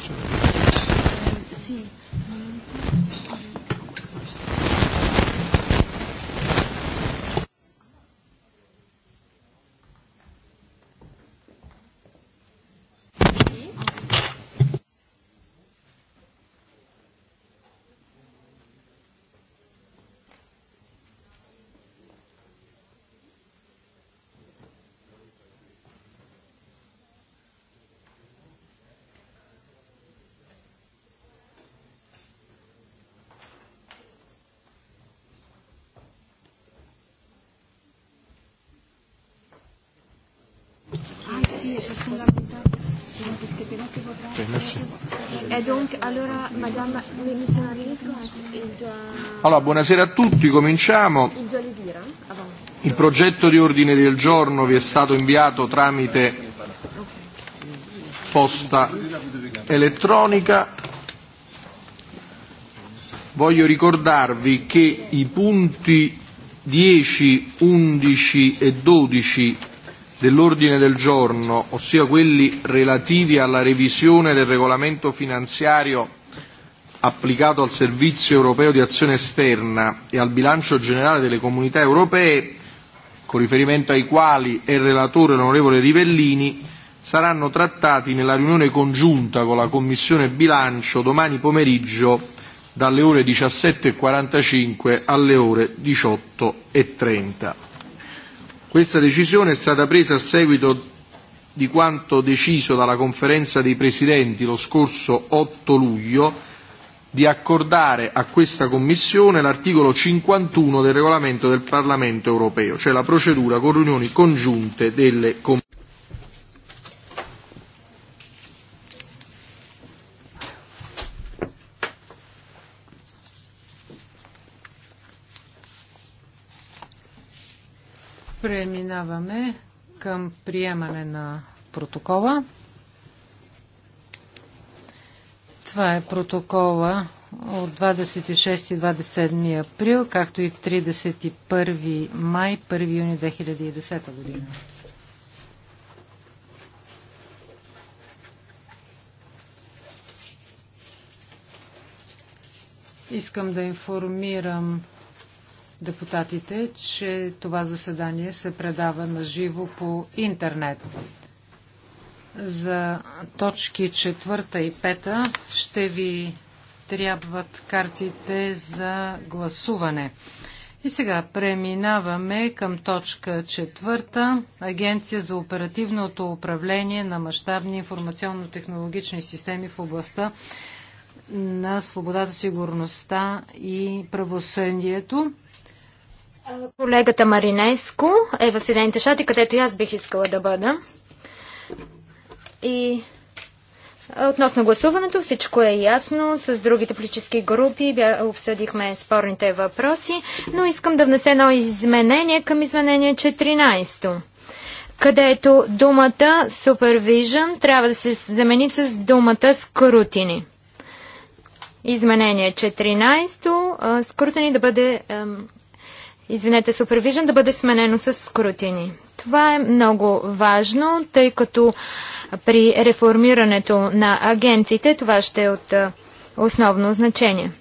Sì. Allora, buonasera a tutti, cominciamo. Il progetto di ordine del giorno vi è stato inviato tramite posta elettronica. Voglio ricordarvi che i punti 10, 11 e 12 dell'ordine del giorno, ossia quelli relativi alla revisione del regolamento finanziario applicato al Servizio europeo di azione esterna e al bilancio generale delle comunità europee, con riferimento ai quali è il relatore l'onorevole Rivellini, saranno trattati nella riunione congiunta con la Commissione bilancio domani pomeriggio dalle ore 17.45 alle ore 18.30. Questa decisione è stata presa a seguito di quanto deciso dalla conferenza dei presidenti lo scorso 8 luglio di accordare a questa Commissione l'articolo 51 del regolamento del Parlamento europeo, cioè la procedura con riunioni congiunte delle Commissioni. Преминаваме към приемане на протокола. Това е протокола от 26 и 27 април, както и 31 май, 1 юни 2010 година. Искам да информирам депутатите, че това заседание се предава на живо по интернет. За точки четвърта и пета ще ви трябват картите за гласуване. И сега преминаваме към точка четвърта. Агенция за оперативното управление на мащабни информационно-технологични системи в областта на свободата, сигурността и правосъдието. Колегата Маринеско е в Съединените щати, където и аз бих искала да бъда. И относно гласуването всичко е ясно. С другите политически групи обсъдихме спорните въпроси, но искам да внесе едно изменение към изменение 14 където думата Supervision трябва да се замени с думата Скрутини. Изменение 14. то Скрутини да бъде извинете, супервижен да бъде сменено с скрутини. Това е много важно, тъй като при реформирането на агенциите това ще е от основно значение.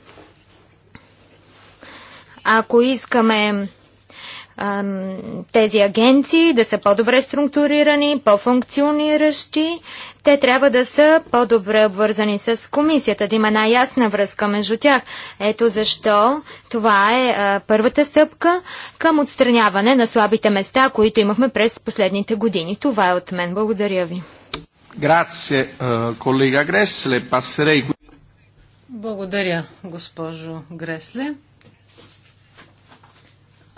Ако искаме тези агенции да са по-добре структурирани, по-функциониращи. Те трябва да са по-добре обвързани с комисията, да има най ясна връзка между тях. Ето защо това е а, първата стъпка към отстраняване на слабите места, които имахме през последните години. Това е от мен. Благодаря ви. Grazie, колега Гресле. Благодаря, госпожо Гресле.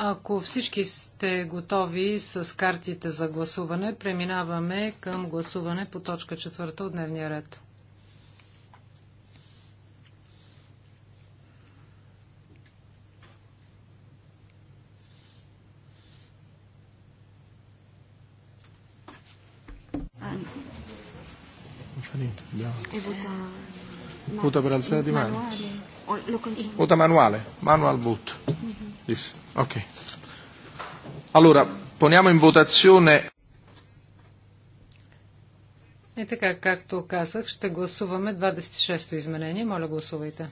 Ако всички сте готови с картите за гласуване, преминаваме към гласуване по точка четвърта от дневния ред. Vota per alzare di mano. Vota manuale, manual Mm-hmm. Ok. Allora, poniamo in votazione. И така, както казах, ще гласуваме 26-то изменение. Моля, гласувайте.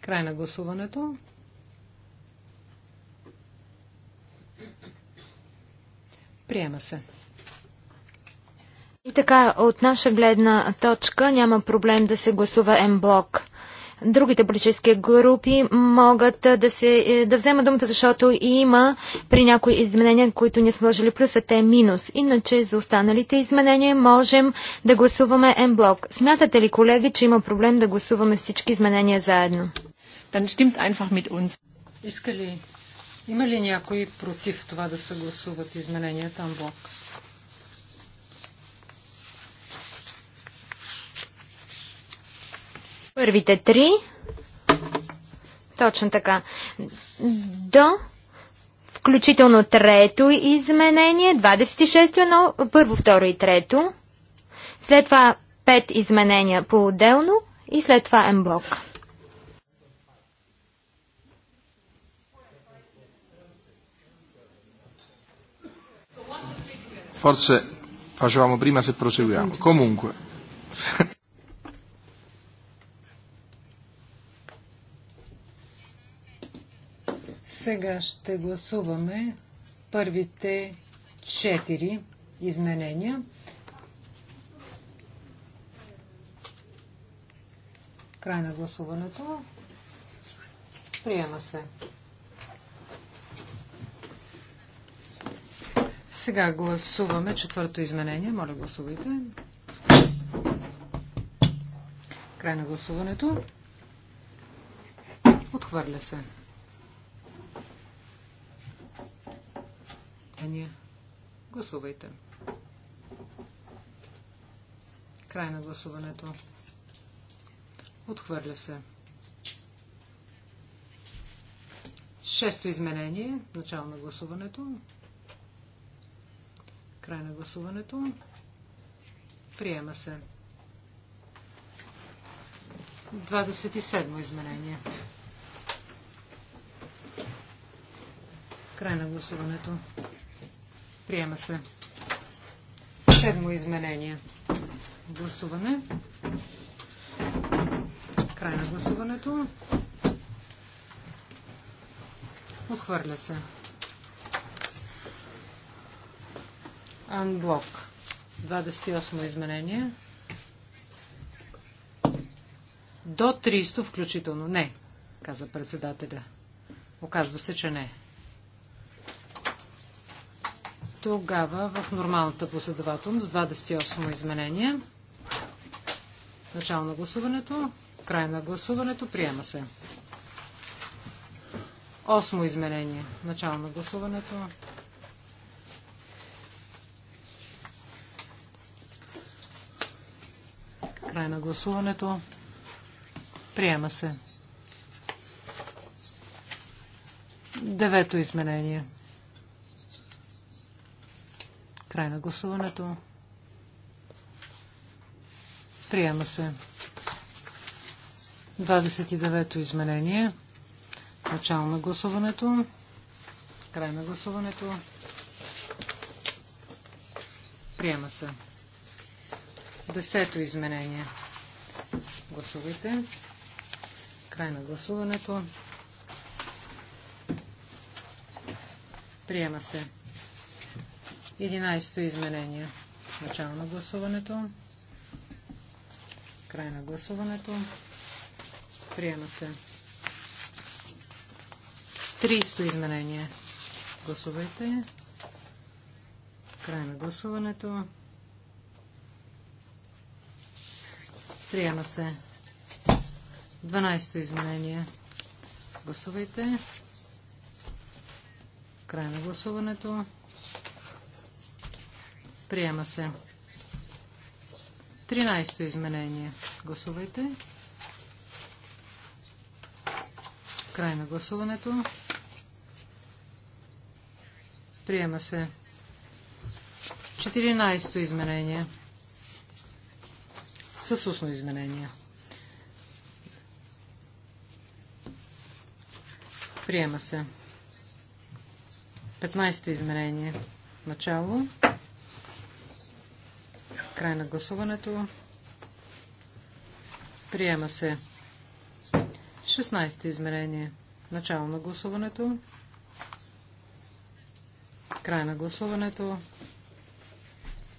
Край на гласуването. Приема се. И така, от наша гледна точка няма проблем да се гласува М-блок другите политически групи могат да, се, е, да вземат думата, защото има при някои изменения, които ни сложили плюс, а те е минус. Иначе за останалите изменения можем да гласуваме М-блок. Смятате ли, колеги, че има проблем да гласуваме всички изменения заедно? Dann stimmt einfach mit uns. Иска ли? Има ли някой против това да се гласуват измененията Амблок? блок? Първите три. Точно така. До включително трето изменение, 26 но първо, второ и трето. След това пет изменения по-отделно и след това емблок. Forse facevamo prima se proseguiamo. Comunque. Сега ще гласуваме първите четири изменения. Край на гласуването. Приема се. Сега гласуваме четвърто изменение. Моля, гласувайте. Край на гласуването. Отхвърля се. изменение. Гласувайте. Край на гласуването. Отхвърля се. Шесто изменение. Начало на гласуването. Край на гласуването. Приема се. 27 изменение. Край на гласуването. Приема се. Седмо изменение. Гласуване. Край на гласуването. Отхвърля се. Анблок. 28 изменение. До 300 включително. Не, каза председателя. Оказва се, че не. Тогава в нормалната последователност 28 изменение. Начало на гласуването, край на гласуването, приема се. Осмо изменение. Начало на гласуването. Край на гласуването. Приема се. Девето изменение. Край на гласуването. Приема се. 29-то изменение. Начало на гласуването. Край на гласуването. Приема се. Десето изменение. Гласувайте. Край на гласуването. Приема се. 11-то изменение. Начало на гласуването. Край на гласуването. Приема се. 300 изменение. Гласувайте. Край на гласуването. Приема се. 12-то изменение. Гласувайте. Край на гласуването. Приема се. 13-то изменение. Гласувайте. Край на гласуването. Приема се. 14-то изменение. С устно изменение. Приема се. 15-то изменение. Начало. Начало. Край на гласуването. Приема се. 16-то измерение. Начало на гласуването. Край на гласуването.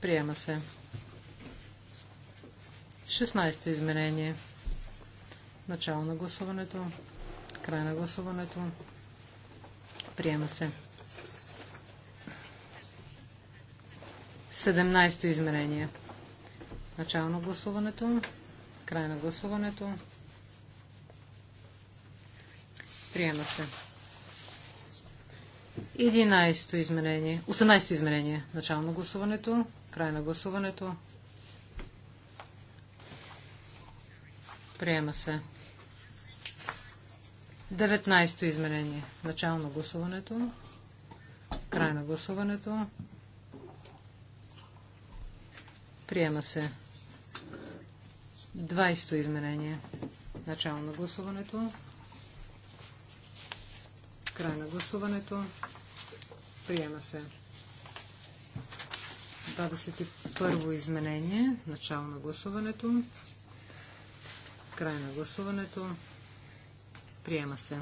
Приема се. 16-то измерение. Начало на гласуването. Край на гласуването. Приема се. 17-то измерение. Начало на гласуването. Край на гласуването. Приема се. 11-то изменение. 18-то изменение. Начало на гласуването. Край на гласуването. Приема се. 19-то изменение. Начало на гласуването. Край на гласуването. Приема се. 20-то изменение. Начало на гласуването. Край на гласуването. Приема се. 21-во изменение. Начало на гласуването. Край на гласуването. Приема се.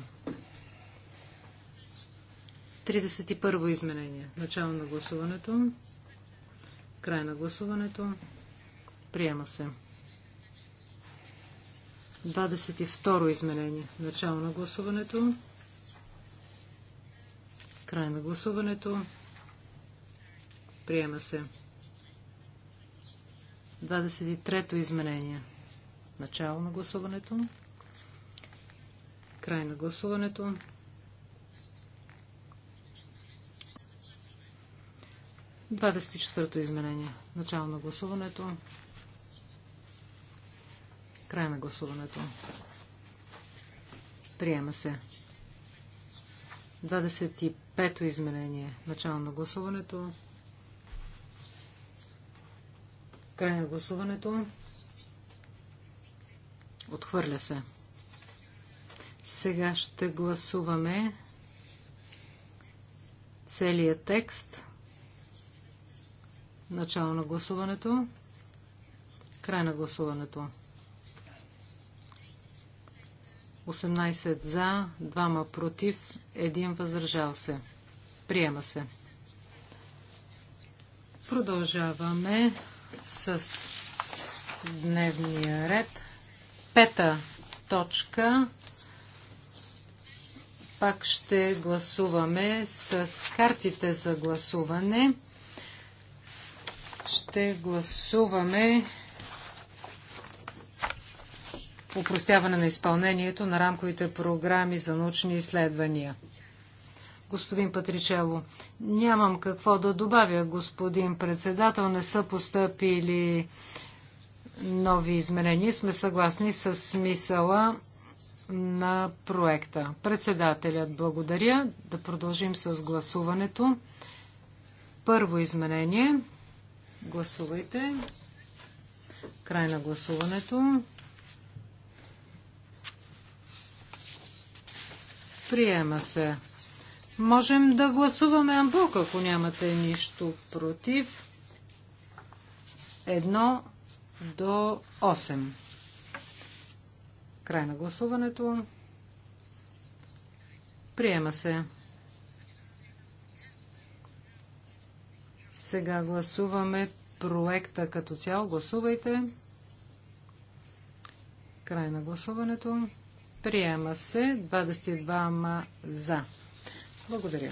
31-во изменение. Начало на гласуването. Край на гласуването. Приема се. 22 изменение. Начало на гласуването. Край на гласуването. Приема се. 23-то изменение. Начало на гласуването. Край на гласуването. Двадесет и четвърто изменение. Начало на гласуването. Край на гласуването. Приема се. 25-то изменение. Начало на гласуването. Край на гласуването. Отхвърля се. Сега ще гласуваме целият текст. Начало на гласуването. Край на гласуването. 18 за, 2 против, 1 въздържал се. Приема се. Продължаваме с дневния ред. Пета точка. Пак ще гласуваме с картите за гласуване. Ще гласуваме упростяване на изпълнението на рамковите програми за научни изследвания. Господин Патричело, нямам какво да добавя, господин председател. Не са поступили нови изменения. Сме съгласни с смисъла на проекта. Председателят благодаря. Да продължим с гласуването. Първо изменение. Гласувайте. Край на гласуването. Приема се. Можем да гласуваме Амбок, ако нямате нищо против. Едно до 8. Край на гласуването. Приема се. Сега гласуваме проекта като цяло. Гласувайте. Край на гласуването. Приема се 22 за. Благодаря.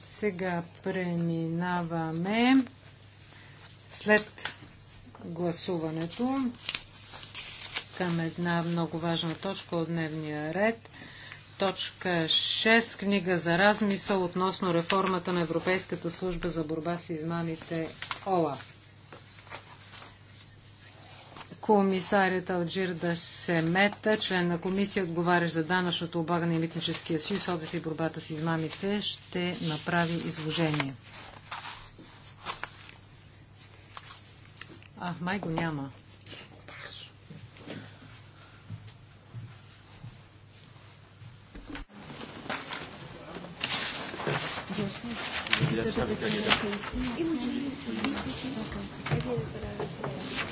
Сега преминаваме след гласуването към една много важна точка от дневния ред. Точка 6. Книга за размисъл относно реформата на Европейската служба за борба с измамите ова. Комисарят Алджир Дасемета, член на комисия, отговаря за данъчното облагане и митническия съюз, одит и борбата с измамите, ще направи изложение. А, май го няма.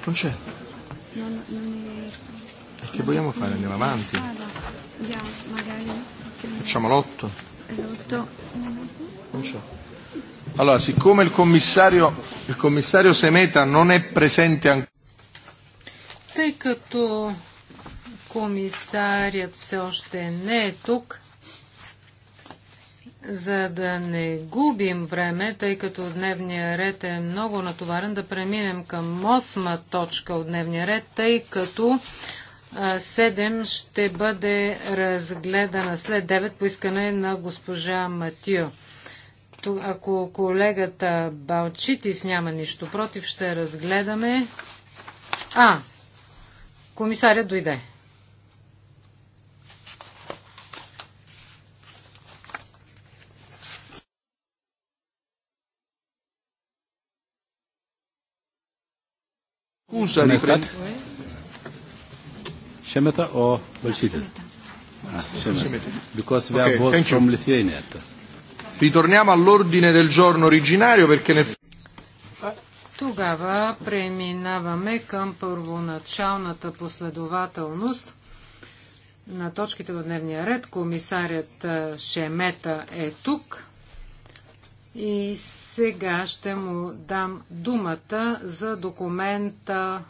Non c'è. E che vogliamo fare? Andiamo avanti. Facciamo l'otto. Non c'è. Allora, siccome il commissario, il commissario Semeta non è presente ancora. Тъй като комисарият все още не е тук, за да не губим време, тъй като дневния ред е много натоварен, да преминем към осма точка от дневния ред, тъй като 7 ще бъде разгледана след 9 по искане на госпожа Матио. Ако колегата Балчитис няма нищо против, ще разгледаме. А, комисарят дойде. Scusa, riprendo. Shemeta o Bolsida? Ah, Shemeta. Because we okay, are both from Lithuania. Ritorniamo all'ordine del giorno originario perché nel... Тогава преминаваме към първоначалната последователност на точките в дневния ред. Комисарят Шемета е тук. И сега ще му дам думата за документа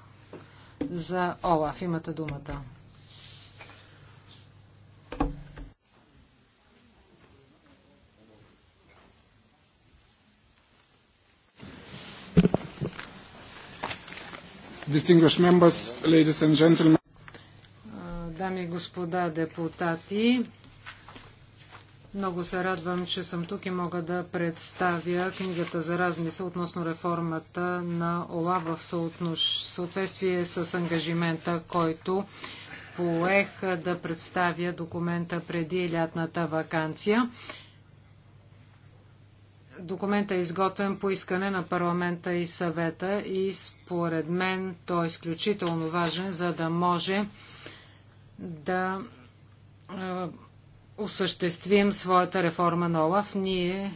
за ОЛАФ. Имате думата. Distinguished members, ladies and gentlemen. Дами и господа депутати, много се радвам, че съм тук и мога да представя книгата за размисъл относно реформата на ОЛА в съответствие с ангажимента, който поех да представя документа преди лятната вакансия. Документът е изготвен по искане на парламента и съвета и според мен той е изключително важен, за да може да осъществим своята реформа на ОЛАФ, ние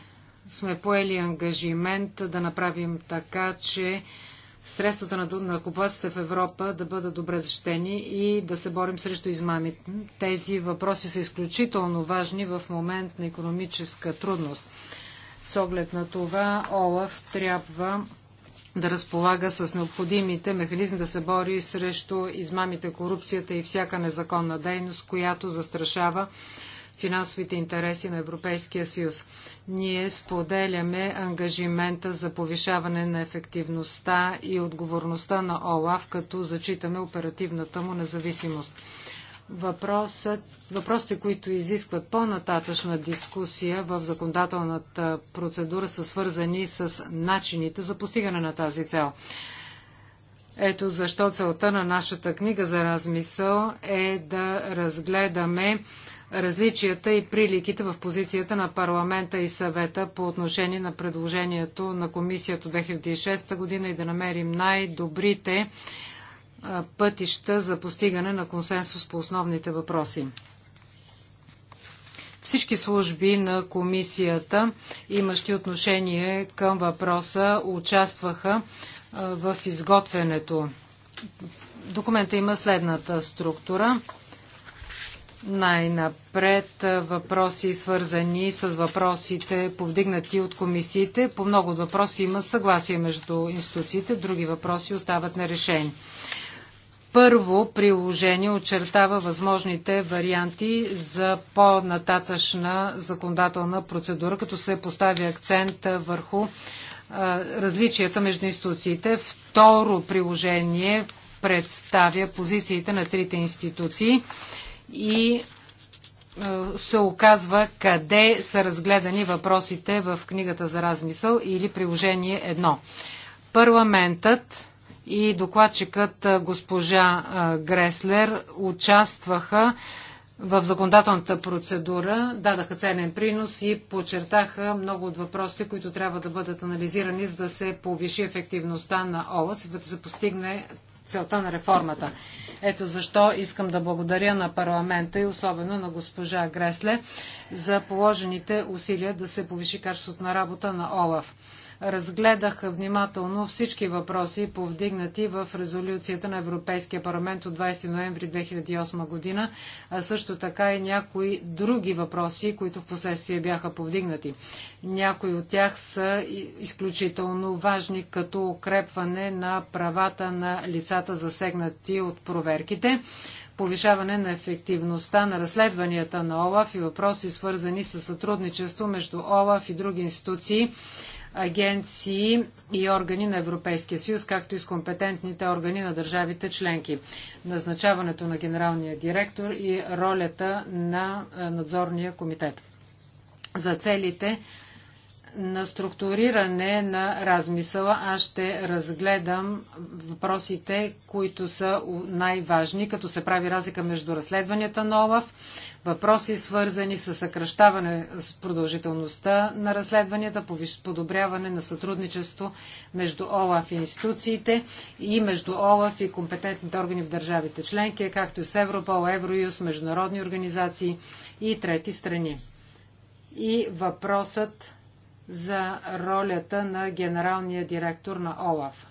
сме поели ангажимент да направим така, че средствата на купаците в Европа да бъдат добре защитени и да се борим срещу измамите. Тези въпроси са изключително важни в момент на економическа трудност. С оглед на това ОЛАФ трябва да разполага с необходимите механизми да се бори срещу измамите, корупцията и всяка незаконна дейност, която застрашава финансовите интереси на Европейския съюз. Ние споделяме ангажимента за повишаване на ефективността и отговорността на ОЛАВ, като зачитаме оперативната му независимост. Въпросът, въпросите, които изискват по-нататъчна дискусия в законодателната процедура, са свързани с начините за постигане на тази цел. Ето защо целта на нашата книга за размисъл е да разгледаме различията и приликите в позицията на парламента и съвета по отношение на предложението на комисията 2006 година и да намерим най-добрите пътища за постигане на консенсус по основните въпроси. Всички служби на комисията, имащи отношение към въпроса, участваха в изготвянето. Документа има следната структура. Най-напред въпроси, свързани с въпросите, повдигнати от комисиите. По много от въпроси има съгласие между институциите, други въпроси остават нерешени. Първо приложение очертава възможните варианти за по-нататъчна законодателна процедура, като се постави акцент върху а, различията между институциите. Второ приложение представя позициите на трите институции и е, се оказва къде са разгледани въпросите в книгата за размисъл или приложение 1. Парламентът и докладчикът е, госпожа е, Греслер участваха в законодателната процедура, дадаха ценен принос и подчертаха много от въпросите, които трябва да бъдат анализирани, за да се повиши ефективността на ОЛАС и да се постигне целта на реформата. Ето защо искам да благодаря на парламента и особено на госпожа Гресле за положените усилия да се повиши качеството на работа на ОЛАФ. Разгледах внимателно всички въпроси, повдигнати в резолюцията на Европейския парламент от 20 ноември 2008 година, а също така и някои други въпроси, които в последствие бяха повдигнати. Някои от тях са изключително важни, като укрепване на правата на лицата засегнати от проверките, повишаване на ефективността на разследванията на ОЛАФ и въпроси свързани с сътрудничество между ОЛАФ и други институции агенции и органи на Европейския съюз, както и с компетентните органи на държавите членки. Назначаването на генералния директор и ролята на е, надзорния комитет. За целите на структуриране на размисъла аз ще разгледам въпросите, които са най-важни, като се прави разлика между разследванията на ОЛАФ, въпроси свързани с съкръщаване с продължителността на разследванията, подобряване на сътрудничество между ОЛАФ и институциите и между ОЛАФ и компетентните органи в държавите членки, както и с Европол, Евроюз, международни организации и трети страни. И въпросът за ролята на генералния директор на ОЛАФ.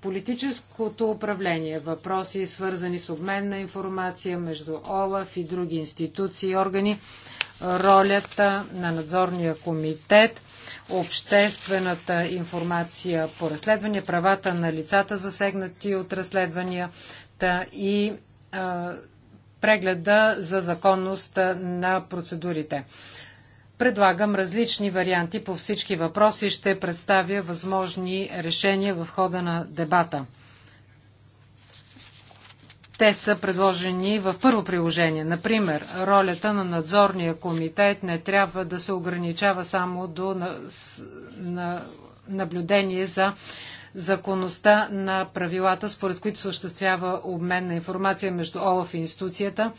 Политическото управление, въпроси свързани с обмен на информация между ОЛАФ и други институции и органи, ролята на надзорния комитет, обществената информация по разследване, правата на лицата засегнати от разследванията и прегледа за законност на процедурите. Предлагам различни варианти по всички въпроси и ще представя възможни решения в хода на дебата. Те са предложени в първо приложение. Например, ролята на надзорния комитет не трябва да се ограничава само до на, на, наблюдение за законността на правилата, според които съществява обмен на информация между ОЛАФ и институцията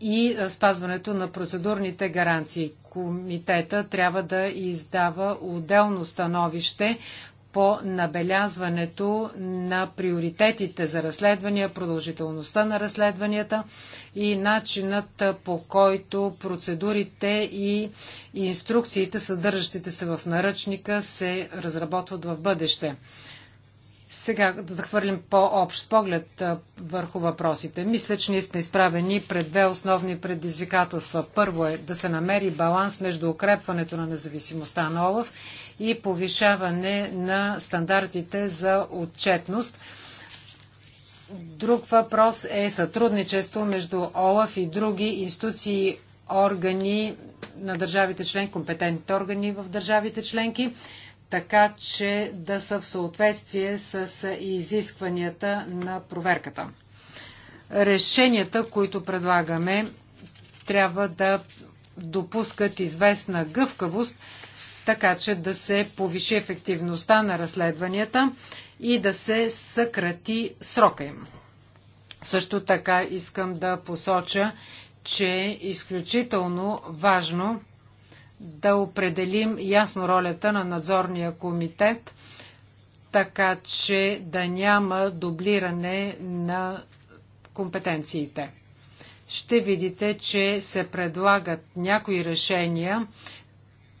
и спазването на процедурните гаранции. Комитета трябва да издава отделно становище по набелязването на приоритетите за разследвания, продължителността на разследванията и начинът по който процедурите и инструкциите, съдържащите се в наръчника, се разработват в бъдеще. Сега да хвърлим по-общ поглед върху въпросите. Мисля, че ние сме изправени пред две основни предизвикателства. Първо е да се намери баланс между укрепването на независимостта на ОЛАВ и повишаване на стандартите за отчетност. Друг въпрос е сътрудничество между ОЛАВ и други институции, органи на държавите член, компетентните органи в държавите членки така че да са в съответствие с изискванията на проверката. Решенията, които предлагаме, трябва да допускат известна гъвкавост, така че да се повиши ефективността на разследванията и да се съкрати срока им. Също така искам да посоча, че е изключително важно да определим ясно ролята на надзорния комитет, така че да няма дублиране на компетенциите. Ще видите, че се предлагат някои решения,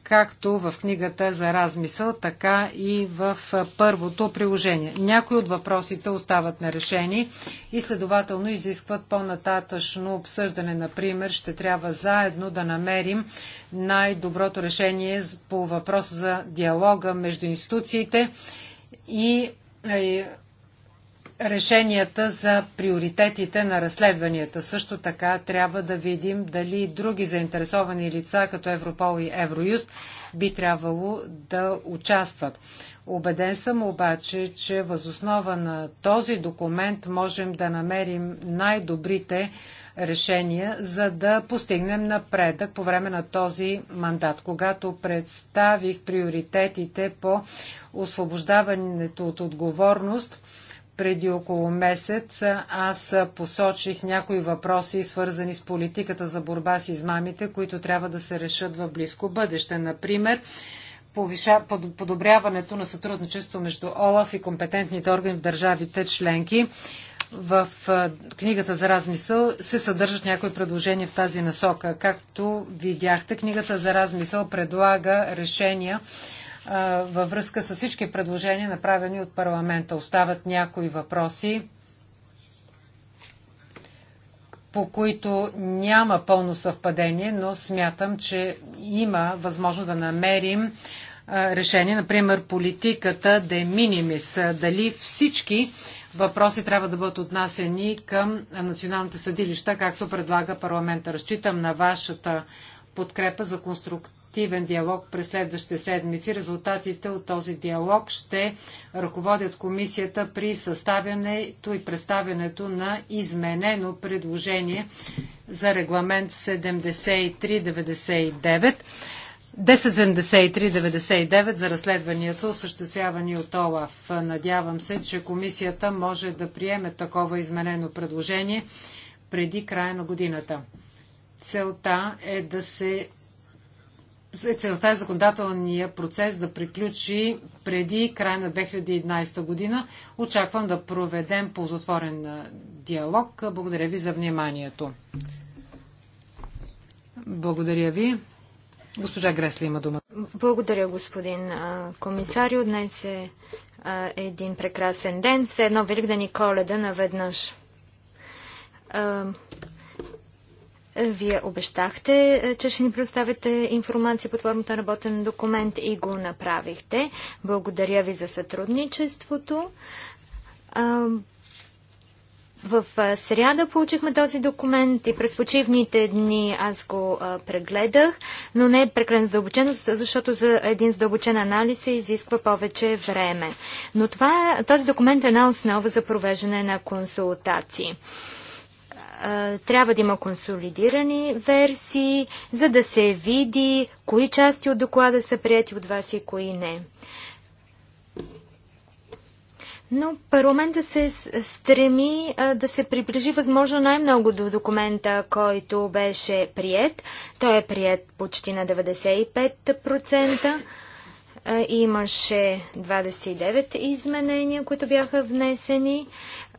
както в книгата за размисъл, така и в първото приложение. Някои от въпросите остават нерешени и следователно изискват по-нататъчно обсъждане. Например, ще трябва заедно да намерим най-доброто решение по въпрос за диалога между институциите и решенията за приоритетите на разследванията. Също така трябва да видим дали други заинтересовани лица, като Европол и Евроюст, би трябвало да участват. Обеден съм обаче, че възоснова на този документ можем да намерим най-добрите решения, за да постигнем напредък по време на този мандат. Когато представих приоритетите по освобождаването от отговорност, преди около месец аз посочих някои въпроси, свързани с политиката за борба с измамите, които трябва да се решат в близко бъдеще. Например, повиша, под, подобряването на сътрудничество между ОЛАФ и компетентните органи в държавите членки. В книгата за размисъл се съдържат някои предложения в тази насока. Както видяхте, книгата за размисъл предлага решения във връзка с всички предложения, направени от парламента. Остават някои въпроси, по които няма пълно съвпадение, но смятам, че има възможност да намерим решение. Например, политиката де минимис. Дали всички въпроси трябва да бъдат отнасени към националните съдилища, както предлага парламента. Разчитам на вашата подкрепа за конструк активен диалог през следващите седмици. Резултатите от този диалог ще ръководят комисията при съставянето и представянето на изменено предложение за регламент 7399. 1073-99 за разследванията, осъществявани от ОЛАФ. Надявам се, че комисията може да приеме такова изменено предложение преди края на годината. Целта е да се е целта е законодателния процес да приключи преди края на 2011 година. Очаквам да проведем ползотворен диалог. Благодаря ви за вниманието. Благодаря ви. Госпожа Гресли има дума. Благодаря, господин комисарио. Днес е един прекрасен ден. Все едно Великден и Коледа наведнъж. Вие обещахте, е, че ще ни предоставите информация под формата на работен документ и го направихте. Благодаря ви за сътрудничеството. В сряда получихме този документ и през почивните дни аз го прегледах, но не е прекалено задълбочено, защото за един задълбочен анализ се изисква повече време. Но това, този документ е една основа за провеждане на консултации трябва да има консолидирани версии, за да се види кои части от доклада са прияти от вас и кои не. Но парламента се стреми да се приближи възможно най-много до документа, който беше прият. Той е прият почти на 95%. имаше 29 изменения, които бяха внесени.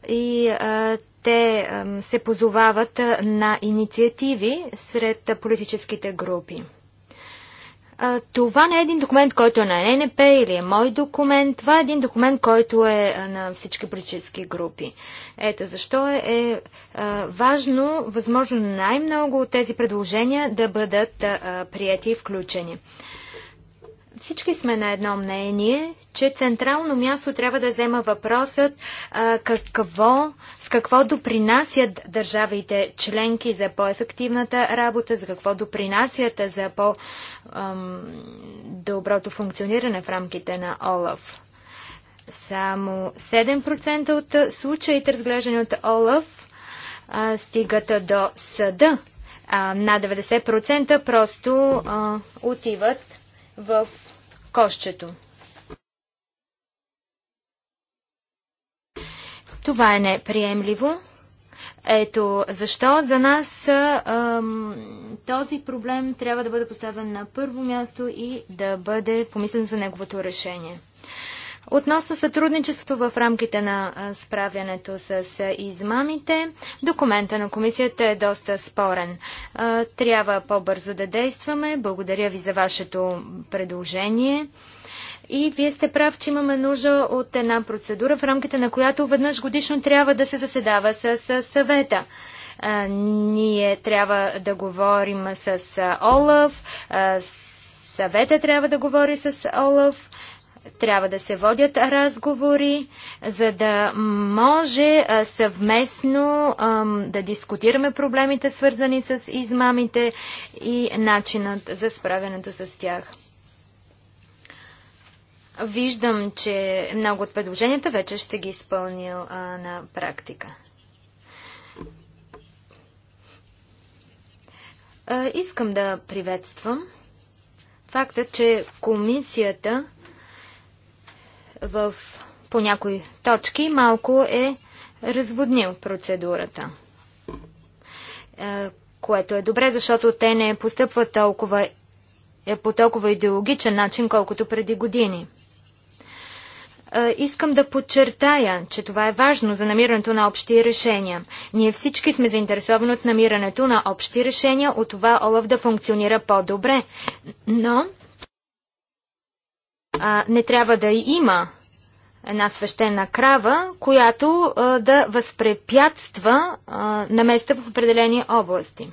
И а, те се позовават на инициативи сред политическите групи. Това не е един документ, който е на ННП или е мой документ. Това е един документ, който е на всички политически групи. Ето защо е, е важно, възможно най-много от тези предложения да бъдат е, прияти и включени всички сме на едно мнение, че централно място трябва да взема въпросът а, какво, с какво допринасят държавите членки за по-ефективната работа, за какво допринасят за по-доброто функциониране в рамките на ОЛАФ. Само 7% от случаите, разглеждани от ОЛАФ, а, стигат до съда. А, на 90% просто а, отиват в кошчето. Това е неприемливо. Ето защо за нас ам, този проблем трябва да бъде поставен на първо място и да бъде помислен за неговото решение. Относно сътрудничеството в рамките на справянето с измамите, документа на комисията е доста спорен. Трябва по-бързо да действаме. Благодаря ви за вашето предложение. И вие сте прав, че имаме нужда от една процедура, в рамките на която веднъж годишно трябва да се заседава с, съвета. ние трябва да говорим с Олаф, съвета трябва да говори с Олаф трябва да се водят разговори, за да може съвместно да дискутираме проблемите, свързани с измамите и начинът за справянето с тях. Виждам, че много от предложенията вече ще ги изпълня на практика. Искам да приветствам факта, че комисията в, по някои точки малко е разводнил процедурата. Е, което е добре, защото те не постъпват толкова, е, по толкова идеологичен начин, колкото преди години. Е, искам да подчертая, че това е важно за намирането на общи решения. Ние всички сме заинтересовани от намирането на общи решения, от това Олаф да функционира по-добре. Но а, не трябва да има една свещена крава, която а, да възпрепятства а, места в определени области.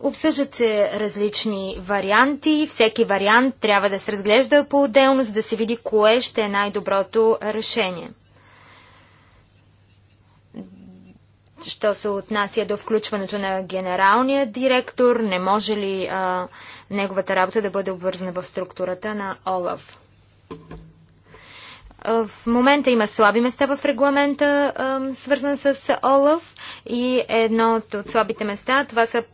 Обсъждат се различни варианти. Всеки вариант трябва да се разглежда по-отделно, за да се види кое ще е най-доброто решение. що се отнася до включването на генералния директор, не може ли а, неговата работа да бъде обвързана в структурата на ОЛАВ? В момента има слаби места в регламента, а, свързан с ОЛАВ и едно от слабите места, това са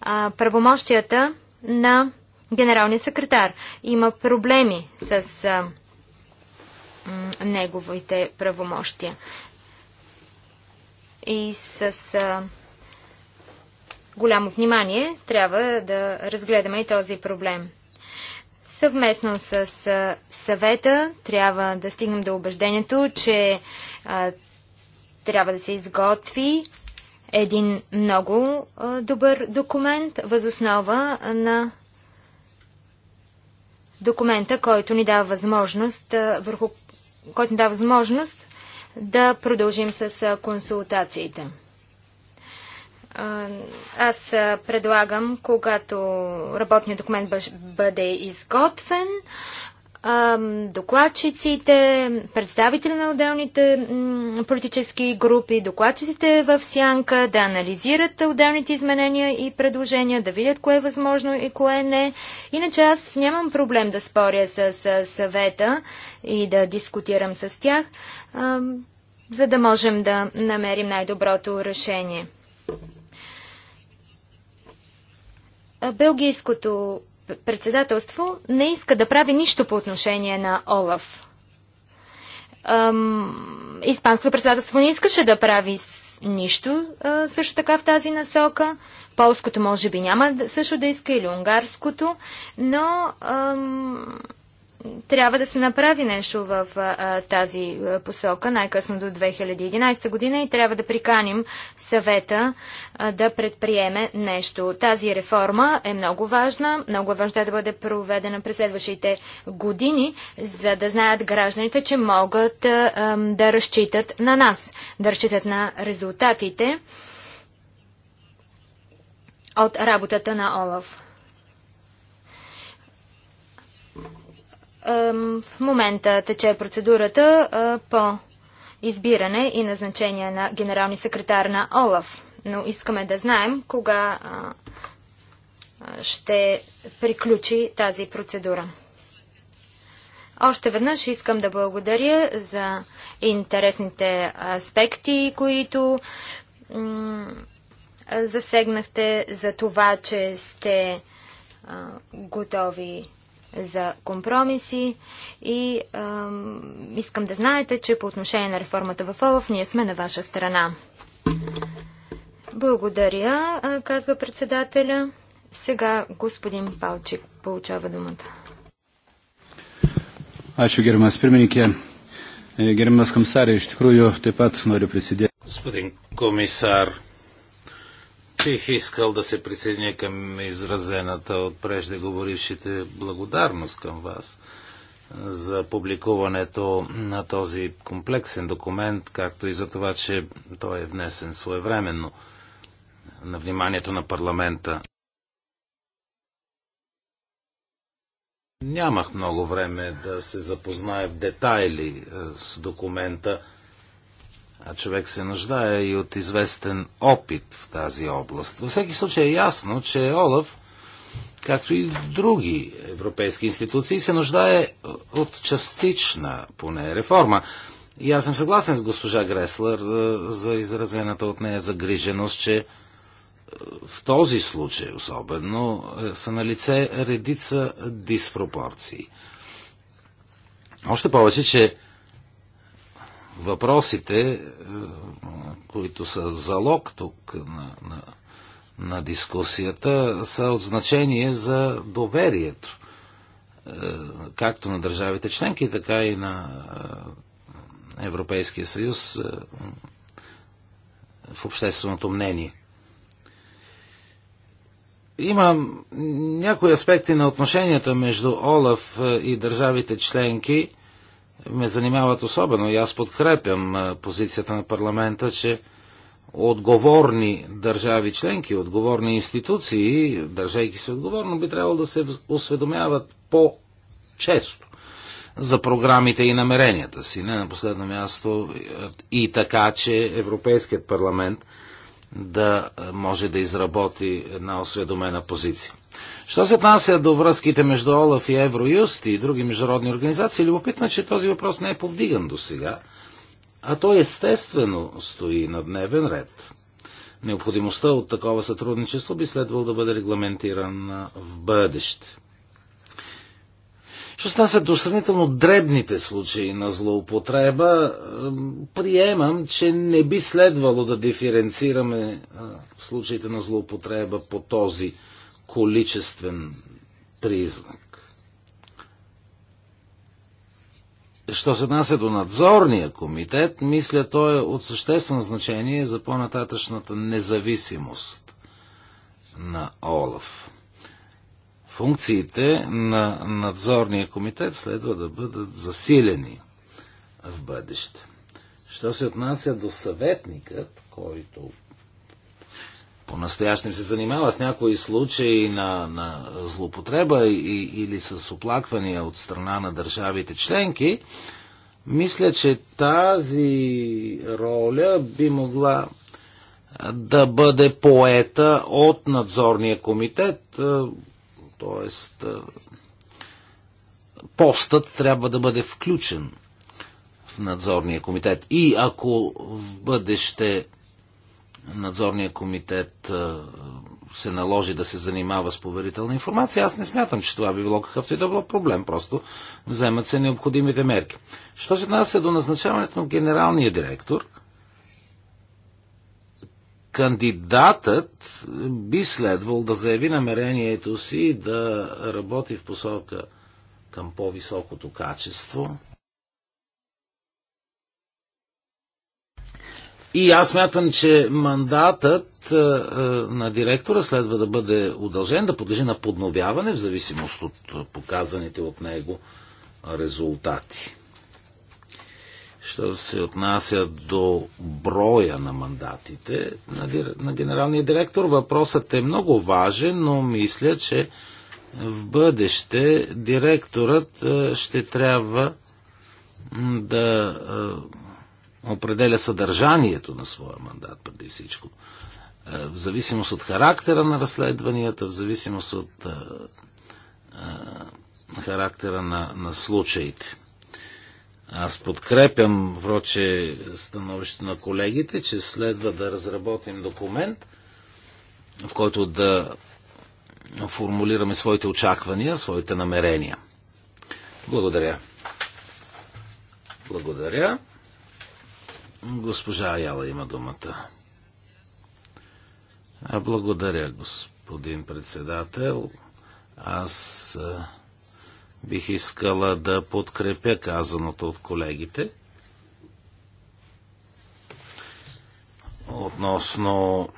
а, правомощията на генералния секретар. Има проблеми с а, неговите правомощия и с а, голямо внимание трябва да разгледаме и този проблем. Съвместно с а, съвета трябва да стигнем до убеждението, че а, трябва да се изготви един много а, добър документ възоснова на документа, който ни дава възможност, върху който ни дава възможност да продължим с консултациите. Аз предлагам, когато работният документ бъде изготвен, докладчиците, представители на отделните политически групи, докладчиците в сянка, да анализират отделните изменения и предложения, да видят кое е възможно и кое не. Иначе аз нямам проблем да споря с, съвета и да дискутирам с тях, за да можем да намерим най-доброто решение. Белгийското председателство не иска да прави нищо по отношение на Олаф. Испанското председателство не искаше да прави нищо също така в тази насока. Полското може би няма също да иска или унгарското, но ам, трябва да се направи нещо в а, тази посока, най-късно до 2011 година и трябва да приканим съвета а, да предприеме нещо. Тази реформа е много важна, много е важна да бъде проведена през следващите години, за да знаят гражданите, че могат а, да разчитат на нас, да разчитат на резултатите от работата на ОЛАФ. В момента тече процедурата по избиране и назначение на генерални секретар на ОЛАФ. Но искаме да знаем кога ще приключи тази процедура. Още веднъж искам да благодаря за интересните аспекти, които засегнахте, за това, че сте готови за компромиси и ам, искам да знаете, че по отношение на реформата в ОЛАФ ние сме на ваша страна. Благодаря, казва председателя. Сега господин Палчик получава думата. Ačiū gerimas pirmininkė, gerimas komisarė, iš tikrųjų taip pat noriu prisidėti. Господин комисар, Бих искал да се присъединя към изразената от преждеговорившите благодарност към вас за публикуването на този комплексен документ, както и за това, че той е внесен своевременно на вниманието на парламента. Нямах много време да се запозная в детайли е, с документа. А човек се нуждае и от известен опит в тази област. Във всеки случай е ясно, че Олаф, както и други европейски институции, се нуждае от частична поне реформа. И аз съм съгласен с госпожа Греслер е, за изразената от нея загриженост, че е, в този случай особено е, са на лице редица диспропорции. Още повече, че въпросите, е, които са залог тук на, на, на дискусията, са от значение за доверието, е, както на държавите членки, така и на е, Европейския съюз в общественото мнение. Има някои аспекти на отношенията между Олаф и държавите членки – ме занимават особено и аз подкрепям позицията на парламента, че отговорни държави членки, отговорни институции, държайки се отговорно, би трябвало да се осведомяват по-често за програмите и намеренията си. Не на последно място и така, че Европейският парламент да може да изработи една осведомена позиция. Що се отнася до връзките между ОЛАФ и Евроюст и други международни организации, любопитно, е, че този въпрос не е повдиган до сега, а той естествено стои на дневен ред. Необходимостта от такова сътрудничество би следвало да бъде регламентиран в бъдеще. Що се нася до сравнително дребните случаи на злоупотреба, приемам, че не би следвало да диференцираме е, случаите на злоупотреба по този количествен признак. Що се отнася до надзорния комитет, мисля, той е от съществено значение за по-нататъчната независимост на Олаф. Функциите на надзорния комитет следва да бъдат засилени в бъдеще. Що се отнася до съветникът, който по-настоящем се занимава с някои случаи на, на злопотреба и, или с оплаквания от страна на държавите членки, мисля, че тази роля би могла да бъде поета от надзорния комитет Тоест, постът трябва да бъде включен в надзорния комитет. И ако в бъдеще надзорния комитет се наложи да се занимава с поверителна информация, аз не смятам, че това би било какъвто и да било проблем. Просто вземат се необходимите мерки. Що се отнася до назначаването на генералния директор, кандидатът би следвал да заяви намерението си да работи в посока към по-високото качество. И аз мятам, че мандатът е, е, на директора следва да бъде удължен, да подлежи на подновяване в зависимост от показаните от него резултати. Що се отнася до броя на мандатите на генералния директор, въпросът е много важен, но мисля, че в бъдеще директорът е, ще трябва да е, определя съдържанието на своя мандат преди всичко. Е, в зависимост от характера на разследванията, в зависимост от характера на, на случаите. Аз подкрепям, вроче, становището на колегите, че следва да разработим документ, в който да формулираме своите очаквания, своите намерения. Благодаря. Благодаря. Госпожа Аяла има думата. благодаря, господин председател. Аз Бих искала да подкрепя казаното от колегите относно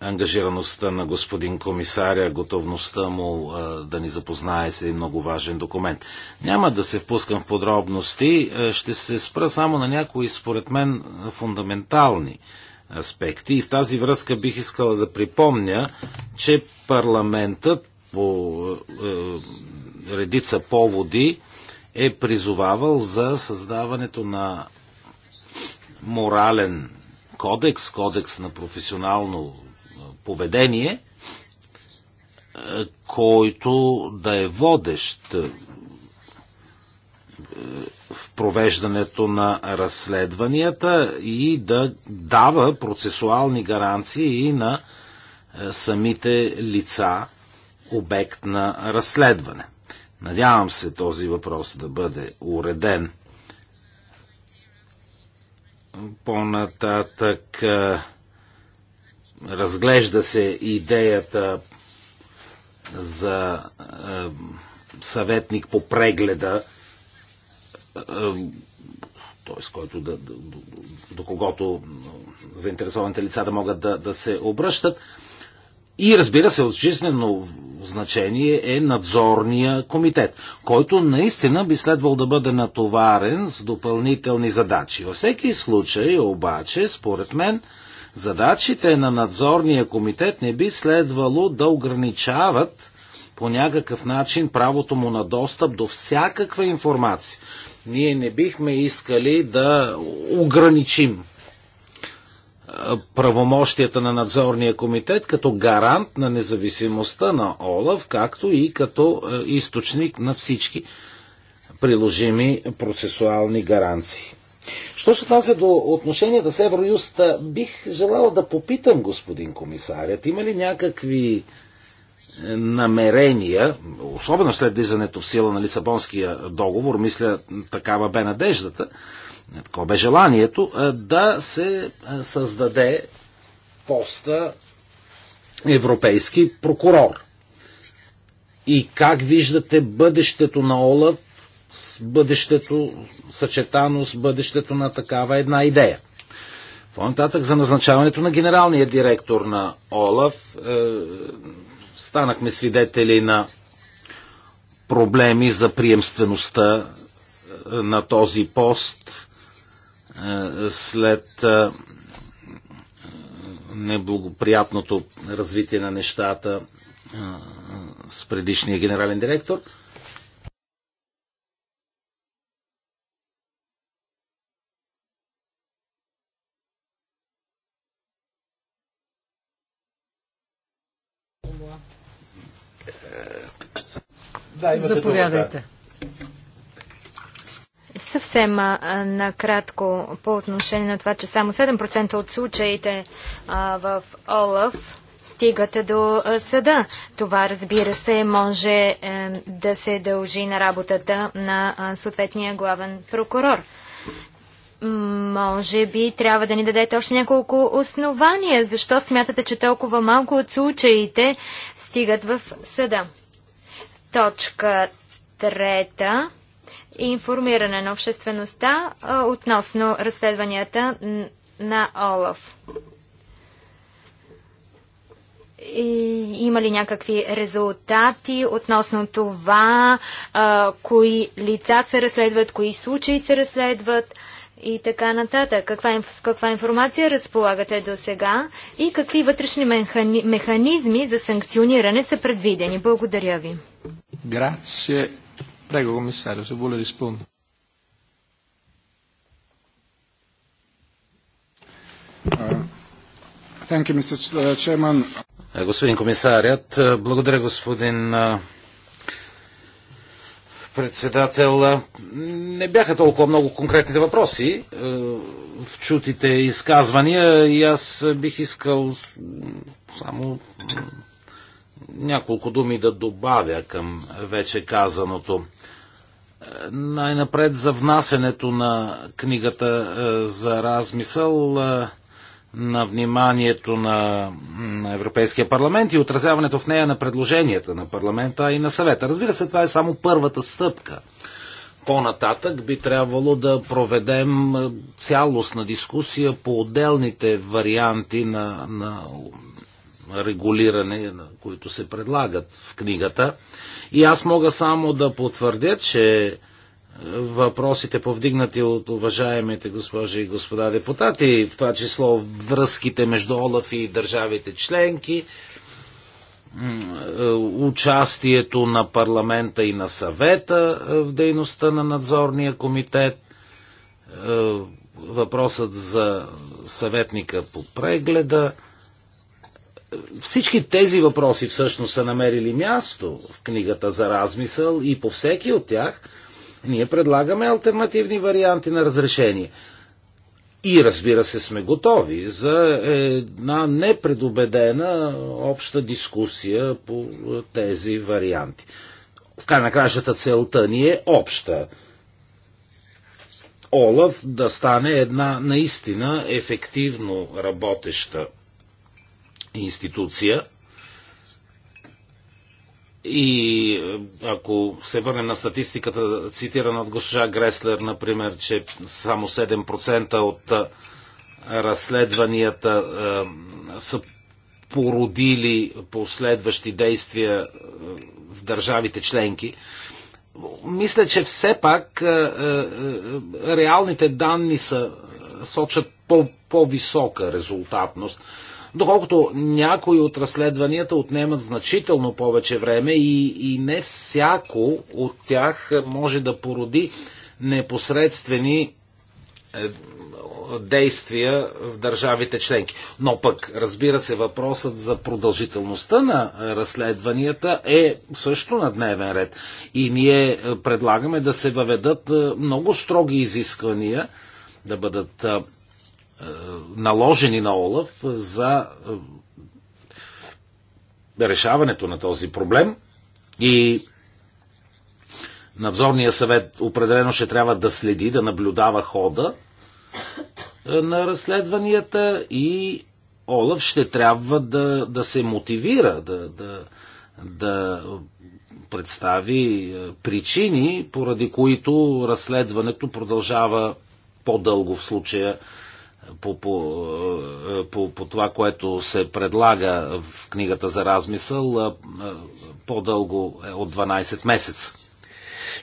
ангажираността на господин комисаря, готовността му а, да ни запознае с един много важен документ. Няма да се впускам в подробности, ще се спра само на някои, според мен, фундаментални аспекти. И в тази връзка бих искала да припомня, че парламентът по е, е редица поводи е призовавал за създаването на морален кодекс, кодекс на професионално е, поведение, е, който да е водещ в провеждането на разследванията и да дава процесуални гаранции и на е, самите лица, обект на разследване. Надявам се този въпрос да бъде уреден. По-нататък е, разглежда се идеята за е, съветник по прегледа т.е. който да, до, до, до когото заинтересованите лица да могат да, да се обръщат. И разбира се, от жизнено значение е надзорния комитет, който наистина би следвал да бъде натоварен с допълнителни задачи. Във всеки случай, обаче, според мен, задачите на надзорния комитет не би следвало да ограничават по някакъв начин правото му на достъп до всякаква информация. Ние не бихме искали да ограничим правомощията на надзорния комитет като гарант на независимостта на ОЛАВ, както и като е, източник на всички приложими процесуални гаранции. Що се отнася до отношенията с Евроюст, бих желал да попитам господин комисарят, има ли някакви намерения, особено след влизането в сила на Лисабонския договор, мисля, такава бе надеждата, такова бе желанието, е, да се е, създаде поста европейски прокурор. И как виждате бъдещето на Олаф с бъдещето, съчетано с бъдещето на такава една идея? По-нататък за назначаването на генералния директор на Олаф, е, станахме свидетели на проблеми за приемствеността е, на този пост е, след е, неблагоприятното развитие на нещата с предишния генерален директор – Да, Заповядайте. Съвсем а, накратко по отношение на това, че само 7% от случаите а, в ОЛАФ стигат до а, съда. Това, разбира се, може е, да се дължи на работата на а, съответния главен прокурор. Може би трябва да ни дадете още няколко основания. Защо смятате, че толкова малко от случаите стигат в съда? Точка трета информиране на обществеността а, относно разследванията на ОЛАФ. И, има ли някакви резултати относно това, а, кои лица се разследват, кои случаи се разследват и така нататък? Каква, с каква информация разполагате до сега и какви вътрешни механи, механизми за санкциониране са предвидени? Благодаря ви. Grazie. Prego commissario, se vuole rispondere. Uh, thank you, Mr. Uh, Chairman. Uh, господин комисарят, благодаря господин председател. Не бяха толкова много конкретните въпроси в чутите изказвания и аз бих искал само няколко думи да добавя към вече казаното. Е, най-напред за внасенето на книгата е, за размисъл е, на вниманието на, Европейския парламент и отразяването в нея на предложенията на парламента и на съвета. Разбира се, това е само първата стъпка. По-нататък би трябвало да проведем цялостна дискусия по отделните варианти на, на регулиране, които се предлагат в книгата. И аз мога само да потвърдя, че е, въпросите повдигнати от уважаемите госпожи и господа депутати, в това число връзките между Олаф и държавите членки, е, участието на парламента и на съвета е, в дейността на надзорния комитет, въпросът за съветника по прегледа, всички тези въпроси всъщност са намерили място в книгата за размисъл и по всеки от тях ние предлагаме альтернативни варианти на разрешение. И разбира се, сме готови за една непредобедена обща дискусия по тези варианти. В край на кращата целта ни е обща. Олаф да стане една наистина ефективно работеща институция. И е, ако се върнем на статистиката, цитирана от госпожа Греслер, например, че само 7% от е, разследванията е, са породили последващи действия в държавите членки, мисля, че все пак реалните данни са, сочат по, по-висока резултатност доколкото някои от разследванията отнемат значително повече време и, и не всяко от тях може да породи непосредствени е, действия в държавите членки. Но пък, разбира се, въпросът за продължителността на разследванията е също на дневен ред. И ние е, предлагаме да се въведат е, много строги изисквания, да бъдат е, наложени на Олаф за е, решаването на този проблем и надзорния съвет определено ще трябва да следи, да наблюдава хода е, на разследванията и Олаф ще трябва да, да се мотивира, да, да, да представи причини, поради които разследването продължава по-дълго в случая по, по, е, по, по това, което се предлага в книгата за размисъл, е, е, по-дълго от 12 месеца.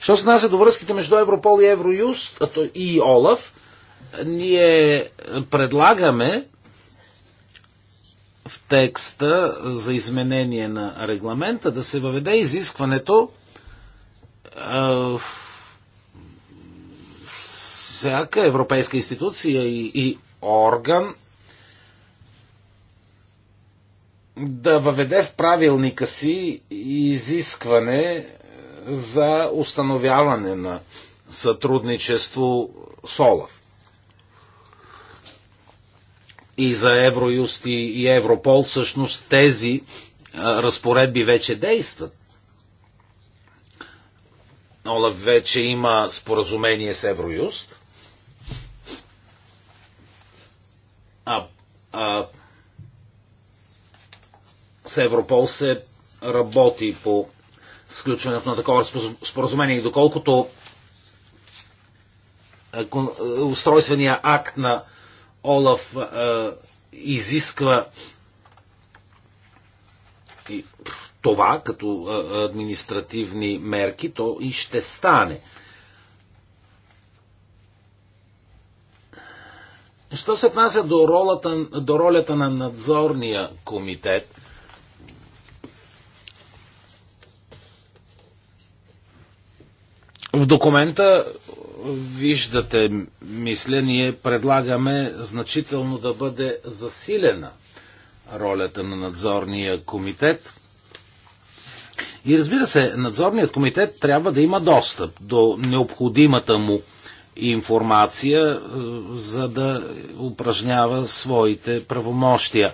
Що се нася до връзките между Европол и Евроюст и Олаф, ние предлагаме в текста за изменение на регламента да се въведе изискването всяка европейска институция и, и орган да въведе в правилника си изискване за установяване на сътрудничество с Олаф. И за Евроюст и Европол всъщност тези разпоредби вече действат. Олаф вече има споразумение с Евроюст а, а с Европол се работи по сключването на такова споразумение. И доколкото устройствения акт на Олаф а, изисква и това като административни мерки, то и ще стане. Що се отнася до, до ролята на надзорния комитет, в документа виждате, мисля, ние предлагаме значително да бъде засилена ролята на надзорния комитет. И разбира се, надзорният комитет трябва да има достъп до необходимата му информация, е, за да упражнява своите правомощия.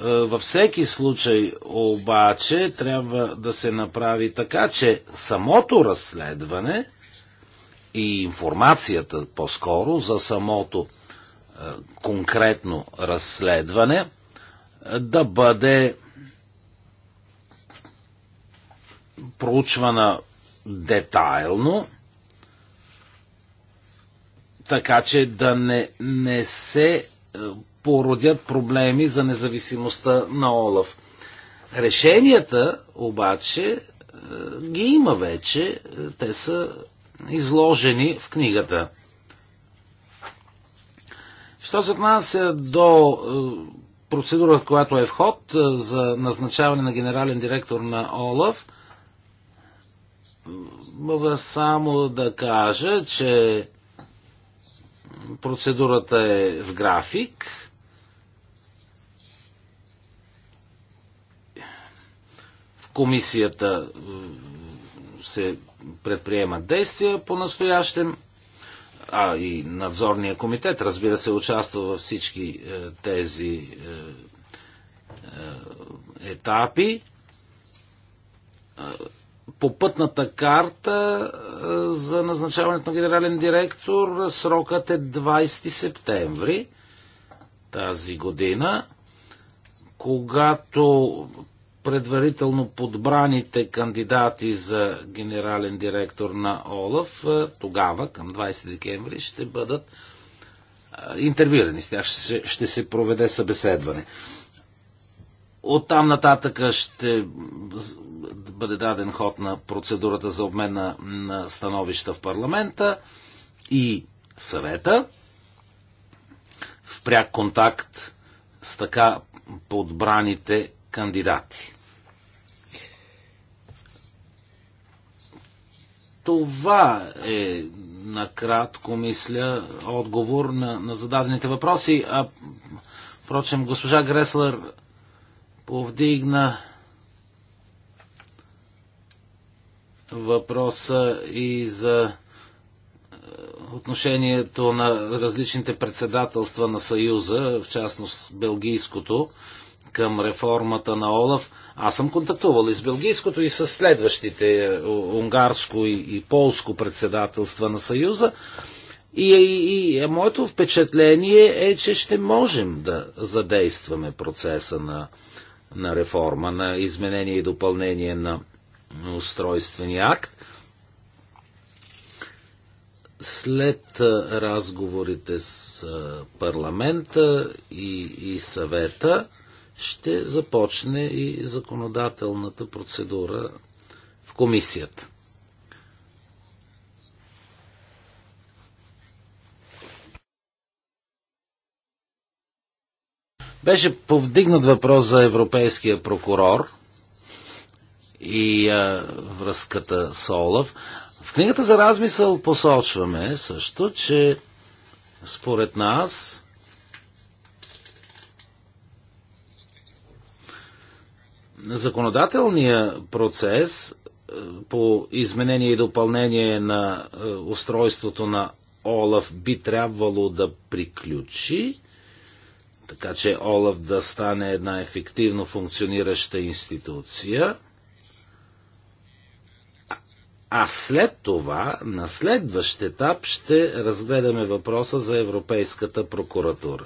Е, във всеки случай обаче трябва да се направи така, че самото разследване и информацията по-скоро за самото е, конкретно разследване да бъде проучвана детайлно така че да не, не се е, породят проблеми за независимостта на Олаф. Решенията обаче е, ги има вече, е, те са изложени в книгата. Що се отнася до процедурата, която е вход за назначаване на генерален директор на ОЛАВ, мога само да кажа, че процедурата е в график. В комисията се предприемат действия по настоящем, а и надзорния комитет, разбира се, участва във всички е, тези е, е, етапи по пътната карта за назначаването на генерален директор срокът е 20 септември тази година, когато предварително подбраните кандидати за генерален директор на ОЛАФ тогава, към 20 декември, ще бъдат интервюирани. С тях ще, ще се проведе събеседване. От там нататък ще бъде даден ход на процедурата за обмен на, на становища в парламента и в съвета, в пряк контакт с така подбраните кандидати. Това е накратко, мисля, отговор на, на зададените въпроси. А, впрочем, госпожа Греслер повдигна въпроса и за е, отношението на различните председателства на Съюза, в частност Белгийското, към реформата на Олаф. Аз съм контактувал и с Белгийското, и с следващите е, унгарско и, и полско председателства на Съюза. И, и, и е, моето впечатление е, че ще можем да задействаме процеса на, на реформа, на изменение и допълнение на устройствения акт. След разговорите с парламента и, и съвета ще започне и законодателната процедура в комисията. Беше повдигнат въпрос за европейския прокурор – и а, връзката с Олаф. В книгата за размисъл посочваме също, че според нас законодателния процес по изменение и допълнение на устройството на Олаф би трябвало да приключи, така че Олаф да стане една ефективно функционираща институция – а след това, на следващ етап, ще разгледаме въпроса за Европейската прокуратура.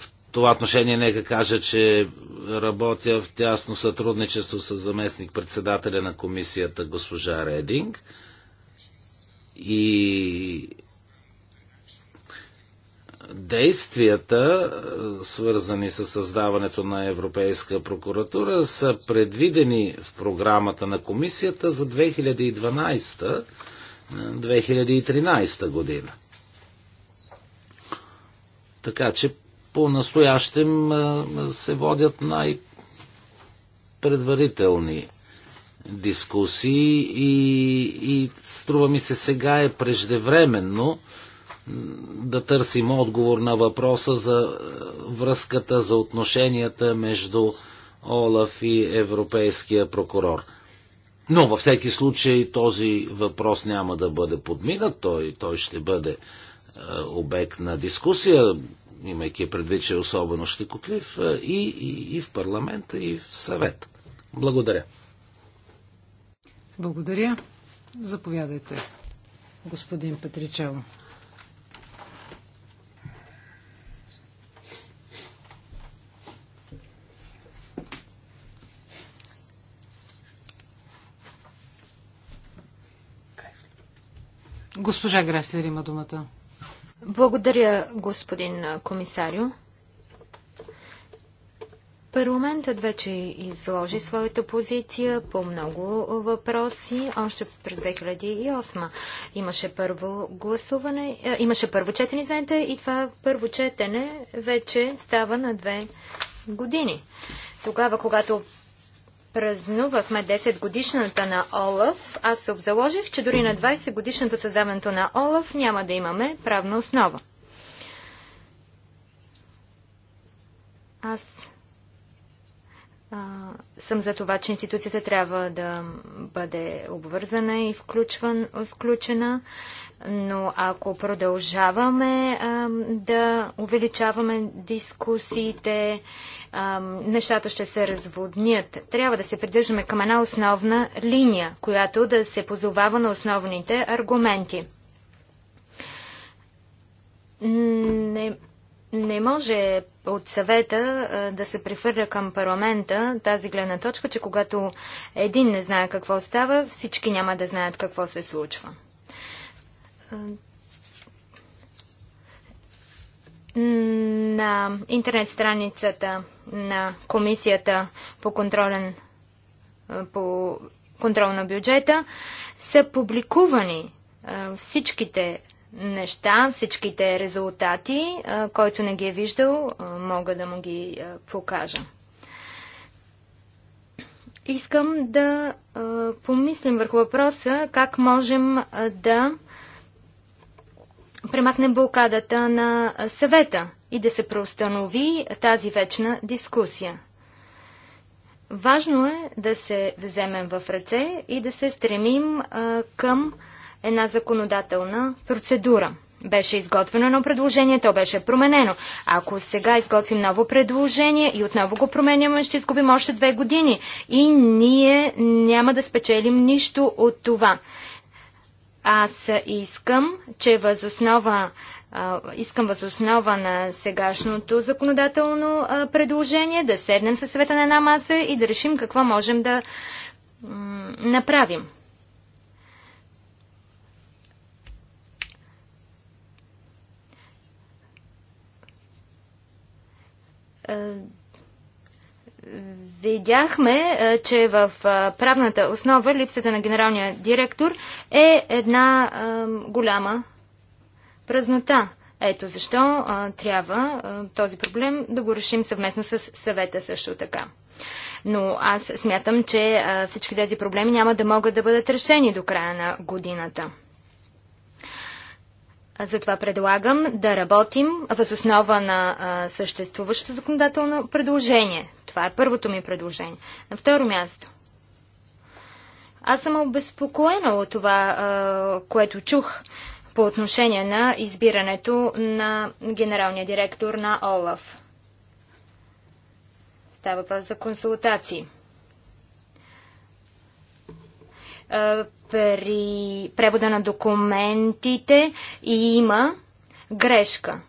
В това отношение нека кажа, че работя в тясно сътрудничество с заместник-председателя на комисията госпожа Рединг и действията, е, свързани с създаването на Европейска прокуратура, са предвидени в програмата на комисията за 2012-2013 е, година. Така че по-настоящем е, се водят най-предварителни дискусии и, и струва ми се сега е преждевременно да търсим отговор на въпроса за е, връзката, за отношенията между Олаф и Европейския прокурор. Но във всеки случай този въпрос няма да бъде подминат, той, той ще бъде е, обект на дискусия, имайки предвид, че е особено щекотлив е, и, и, и в парламента, и в съвет. Благодаря. Благодаря. Заповядайте, господин Петричело. Госпожа Греслер има думата. Благодаря, господин комисарио. Парламентът вече изложи своята позиция по много въпроси. Още през 2008 имаше първо гласуване, е, имаше първо четене, знаете, и това първо четене вече става на две години. Тогава, когато празнувахме 10 годишната на Олаф, аз се обзаложих, че дори на 20 годишното създаването на Олаф няма да имаме правна основа. Аз а, съм за това, че институцията трябва да бъде обвързана и включван, включена. Но ако продължаваме а, да увеличаваме дискусиите, а, нещата ще се разводнят. Трябва да се придържаме към една основна линия, която да се позовава на основните аргументи. Не, не може от съвета а, да се прехвърля към парламента тази гледна точка, че когато един не знае какво става, всички няма да знаят какво се случва на интернет страницата на Комисията по контролен по контрол на бюджета са публикувани всичките неща, всичките резултати, който не ги е виждал, мога да му ги покажа. Искам да помислим върху въпроса как можем да премахне блокадата на съвета и да се преустанови тази вечна дискусия. Важно е да се вземем в ръце и да се стремим а, към една законодателна процедура. Беше изготвено едно предложение, то беше променено. Ако сега изготвим ново предложение и отново го променяме, ще изгубим още две години и ние няма да спечелим нищо от това. Аз искам, че възоснова, искам възоснова на сегашното законодателно предложение да седнем със света на една маса и да решим какво можем да направим. Uh Видяхме, е, че в е, правната основа липсата на генералния директор е една е, голяма празнота. Ето защо трябва този проблем да го решим съвместно с съвета също така. Но аз смятам, че всички тези проблеми няма да могат да бъдат решени до края на годината. Затова предлагам да работим възоснова на съществуващото законодателно предложение. Това е първото ми предложение. На второ място. Аз съм обезпокоена от това, което чух по отношение на избирането на генералния директор на ОЛАФ. Става въпрос за консултации. при превода на документите и има грешка.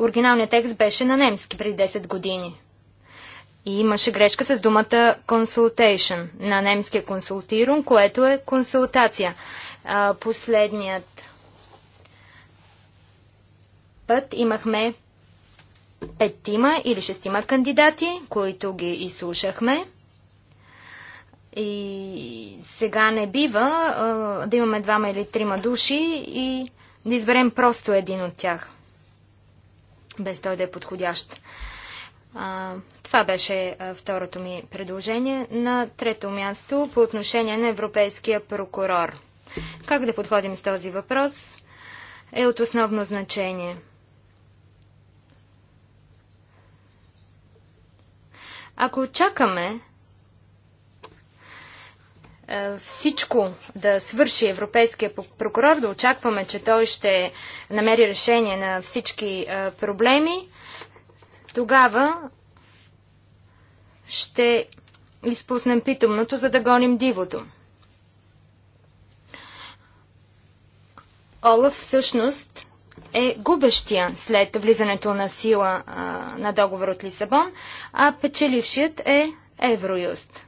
Оригиналният текст беше на немски преди 10 години. И имаше грешка с думата consultation, на немския консултирум, което е консултация. Последният път имахме петима или шестима кандидати, които ги изслушахме. И сега не бива а, да имаме двама или трима души и да изберем просто един от тях, без той да е подходящ. А, това беше второто ми предложение. На трето място по отношение на Европейския прокурор. Как да подходим с този въпрос е от основно значение. Ако чакаме е, всичко да свърши европейския прокурор, да очакваме, че той ще намери решение на всички е, проблеми, тогава ще изпуснем питомното, за да гоним дивото. Олаф всъщност е губещия след влизането на сила а, на договор от Лисабон, а печелившият е Евроюст.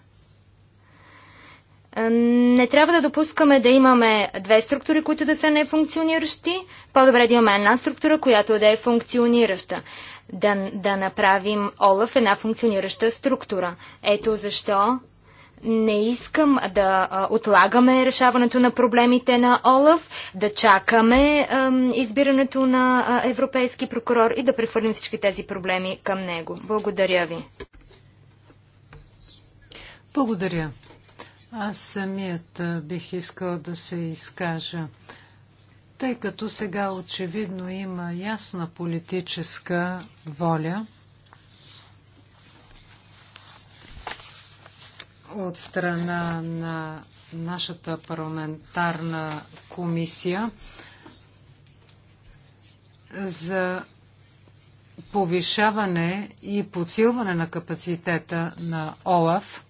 Е, не трябва да допускаме да имаме две структури, които да са нефункциониращи. По-добре да имаме една структура, която да е функционираща. Да, да направим ОЛАФ една функционираща структура. Ето защо не искам да отлагаме решаването на проблемите на ОЛАФ, да чакаме избирането на европейски прокурор и да прехвърлим всички тези проблеми към него. Благодаря ви. Благодаря. Аз самият бих искал да се изкажа, тъй като сега очевидно има ясна политическа воля от страна на нашата парламентарна комисия за повишаване и подсилване на капацитета на ОЛАФ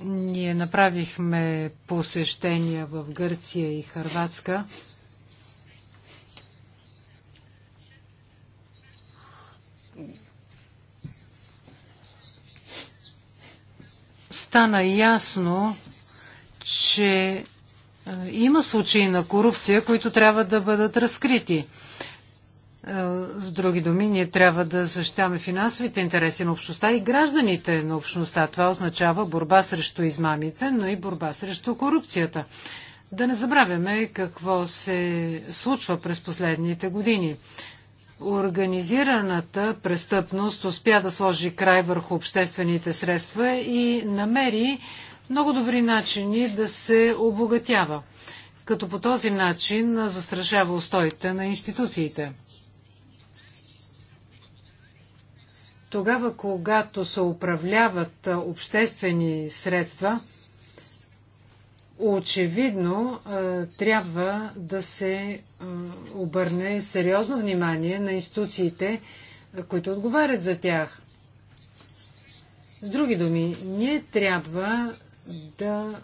ние направихме посещения в Гърция и Харватска. Стана ясно, че е, има случаи на корупция, които трябва да бъдат разкрити. Е, с други думи, ние трябва да защитаваме финансовите интереси на общността и гражданите на общността. Това означава борба срещу измамите, но и борба срещу корупцията. Да не забравяме какво се случва през последните години. Организираната престъпност успя да сложи край върху обществените средства и намери много добри начини да се обогатява, като по този начин застрашава устоите на институциите. Тогава, когато се управляват обществени средства, очевидно трябва да се обърне сериозно внимание на институциите, които отговарят за тях. С други думи, ние трябва да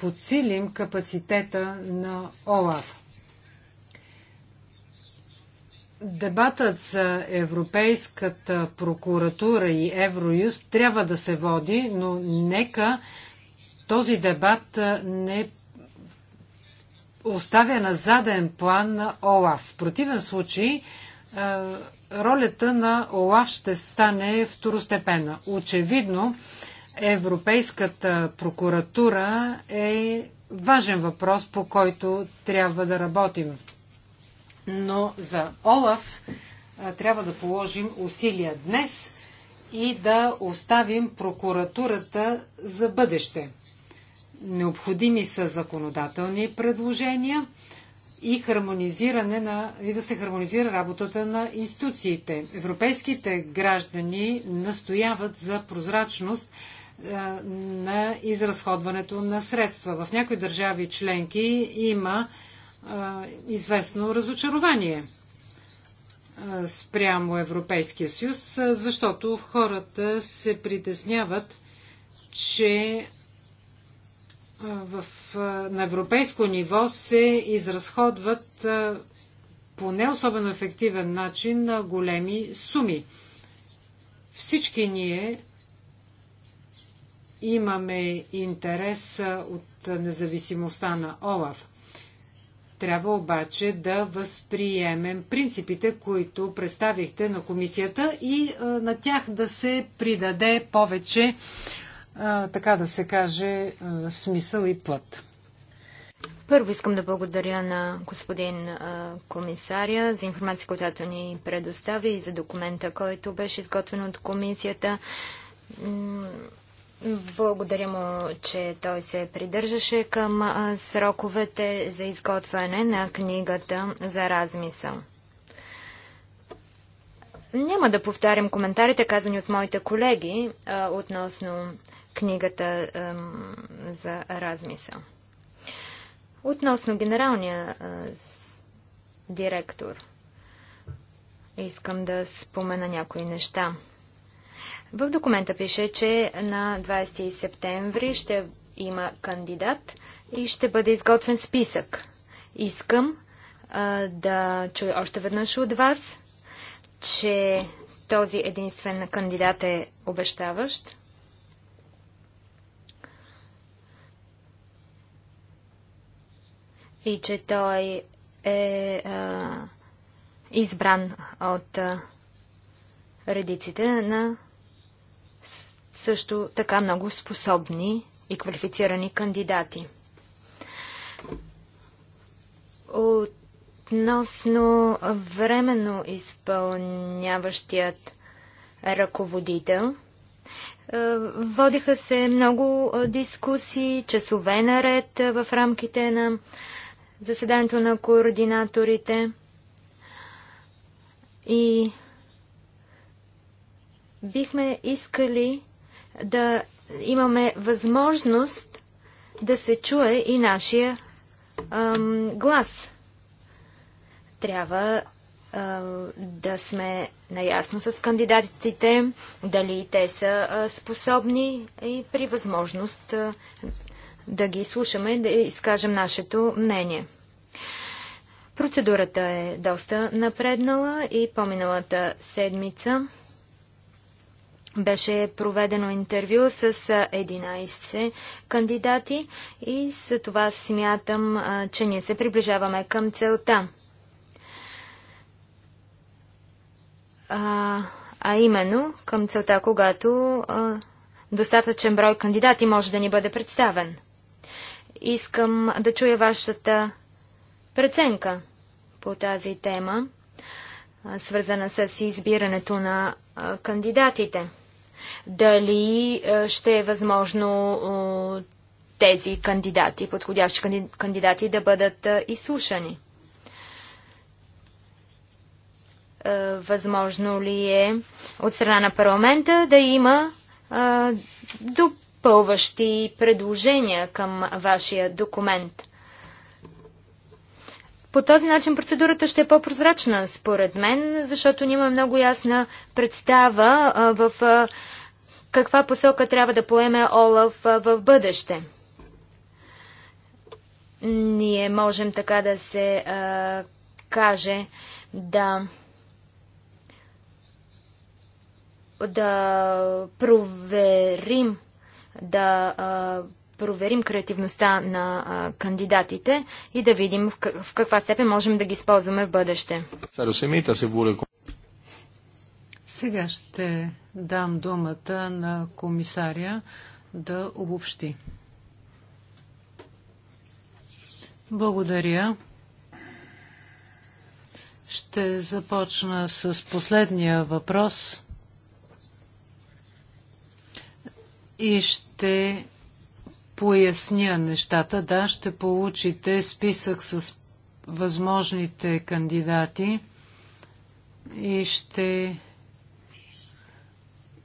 подсилим капацитета на ОЛАФ. Дебатът за Европейската прокуратура и Евроюст трябва да се води, но нека този дебат не оставя на заден план на ОЛАФ. В противен случай ролята на ОЛАФ ще стане второстепенна. Очевидно, Европейската прокуратура е важен въпрос, по който трябва да работим но за Олаф трябва да положим усилия днес и да оставим прокуратурата за бъдеще. Необходими са законодателни предложения и хармонизиране на, и да се хармонизира работата на институциите. Европейските граждани настояват за прозрачност на изразходването на средства. В някои държави членки има известно разочарование спрямо Европейския съюз, защото хората се притесняват, че в, на европейско ниво се изразходват по не особено ефективен начин на големи суми. Всички ние имаме интерес от независимостта на Олаф. Трябва обаче да възприемем принципите, които представихте на комисията и а, на тях да се придаде повече, а, така да се каже, а, смисъл и плът. Първо искам да благодаря на господин а, комисаря за информация, която ни предостави и за документа, който беше изготвен от комисията. Благодаря му, че той се придържаше към сроковете за изготвяне на книгата за размисъл. Няма да повтарям коментарите, казани от моите колеги относно книгата за размисъл. Относно генералния директор, искам да спомена някои неща. В документа пише, че на 20 септември ще има кандидат и ще бъде изготвен списък. Искам а, да чуя още веднъж от вас, че този единствен кандидат е обещаващ. И че той е а, избран от а, редиците на също така много способни и квалифицирани кандидати. Относно временно изпълняващият ръководител, е, водиха се много е, дискусии, часове наред е, в рамките на заседанието на координаторите и бихме искали да имаме възможност да се чуе и нашия ам, глас. Трябва да сме наясно с кандидатите, дали те са способни и при възможност да ги слушаме, и да изкажем нашето мнение. Процедурата е доста напреднала и по-миналата седмица беше проведено интервю с 11 кандидати и за това смятам, че ние се приближаваме към целта. А, а именно към целта, когато а, достатъчен брой кандидати може да ни бъде представен. Искам да чуя вашата преценка по тази тема, свързана с избирането на кандидатите дали е, ще е възможно е, тези кандидати, подходящи кандидати да бъдат е, изслушани. Възможно ли е от страна на парламента да има допълващи предложения към вашия документ? По този начин процедурата ще е по-прозрачна, според мен, защото няма много ясна представа в каква посока трябва да поеме Олаф в бъдеще. Ние можем така да се а, каже да да проверим, да а, проверим креативността на а, кандидатите и да видим в, как, в каква степен можем да ги използваме в бъдеще. Сега ще дам думата на комисаря да обобщи. Благодаря. Ще започна с последния въпрос и ще поясня нещата. Да, ще получите списък с възможните кандидати и ще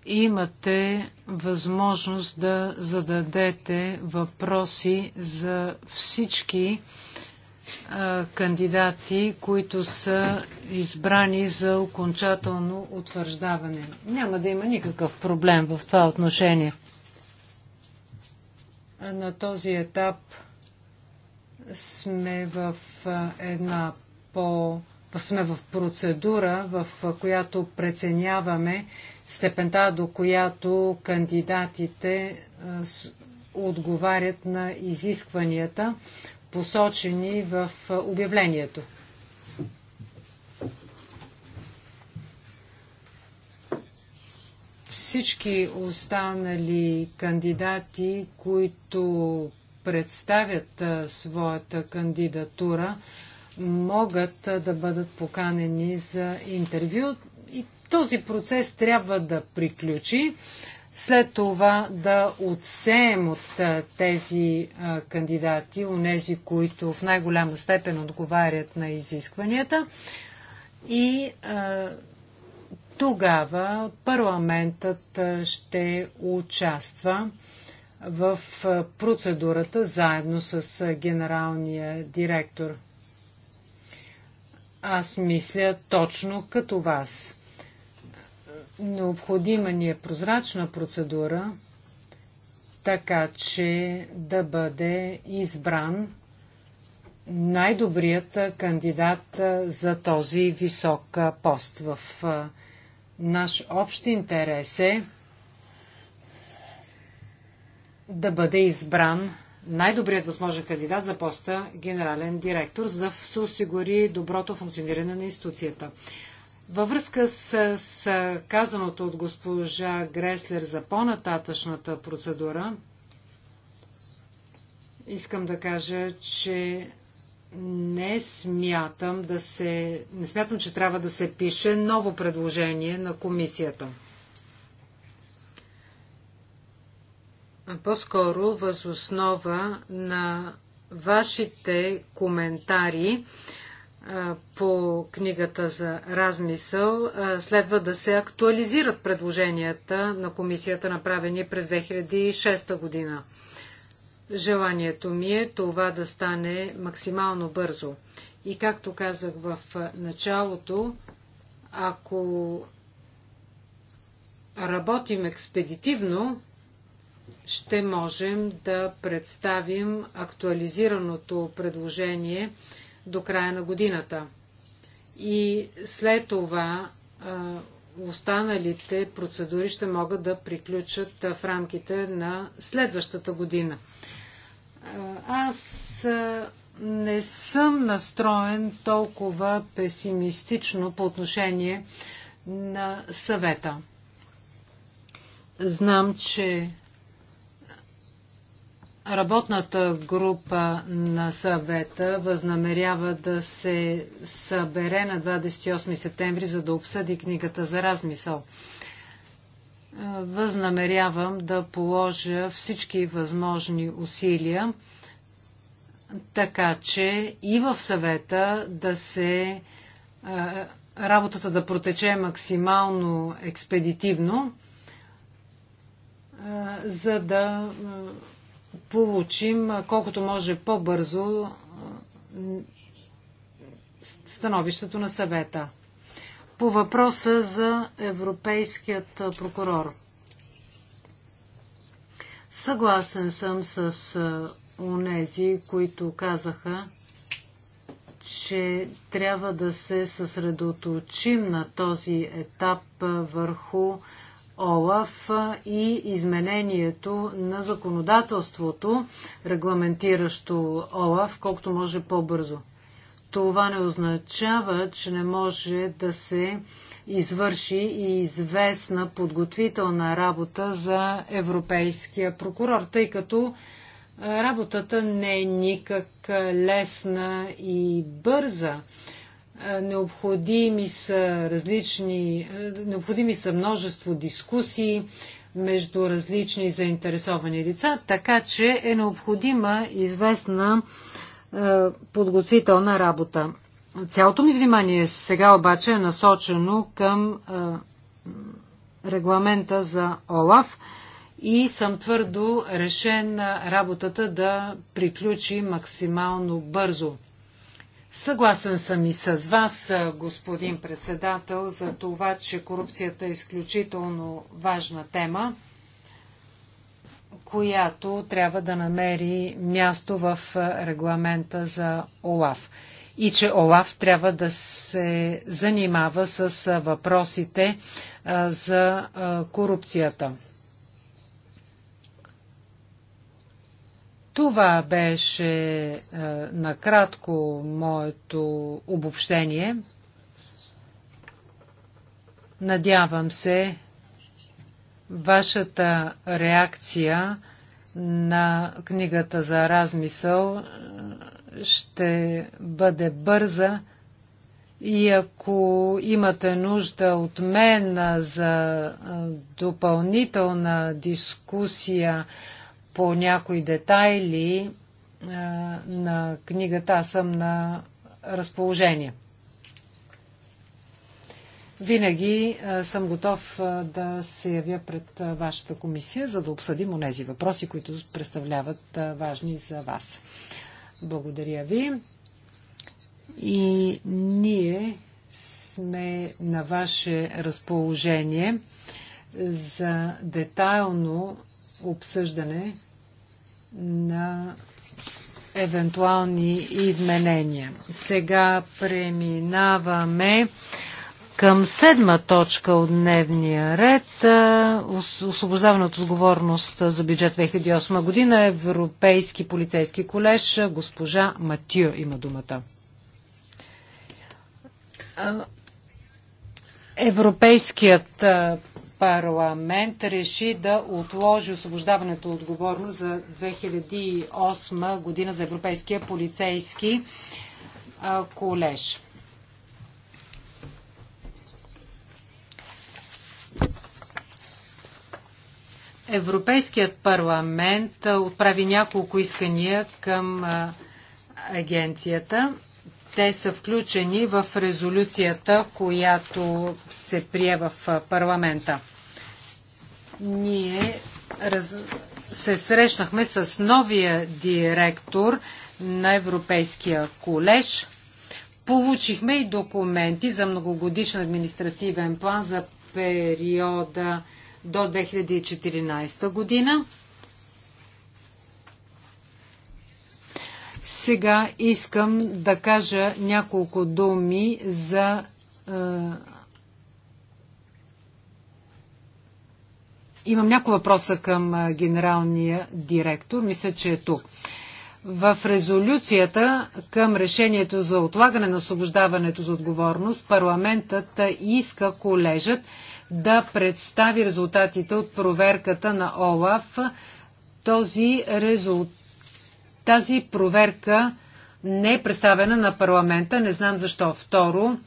имате възможност да зададете въпроси за всички а, кандидати, които са избрани за окончателно утвърждаване. Няма да има никакъв проблем в това отношение. На този етап сме в една по... сме в процедура, в която преценяваме степента, до която кандидатите отговарят на изискванията, посочени в обявлението. Всички останали кандидати, които представят своята кандидатура, могат да бъдат поканени за интервю и този процес трябва да приключи. След това да отсеем от тези кандидати, онези, които в най-голяма степен отговарят на изискванията и тогава парламентът ще участва в процедурата заедно с генералния директор. Аз мисля точно като вас. Необходима ни е прозрачна процедура, така че да бъде избран най-добрият кандидат за този висок пост в Наш общ интерес е да бъде избран най-добрият възможен кандидат за поста генерален директор, за да се осигури доброто функциониране на институцията. Във връзка с, с казаното от госпожа Греслер за по-нататъчната процедура, искам да кажа, че не смятам, да се, не смятам, че трябва да се пише ново предложение на комисията. По-скоро възоснова на вашите коментари по книгата за размисъл следва да се актуализират предложенията на комисията, направени през 2006 година. Желанието ми е това да стане максимално бързо. И както казах в началото, ако работим експедитивно, ще можем да представим актуализираното предложение до края на годината. И след това останалите процедури ще могат да приключат в рамките на следващата година. Аз не съм настроен толкова песимистично по отношение на съвета. Знам, че работната група на съвета възнамерява да се събере на 28 септември, за да обсъди книгата за размисъл възнамерявам да положа всички възможни усилия, така че и в съвета да се работата да протече максимално експедитивно, за да получим колкото може по-бързо становището на съвета. По въпроса за европейският прокурор. Съгласен съм с онези, които казаха, че трябва да се съсредоточим на този етап върху ОЛАФ и изменението на законодателството, регламентиращо ОЛАФ, колкото може по-бързо това не означава, че не може да се извърши и известна подготвителна работа за европейския прокурор, тъй като работата не е никак лесна и бърза. Необходими са различни, необходими са множество дискусии между различни заинтересовани лица, така че е необходима известна е, подготвителна работа. Цялото ми внимание сега обаче е насочено към е, регламента за ОЛАФ и съм твърдо решен работата да приключи максимално бързо. Съгласен съм и с вас, господин председател, за това, че корупцията е изключително важна тема която трябва да намери място в е, регламента за ОЛАФ. И че ОЛАФ трябва да се занимава с е, въпросите е, за корупцията. Това беше накратко моето обобщение. Надявам се, Вашата реакция на книгата за размисъл е, ще бъде бърза и ако имате нужда от мен за допълнителна дискусия по някои детайли на книгата, аз съм на разположение. Винаги съм готов да се явя пред вашата комисия, за да обсъдим онези въпроси, които представляват важни за вас. Благодаря ви. И ние сме на ваше разположение за детайлно обсъждане на евентуални изменения. Сега преминаваме към седма точка от дневния ред, освобождаване от отговорност за бюджет 2008 година, Европейски полицейски колеж, госпожа Матио има думата. Европейският парламент реши да отложи освобождаването от отговорност за 2008 година за Европейския полицейски колеж. Европейският парламент отправи няколко искания към агенцията. Те са включени в резолюцията, която се прие в парламента. Ние раз... се срещнахме с новия директор на Европейския колеж. Получихме и документи за многогодишен административен план за периода 2014 до 2014 година. Сега искам да кажа няколко думи за е, Имам няколко въпроса към генералния директор. Мисля, че е тук. В резолюцията към решението за отлагане на освобождаването за отговорност парламентът иска колежът да представи резултатите от проверката на ОЛАФ. Този резултат, тази проверка не е представена на парламента. Не знам защо. Второ,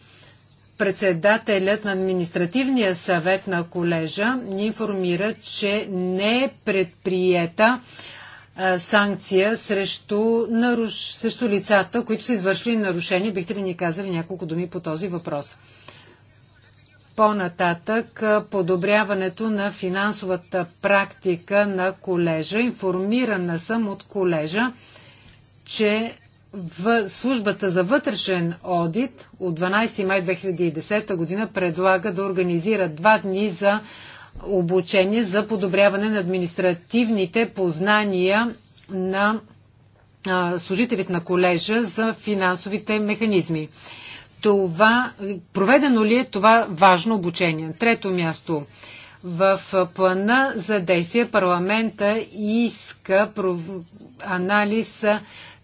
председателят на административния съвет на колежа ни информира, че не е предприета санкция срещу, наруш... срещу лицата, които са извършили нарушения. Бихте ли ни казали няколко думи по този въпрос? По-нататък подобряването на финансовата практика на колежа. Информирана съм от колежа, че в службата за вътрешен одит от 12 май 2010 година предлага да организира два дни за обучение за подобряване на административните познания на служителите на колежа за финансовите механизми това, проведено ли е това важно обучение? Трето място. В плана за действие парламента иска анализ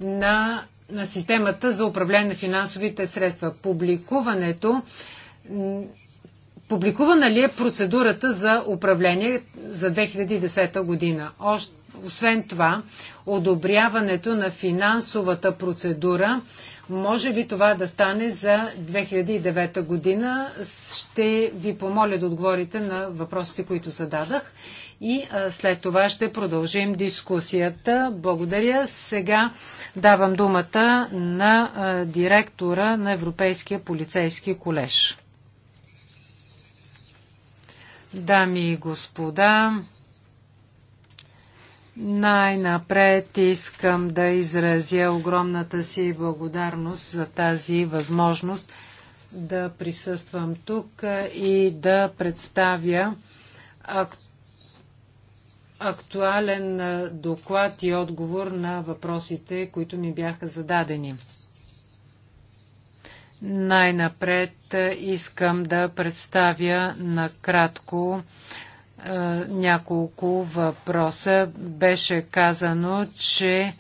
на, на системата за управление на финансовите средства. Публикуването Публикувана ли е процедурата за управление за 2010 година? Още, освен това, одобряването на финансовата процедура може ли това да стане за 2009 година? Ще ви помоля да отговорите на въпросите, които зададах. И а, след това ще продължим дискусията. Благодаря. Сега давам думата на а, директора на Европейския полицейски колеж. Дами и господа, най-напред искам да изразя огромната си благодарност за тази възможност да присъствам тук и да представя актуален доклад и отговор на въпросите, които ми бяха зададени. Най-напред искам да представя накратко няколко въпроса. Беше казано, че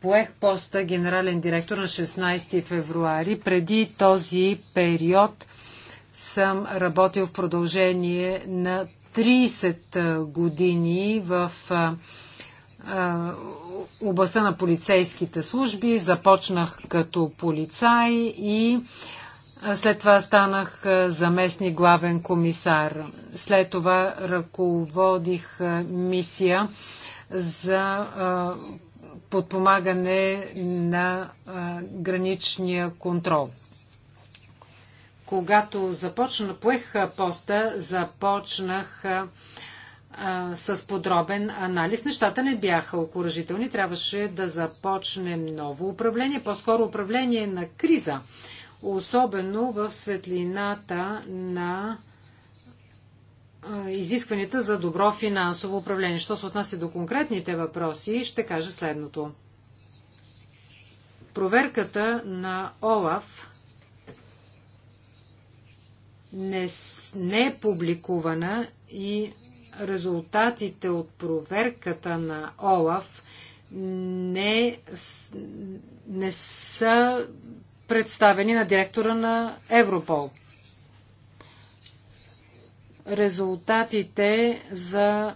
поех поста генерален директор на 16 февруари. Преди този период съм работил в продължение на 30 години в областта на полицейските служби. Започнах като полицай и след това станах заместник главен комисар. След това ръководих мисия за подпомагане на граничния контрол. Когато започна, поех поста, започнах с подробен анализ. Нещата не бяха окоръжителни. Трябваше да започнем ново управление, по-скоро управление на криза особено в светлината на изискванията за добро финансово управление. Що се отнася до конкретните въпроси, ще кажа следното. Проверката на ОЛАФ не, не е публикувана и резултатите от проверката на ОЛАФ не, не са представени на директора на Европол. Резултатите за,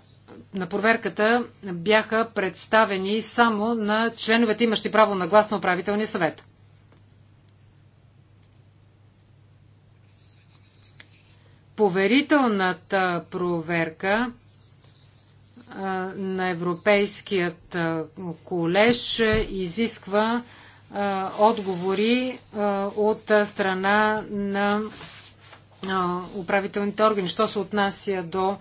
на проверката бяха представени само на членовете, имащи право на глас на управителния съвет. Поверителната проверка на Европейският колеж изисква отговори от страна на управителните органи. Що се отнася до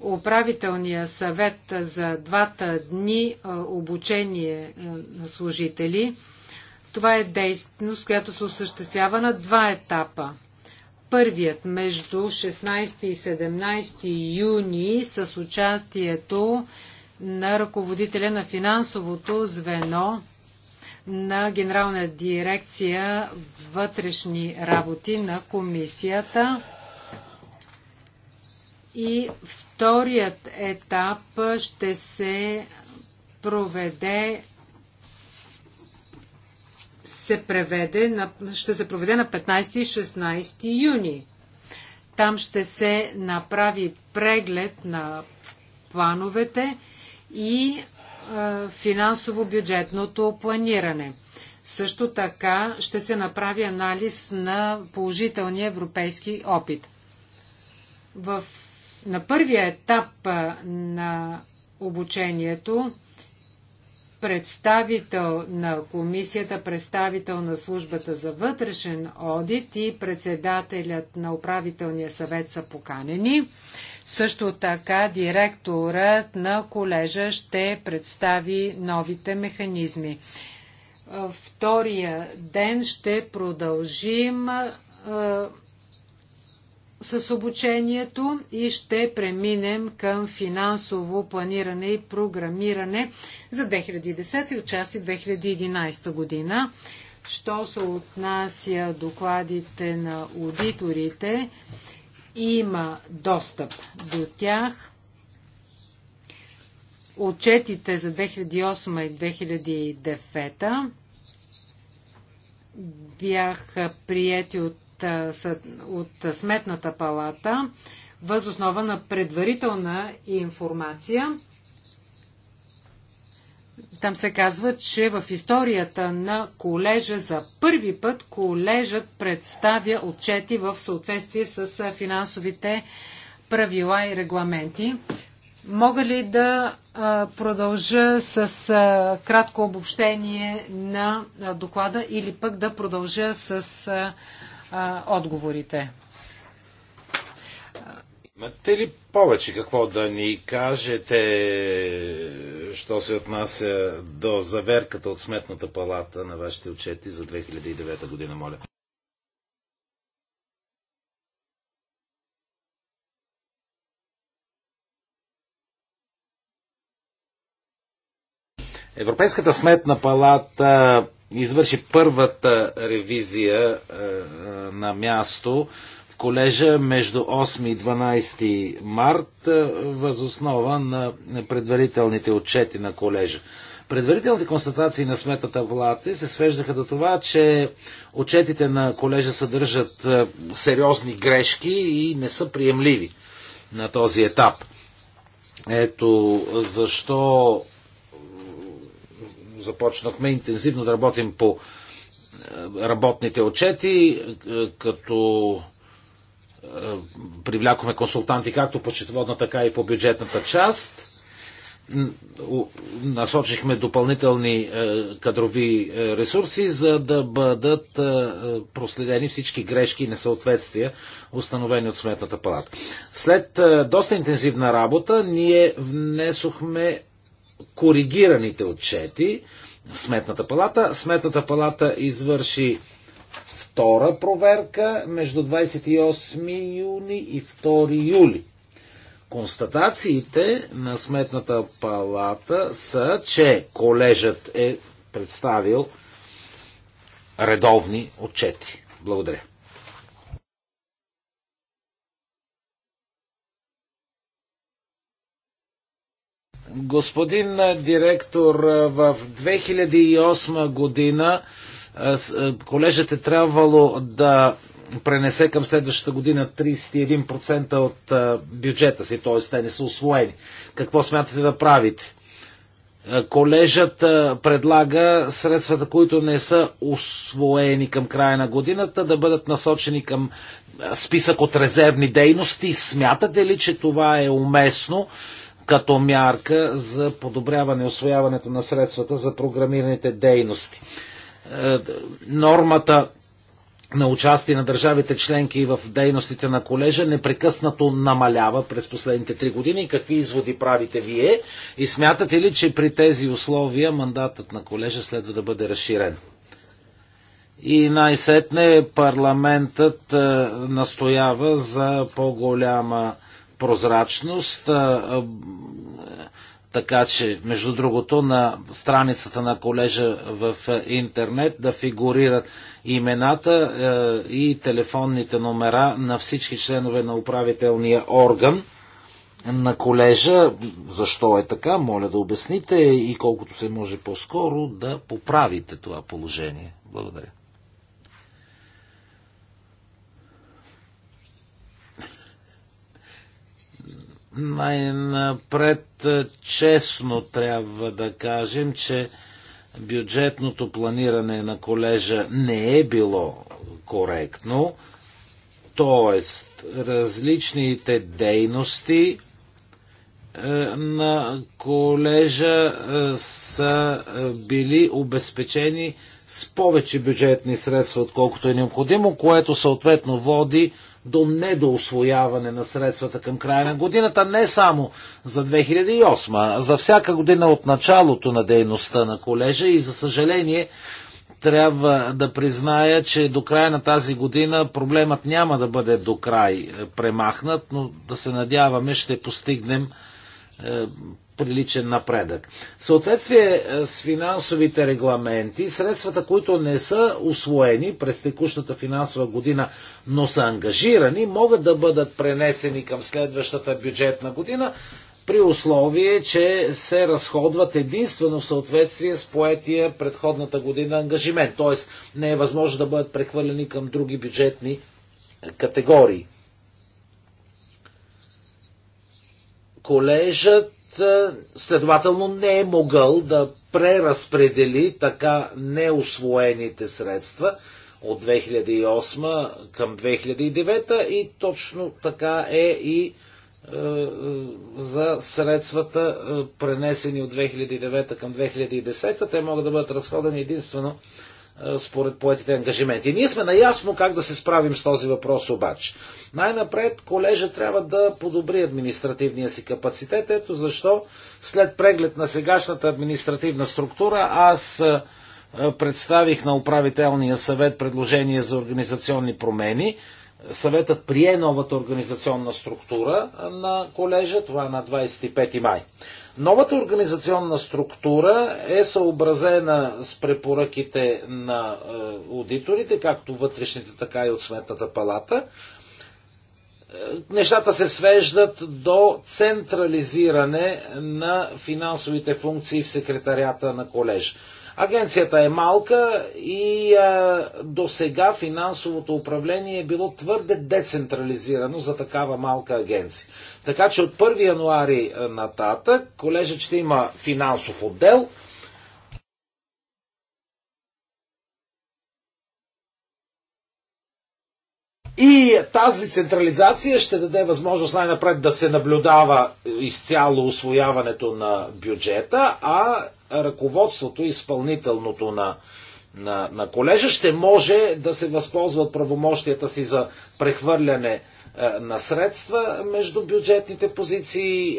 управителния съвет за двата дни обучение на служители, това е действеност, която се осъществява на два етапа. Първият между 16 и 17 юни с участието на ръководителя на финансовото звено на Генерална дирекция вътрешни работи на комисията. И вторият етап ще се проведе се преведе на, ще се проведе на 15 и 16 юни. Там ще се направи преглед на плановете и финансово-бюджетното планиране. Също така ще се направи анализ на положителния европейски опит. В, на първия етап на обучението представител на комисията, представител на службата за вътрешен одит и председателят на управителния съвет са поканени. Също така директорът на колежа ще представи новите механизми. Втория ден ще продължим е, с обучението и ще преминем към финансово планиране и програмиране за 2010 и отчасти 2011 година. Що се отнася докладите на аудиторите, има достъп до тях. Отчетите за 2008 и 2009 бяха приети от, от Сметната палата възоснова на предварителна информация там се казва, че в историята на колежа за първи път колежът представя отчети в съответствие с финансовите правила и регламенти. Мога ли да продължа с кратко обобщение на доклада или пък да продължа с отговорите? Имате ли повече какво да ни кажете що се отнася до заверката от Сметната палата на вашите отчети за 2009 година, моля. Европейската сметна палата извърши първата ревизия е, е, на място колежа между 8 и 12 март е, възоснова на предварителните отчети на колежа. Предварителните констатации на сметата Плати се свеждаха до това, че отчетите на колежа съдържат е, сериозни грешки и не са приемливи на този етап. Ето защо започнахме интензивно да работим по е, работните отчети, като е, привлякоме консултанти както по четводна, така и по бюджетната част. Насочихме допълнителни е, кадрови е, ресурси, за да бъдат проследени всички грешки и несъответствия, установени от Сметната палата. След доста интензивна работа, ние внесохме коригираните отчети в Сметната палата. Сметната палата извърши втора проверка между 28 юни и 2 юли. Констатациите на Сметната палата са, че колежът е представил редовни отчети. Благодаря. Господин директор, в 2008 година е, колежът е трябвало да пренесе към следващата година 31% от е, бюджета си, т.е. те не са освоени. Какво смятате да правите? Е, колежът предлага средствата, които не са освоени към края на годината, да бъдат насочени към списък от резервни дейности. Смятате ли, че това е уместно като мярка за подобряване освояването на средствата за програмираните дейности? Е, нормата на участие на държавите членки в дейностите на колежа непрекъснато намалява през последните три години. Какви изводи правите вие и смятате ли, че при тези условия мандатът на колежа следва да бъде разширен? И най-сетне парламентът е, настоява за по-голяма прозрачност. Е, така че, между другото, на страницата на колежа в е, интернет да фигурират имената е, и телефонните номера на всички членове на управителния орган на колежа. Защо е така? Моля да обясните и колкото се може по-скоро да поправите това положение. Благодаря. Най-напред е, честно трябва да кажем, че бюджетното планиране на колежа не е било коректно, т.е. различните дейности е, на колежа е, са били обезпечени с повече бюджетни средства, отколкото е необходимо, което съответно води до недоосвояване на средствата към края на годината, не само за 2008, а за всяка година от началото на дейността на колежа и за съжаление трябва да призная, че до края на тази година проблемът няма да бъде до край е, премахнат, но да се надяваме ще постигнем е, приличен напредък. В съответствие е, с финансовите регламенти, средствата, които не са освоени през текущата финансова година, но са ангажирани, могат да бъдат пренесени към следващата бюджетна година, при условие, че се разходват единствено в съответствие с поетия предходната година ангажимент. Т.е. не е възможно да бъдат прехвърлени към други бюджетни е, категории. Колежът е, следователно не е могъл да преразпредели така неосвоените средства от 2008 към 2009 и точно така е и е, за средствата, е, пренесени от 2009 към 2010. Те могат да бъдат разходени единствено според поетите ангажименти. Ние сме наясно как да се справим с този въпрос обаче. Най-напред колежа трябва да подобри административния си капацитет. Ето защо след преглед на сегашната административна структура аз представих на управителния съвет предложение за организационни промени. Съветът прие новата организационна структура на колежа, това е на 25 май. Новата организационна структура е съобразена с препоръките на е, аудиторите, както вътрешните, така и от Сметната палата. Е, нещата се свеждат до централизиране на финансовите функции в секретарията на колеж. Агенцията е малка и а, до сега финансовото управление е било твърде децентрализирано за такава малка агенция. Така че от 1 януари нататък колежът ще има финансов отдел – И тази централизация ще даде възможност най-напред да се наблюдава изцяло освояването на бюджета, а ръководството, изпълнителното на, на, на колежа ще може да се възползва от правомощията си за прехвърляне е, на средства между бюджетните позиции, е,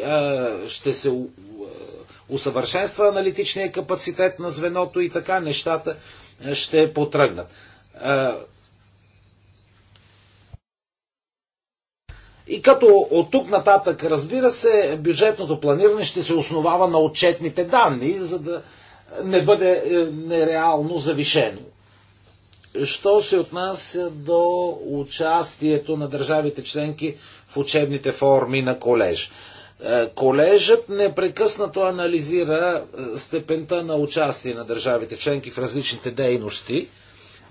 ще се е, усъвършенства аналитичния капацитет на звеното и така нещата е, ще потръгнат. Е, И като от тук нататък, разбира се, бюджетното планиране ще се основава на отчетните данни, за да е, не бъде е, нереално завишено. Що се отнася до участието на държавите членки в учебните форми на колеж? Е, колежът непрекъснато анализира степента на участие на държавите членки в различните дейности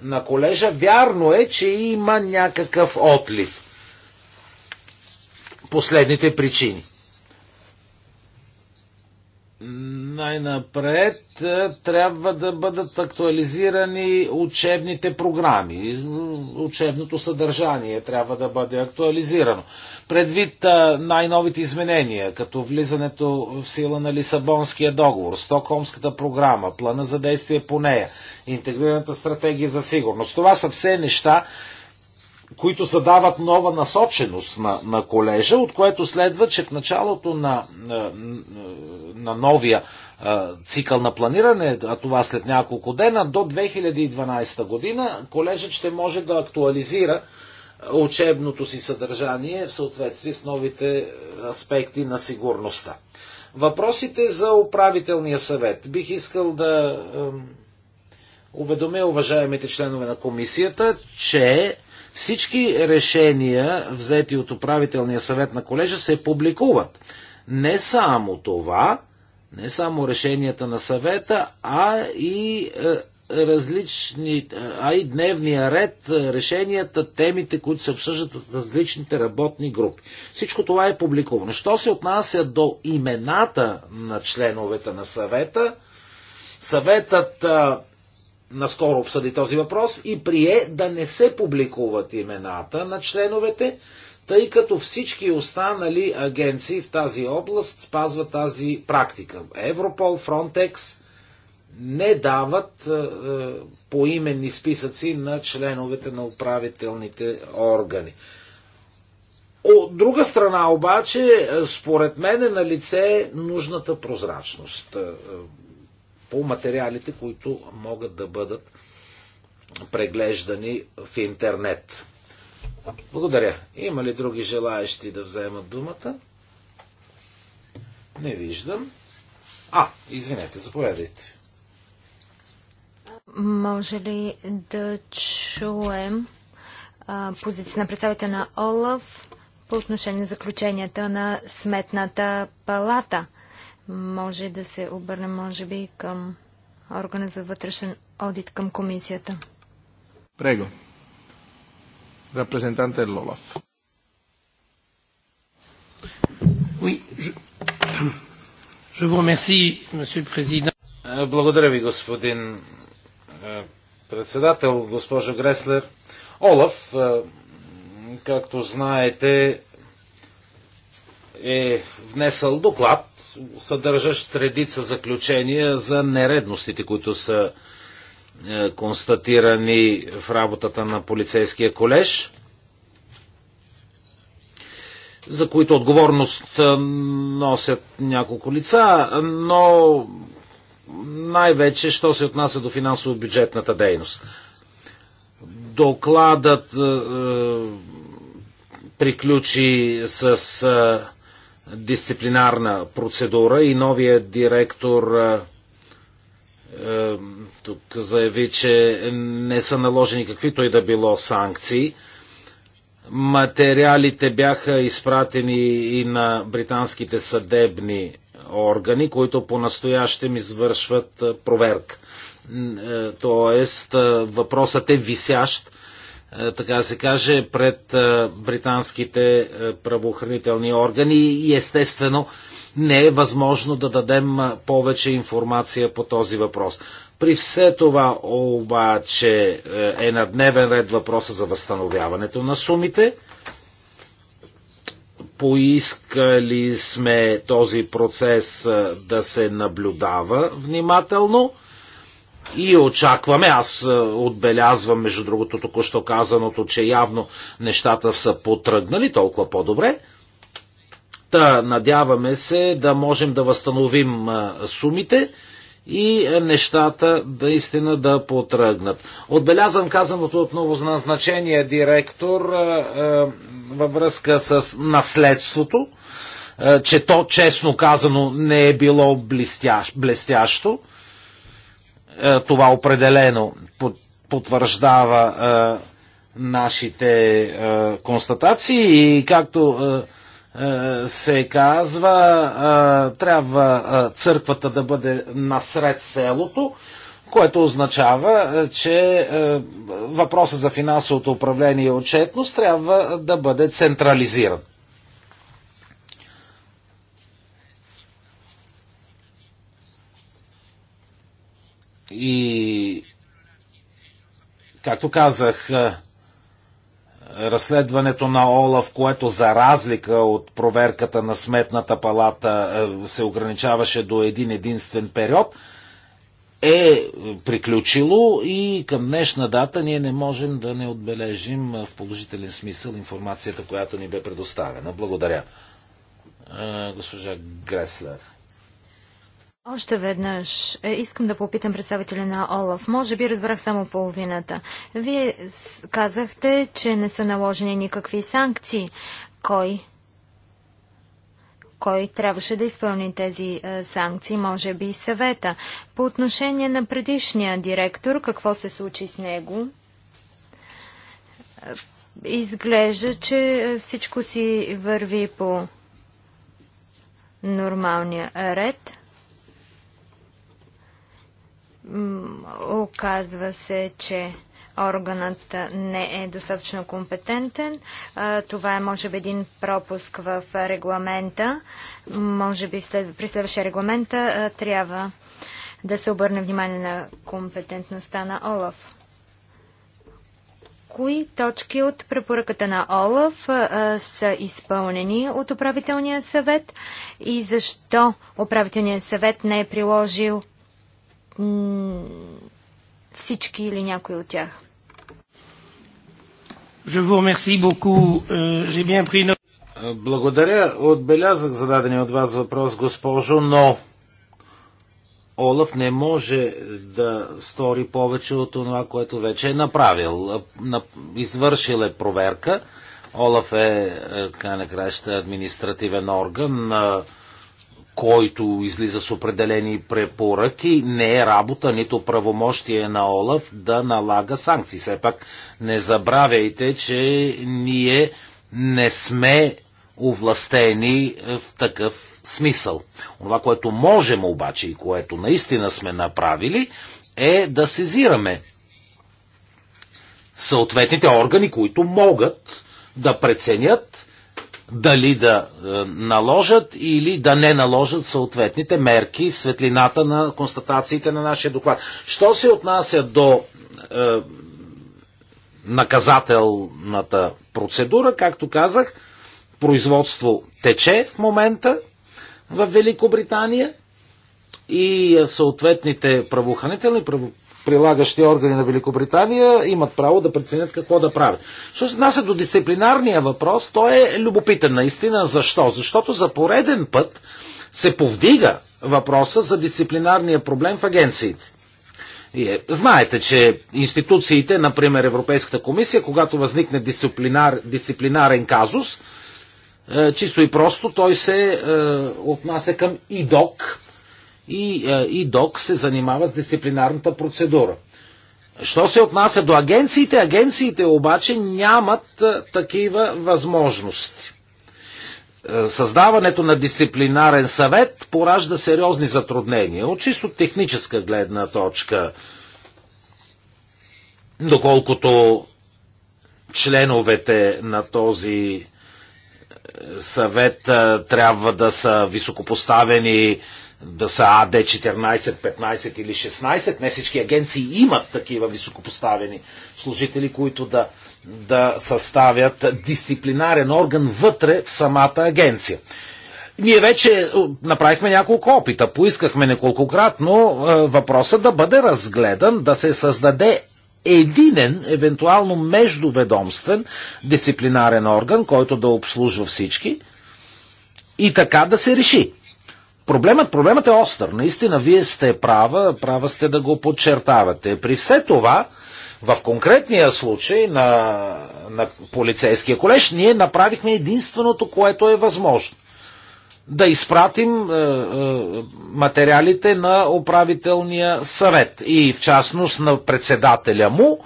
на колежа. Вярно е, че има някакъв отлив – последните причини. Най-напред е, трябва да бъдат актуализирани учебните програми. Учебното съдържание трябва да бъде актуализирано. Предвид е, най-новите изменения, като влизането в сила на Лисабонския договор, Стокхолмската програма, плана за действие по нея, интегрираната стратегия за сигурност. Това са все неща, които задават нова насоченост на, на колежа, от което следва, че в началото на, на, на новия а, цикъл на планиране, а това след няколко дена, до 2012 година, колежът ще може да актуализира учебното си съдържание в съответствие с новите аспекти на сигурността. Въпросите за управителния съвет. Бих искал да уведомя уважаемите членове на комисията, че всички решения, взети от управителния съвет на колежа, се публикуват. Не само това, не само решенията на съвета, а и е, различни, а и дневния ред, е, решенията, темите, които се обсъждат от различните работни групи. Всичко това е публикувано. Що се отнася до имената на членовете на съвета, съветът е, наскоро обсъди този въпрос и прие да не се публикуват имената на членовете, тъй като всички останали агенции в тази област спазват тази практика. Европол, Фронтекс не дават е, е, поименни списъци на членовете на управителните органи. От друга страна обаче, е, според мен е на лице нужната прозрачност е, по материалите, които могат да бъдат преглеждани в интернет. Благодаря. Има ли други желаящи да вземат думата? Не виждам. А, извинете, заповядайте. Може ли да чуем а, позиция на представител на ОЛАВ по отношение на заключенията на Сметната палата? Може да се обърне, може би, към органа за вътрешен одит към комисията. Прего. Репрезентанте Лолов. Oui, je... je vous remercie, monsieur le président. Благодаря ви, господин е, председател, госпожо Греслер. Олаф, е, както знаете, е внесъл доклад, съдържащ редица заключения за нередностите, които са е, констатирани в работата на полицейския колеж, за които отговорност е, носят няколко лица, но най-вече, що се отнася до финансово-бюджетната дейност. Докладът е, е приключи с е, дисциплинарна процедура и новия директор тук заяви, че не са наложени каквито и да било санкции. Материалите бяха изпратени и на британските съдебни органи, които по-настоящем извършват проверка. Тоест, въпросът е висящ е, така се каже, пред е, британските е, правоохранителни органи и естествено не е възможно да дадем повече информация по този въпрос. При все това обаче е на дневен ред въпроса за възстановяването на сумите. Поискали сме този процес да се наблюдава внимателно – и очакваме, аз е, отбелязвам, между другото, току-що казаното, че явно нещата са потръгнали толкова по-добре. Та, надяваме се да можем да възстановим е, сумите и е, нещата наистина да, да потръгнат. Отбелязвам казаното отново на значение директор във връзка с наследството, че то, честно казано, не е било блестящ, блестящо е, това определено потвърждава е, нашите е, констатации и както се казва, трябва църквата да бъде насред селото, което означава, че въпросът за финансовото управление и отчетност трябва да бъде централизиран. И, както казах, е, разследването на Олаф, което за разлика от проверката на Сметната палата е, се ограничаваше до един единствен период, е приключило и към днешна дата ние не можем да не отбележим е, в положителен смисъл информацията, която ни бе предоставена. Благодаря. Госпожа Греслер. Още веднъж е, искам да попитам представителя на Олаф. Може би разбрах само половината. Вие казахте, че не са наложени никакви санкции. Кой? Кой трябваше да изпълни тези е, санкции? Може би и съвета. По отношение на предишния директор, какво се случи с него? Е, изглежда, че е, всичко си върви по нормалния ред. Оказва се, че органът не е достатъчно компетентен. Това е, може би, един пропуск в регламента. Може би след, при следващия регламента трябва да се обърне внимание на компетентността на ОЛАФ. Кои точки от препоръката на ОЛАФ а, са изпълнени от управителния съвет и защо управителният съвет не е приложил всички или някои от тях. Euh, Благодаря. Отбелязах зададения от вас въпрос, госпожо, но Олаф не може да стори повече от това, което вече е направил. Извършил е проверка. Олаф е, е край на краща, административен орган на който излиза с определени препоръки, не е работа, нито правомощие на Олаф да налага санкции. Все пак не забравяйте, че ние не сме овластени в такъв смисъл. Това, което можем обаче и което наистина сме направили, е да сезираме съответните органи, които могат да преценят дали да е, наложат или да не наложат съответните мерки в светлината на констатациите на нашия доклад. Що се отнася до е, наказателната процедура, както казах, производство тече в момента в Великобритания и е, съответните правоохранителни прилагащи органи на Великобритания имат право да преценят какво да правят. Що се отнася до дисциплинарния въпрос, той е любопитен наистина. Защо? Защото за пореден път се повдига въпроса за дисциплинарния проблем в агенциите. Е, знаете, че институциите, например Европейската комисия, когато възникне дисциплинар, дисциплинарен казус, е, чисто и просто той се е, отнася към ИДОК, е, и док се занимава с дисциплинарната процедура. Що се отнася до агенциите? Агенциите обаче нямат е, такива възможности. Е, създаването на дисциплинарен съвет поражда сериозни затруднения от чисто техническа гледна точка. Доколкото членовете на този съвет трябва да са високопоставени да са АД 14, 15 или 16. Не всички агенции имат такива високопоставени служители, които да, да съставят дисциплинарен орган вътре в самата агенция. Ние вече е, направихме няколко опита, поискахме неколкократно е, въпроса да бъде разгледан, да се създаде единен, евентуално междуведомствен дисциплинарен орган, който да обслужва всички и така да се реши Проблемът, проблемът е остър. Наистина, вие сте права, права сте да го подчертавате. При все това, в конкретния случай на, на полицейския колеж, ние направихме единственото, което е възможно. Да изпратим е, е, материалите на управителния съвет и в частност на председателя му,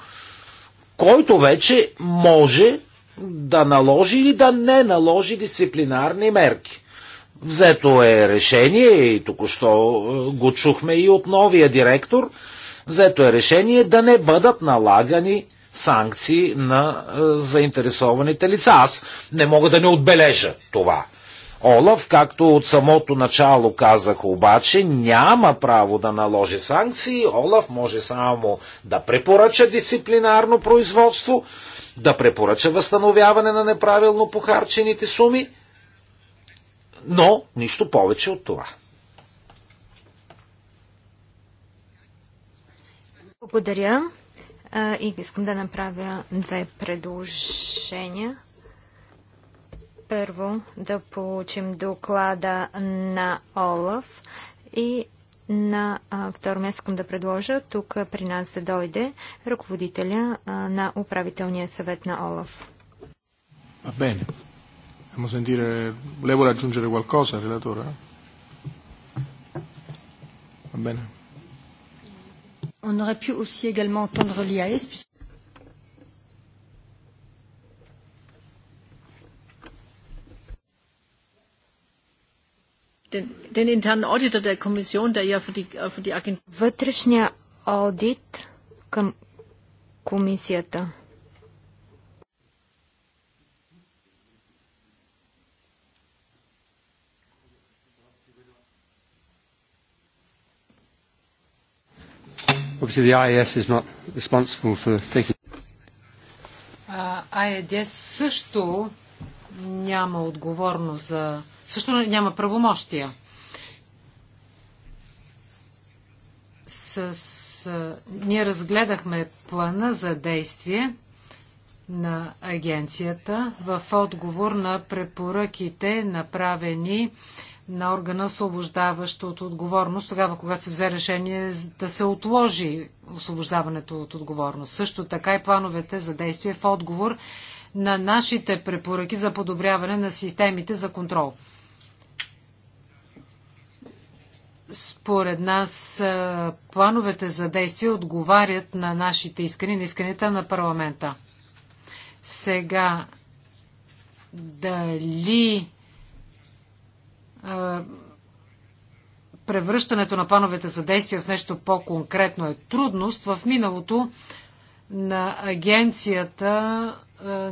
който вече може да наложи или да не наложи дисциплинарни мерки. Взето е решение и току-що е, го чухме и от новия директор. Взето е решение да не бъдат налагани санкции на е, заинтересованите лица. Аз не мога да не отбележа това. Олаф, както от самото начало казах обаче, няма право да наложи санкции. Олаф може само да препоръча дисциплинарно производство, да препоръча възстановяване на неправилно похарчените суми – но нищо повече от това. Благодаря. И искам да направя две предложения. Първо, да получим доклада на Олаф и на второ място искам да предложа тук при нас да дойде ръководителя на управителния съвет на Олаф. Facciamo sentire, lei vuole aggiungere qualcosa, relatore? Va bene. On aurait pu aussi également entendre l'IAS. Den, internen Auditor der Kommission, der ja für die, für die Agentur. Вътрешния аудит към комисията. Obviously the IAS is not responsible for taking... също няма отговорност за... също няма правомощия. С... Ние разгледахме плана за действие на агенцията в отговор на препоръките, направени на органа, освобождаващ от отговорност, тогава когато се взе решение да се отложи освобождаването от отговорност. Също така и плановете за действие в отговор на нашите препоръки за подобряване на системите за контрол. Според нас плановете за действие отговарят на нашите искани на исканията на парламента. Сега дали превръщането на плановете за действие в нещо по-конкретно е трудност. В миналото на агенцията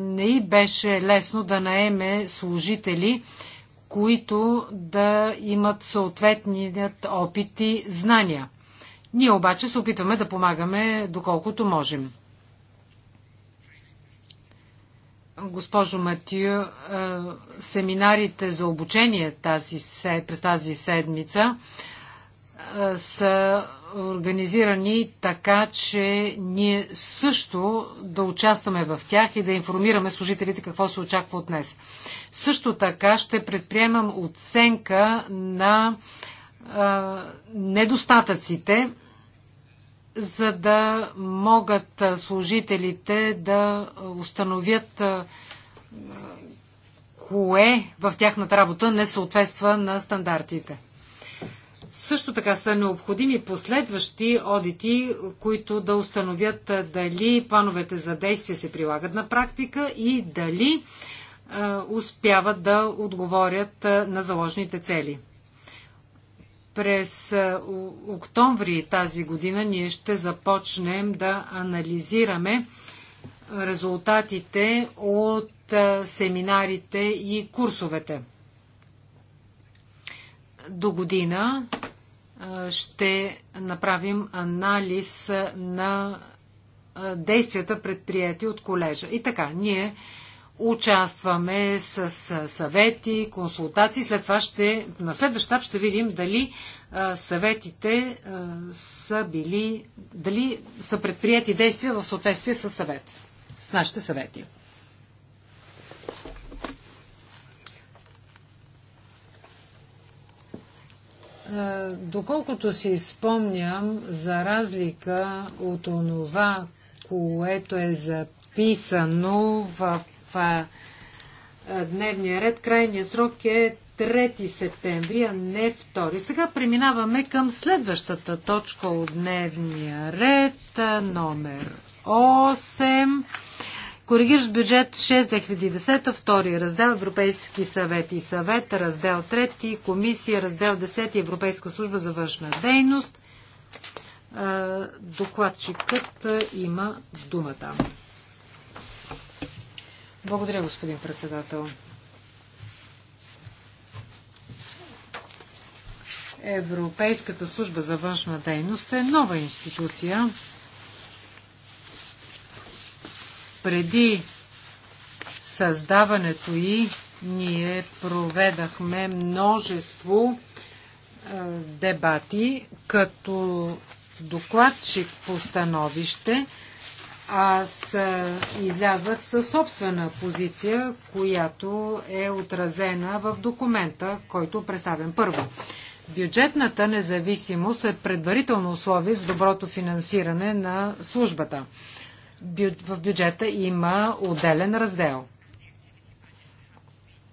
не и беше лесно да наеме служители, които да имат съответният опит и знания. Ние обаче се опитваме да помагаме доколкото можем. госпожо Матио, е, семинарите за обучение тази, през тази седмица е, са организирани така, че ние също да участваме в тях и да информираме служителите какво се очаква от днес. Също така ще предприемам оценка на е, недостатъците за да могат служителите да установят кое в тяхната работа не съответства на стандартите. Също така са необходими последващи одити, които да установят дали плановете за действие се прилагат на практика и дали успяват да отговорят на заложните цели. През октомври тази година ние ще започнем да анализираме резултатите от семинарите и курсовете. До година ще направим анализ на действията предприяти от колежа. И така, ние Участваме с съвети, консултации. След това ще, на следващ етап ще видим дали съветите са били, дали са предприяти действия в съответствие с съвет, с нашите съвети. Доколкото си спомням, за разлика от онова, което е записано в а, дневния ред. Крайният срок е 3 септември, а не 2. Сега преминаваме към следващата точка от дневния ред, номер 8. Коригиращ бюджет 6-2010, втори раздел Европейски съвет и съвет, раздел 3, комисия, раздел 10 Европейска служба за външна дейност. Докладчикът има думата. Благодаря, господин председател. Европейската служба за външна дейност е нова институция. Преди създаването й ние проведахме множество дебати, като докладчик по становище аз излязах със собствена позиция, която е отразена в документа, който представям първо. Бюджетната независимост е предварително условие с доброто финансиране на службата. В бюджета има отделен раздел.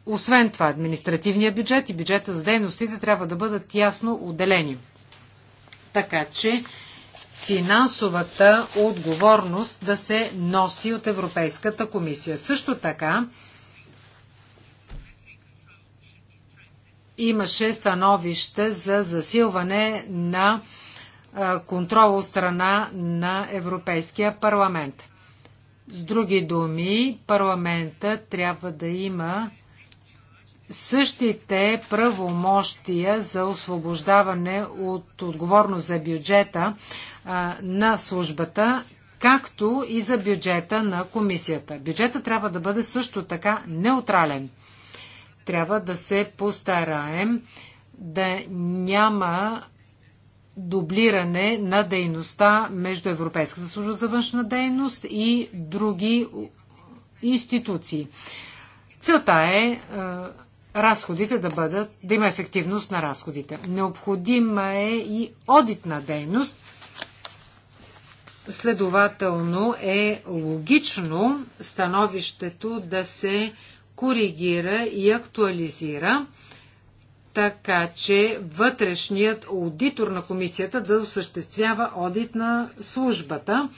Освен това, административният бюджет и бюджета за дейностите трябва да бъдат ясно отделени. Така че финансовата отговорност да се носи от Европейската комисия. Също така имаше становище за засилване на контрол от страна на Европейския парламент. С други думи, парламента трябва да има същите правомощия за освобождаване от отговорност за бюджета, на службата, както и за бюджета на комисията. Бюджета трябва да бъде също така неутрален. Трябва да се постараем да няма дублиране на дейността между Европейската служба за външна дейност и други институции. Целта е, е разходите да бъдат, да има ефективност на разходите. Необходима е и одитна дейност, Следователно е логично становището да се коригира и актуализира, така че вътрешният аудитор на комисията да осъществява одит на службата.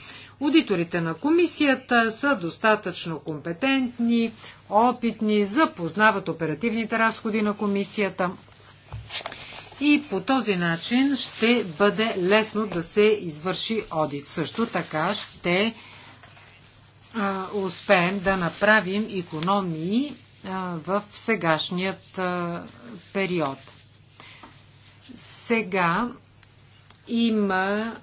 Аудиторите на комисията са достатъчно компетентни, опитни, запознават оперативните разходи на комисията и по този начин ще бъде лесно да се извърши одит. Също така ще а, успеем да направим економии а, в сегашният а, период. Сега има.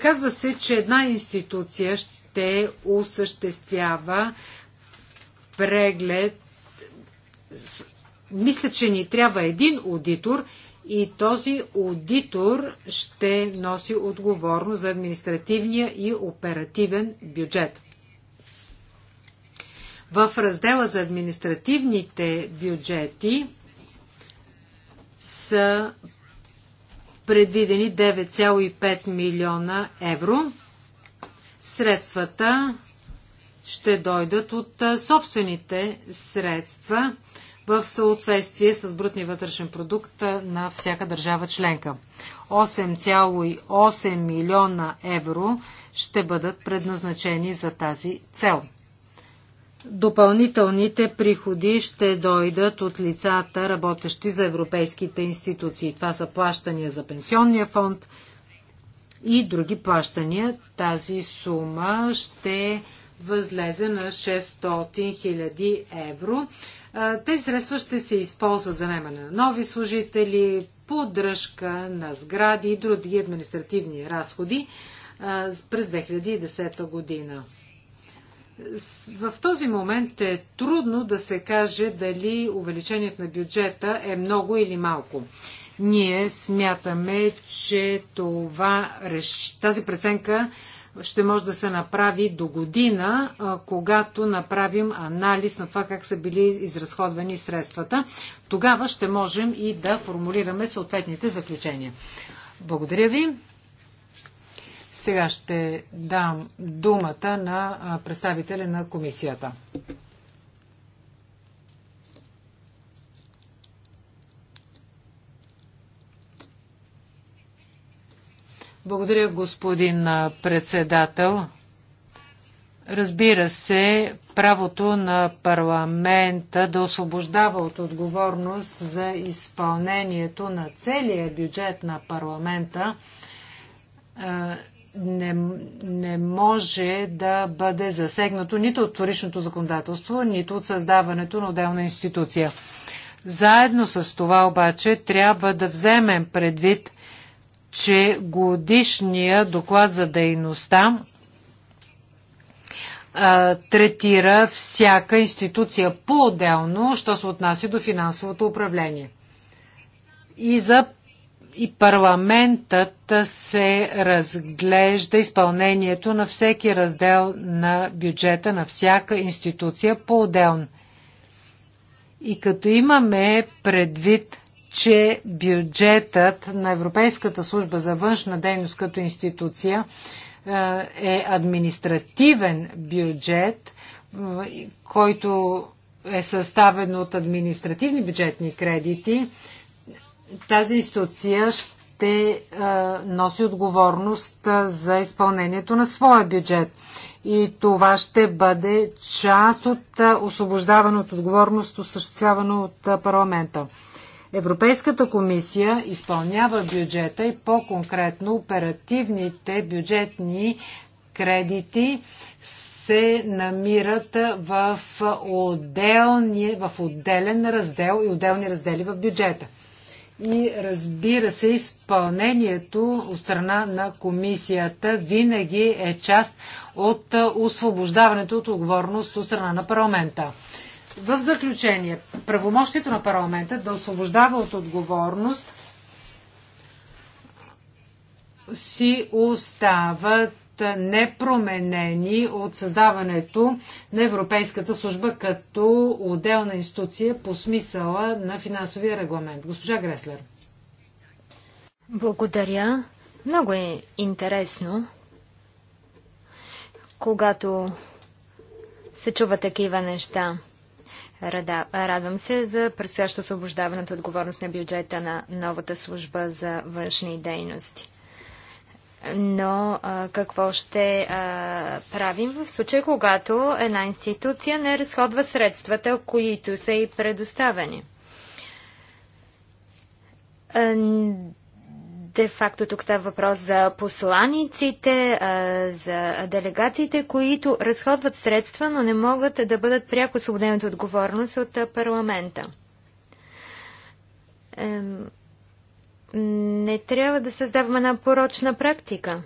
Казва се, че една институция ще осъществява преглед. Мисля, че ни трябва един аудитор, и този аудитор ще носи отговорност за административния и оперативен бюджет. В раздела за административните бюджети са предвидени 9,5 милиона евро. Средствата ще дойдат от собствените средства в съответствие с брутния вътрешен продукт на всяка държава членка. 8,8 милиона евро ще бъдат предназначени за тази цел. Допълнителните приходи ще дойдат от лицата, работещи за европейските институции. Това са плащания за пенсионния фонд и други плащания. Тази сума ще възлезе на 600 000 евро. Тези средства ще се използва за наемане на нови служители, поддръжка на сгради и други административни разходи през 2010 година. В този момент е трудно да се каже дали увеличението на бюджета е много или малко. Ние смятаме, че това, тази преценка ще може да се направи до година, когато направим анализ на това как са били изразходвани средствата. Тогава ще можем и да формулираме съответните заключения. Благодаря ви. Сега ще дам думата на представителя на комисията. Благодаря, господин председател. Разбира се, правото на парламента да освобождава от отговорност за изпълнението на целия бюджет на парламента не, не може да бъде засегнато нито от вторичното законодателство, нито от създаването на отделна институция. Заедно с това обаче трябва да вземем предвид – че годишния доклад за дейността третира всяка институция по-отделно, що се отнася до финансовото управление. И за и парламентът се разглежда изпълнението на всеки раздел на бюджета на всяка институция по-отделно. И като имаме предвид че бюджетът на Европейската служба за външна дейност като институция е, е административен бюджет, който е съставен от административни бюджетни кредити, тази институция ще е, носи отговорност е, за изпълнението на своя бюджет. И това ще бъде част от освобождаване от отговорност, осъществявано от парламента. Европейската комисия изпълнява бюджета и по-конкретно оперативните бюджетни кредити се намират в, отделни, в отделен раздел и отделни раздели в бюджета. И разбира се, изпълнението от страна на комисията винаги е част от освобождаването от отговорност от страна на парламента. В заключение, правомощието на парламента да освобождава от отговорност си остават непроменени от създаването на Европейската служба като отделна институция по смисъла на финансовия регламент. Госпожа Греслер. Благодаря. Много е интересно, когато се чува такива неща. Радвам се за предстоящо освобождаването отговорност на бюджета на новата служба за външни дейности. Но а, какво ще а, правим в случай, когато една институция не разходва средствата, които са и предоставени? Де-факто тук става въпрос за посланиците, за делегациите, които разходват средства, но не могат да бъдат пряко освободени от отговорност от парламента. Не трябва да създаваме една порочна практика.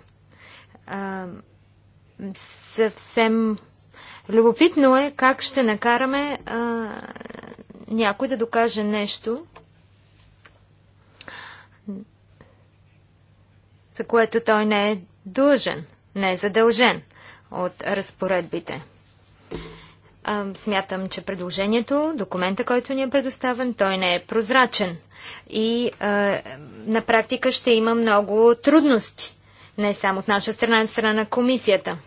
Съвсем любопитно е как ще накараме някой да докаже нещо, за което той не е дължен, не е задължен от разпоредбите. Смятам, че предложението, документа, който ни е предоставен, той не е прозрачен и а, на практика ще има много трудности, не само от наша страна, а от страна на комисията.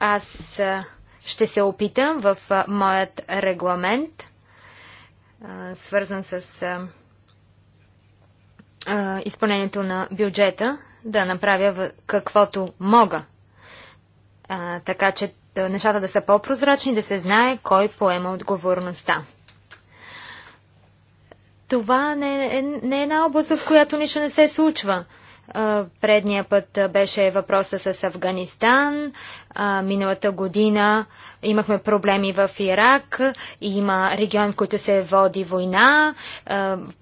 Аз а, ще се опитам в а, моят регламент, а, свързан с. А, а, изпълнението на бюджета, да направя каквото мога. А, така че нещата да са по-прозрачни, да се знае кой поема отговорността. Това не е, не е една област, в която нищо не се случва. Предния път беше въпроса с Афганистан. Миналата година имахме проблеми в Ирак. Има регион, в който се води война.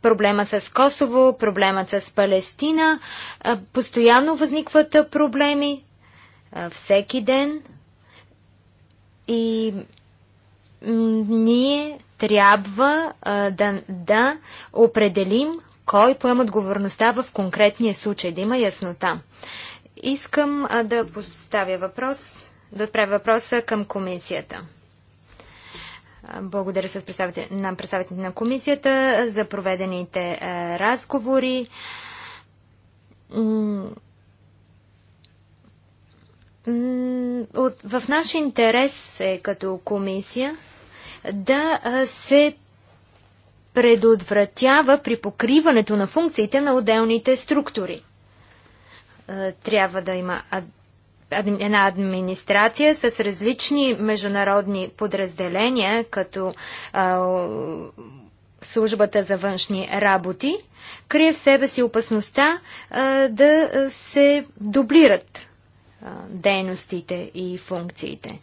Проблема с Косово, проблемът с Палестина. Постоянно възникват проблеми. Всеки ден. И ние трябва да, да определим кой поема отговорността в конкретния случай, да има яснота. Искам а, да поставя въпрос, да отправя въпроса към комисията. Благодаря с на представителите на комисията за проведените разговори. От, в наш интерес е като комисия да се предотвратява при покриването на функциите на отделните структури. Е, трябва да има една администрация с различни международни подразделения, като службата за външни работи, крие в себе си опасността да се дублират дейностите и функциите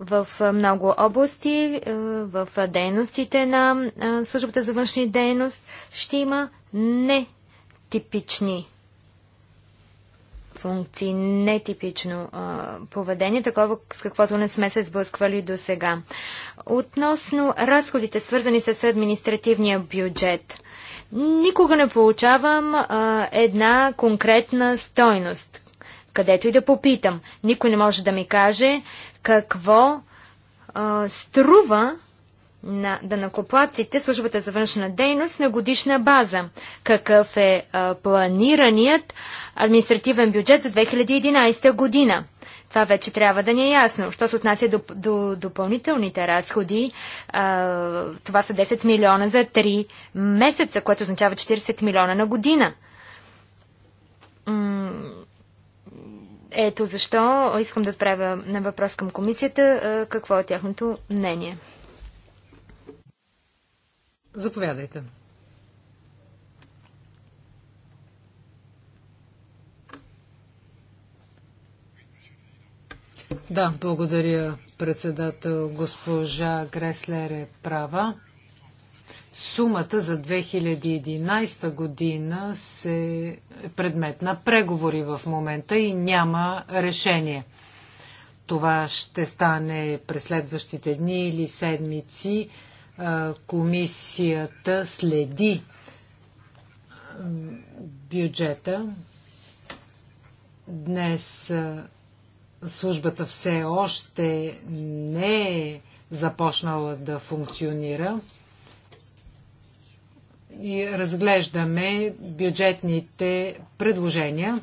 в много области, в дейностите на службата за външни дейност ще има нетипични функции, нетипично а, поведение, такова с каквото не сме се сблъсквали до сега. Относно разходите, свързани с административния бюджет, никога не получавам а, една конкретна стойност където и да попитам. Никой не може да ми каже какво а, струва на данакоплаците службата за външна дейност на годишна база. Какъв е а, планираният административен бюджет за 2011 година? Това вече трябва да ни е ясно. Що се отнася до, до допълнителните разходи, а, това са 10 милиона за 3 месеца, което означава 40 милиона на година. М ето защо искам да отправя на въпрос към комисията какво е тяхното мнение. Заповядайте. Да, благодаря, председател. Госпожа Греслер е права. Сумата за 2011 година се е предмет на преговори в момента и няма решение. Това ще стане през следващите дни или седмици. Комисията следи бюджета. Днес службата все още не е започнала да функционира. И разглеждаме бюджетните предложения.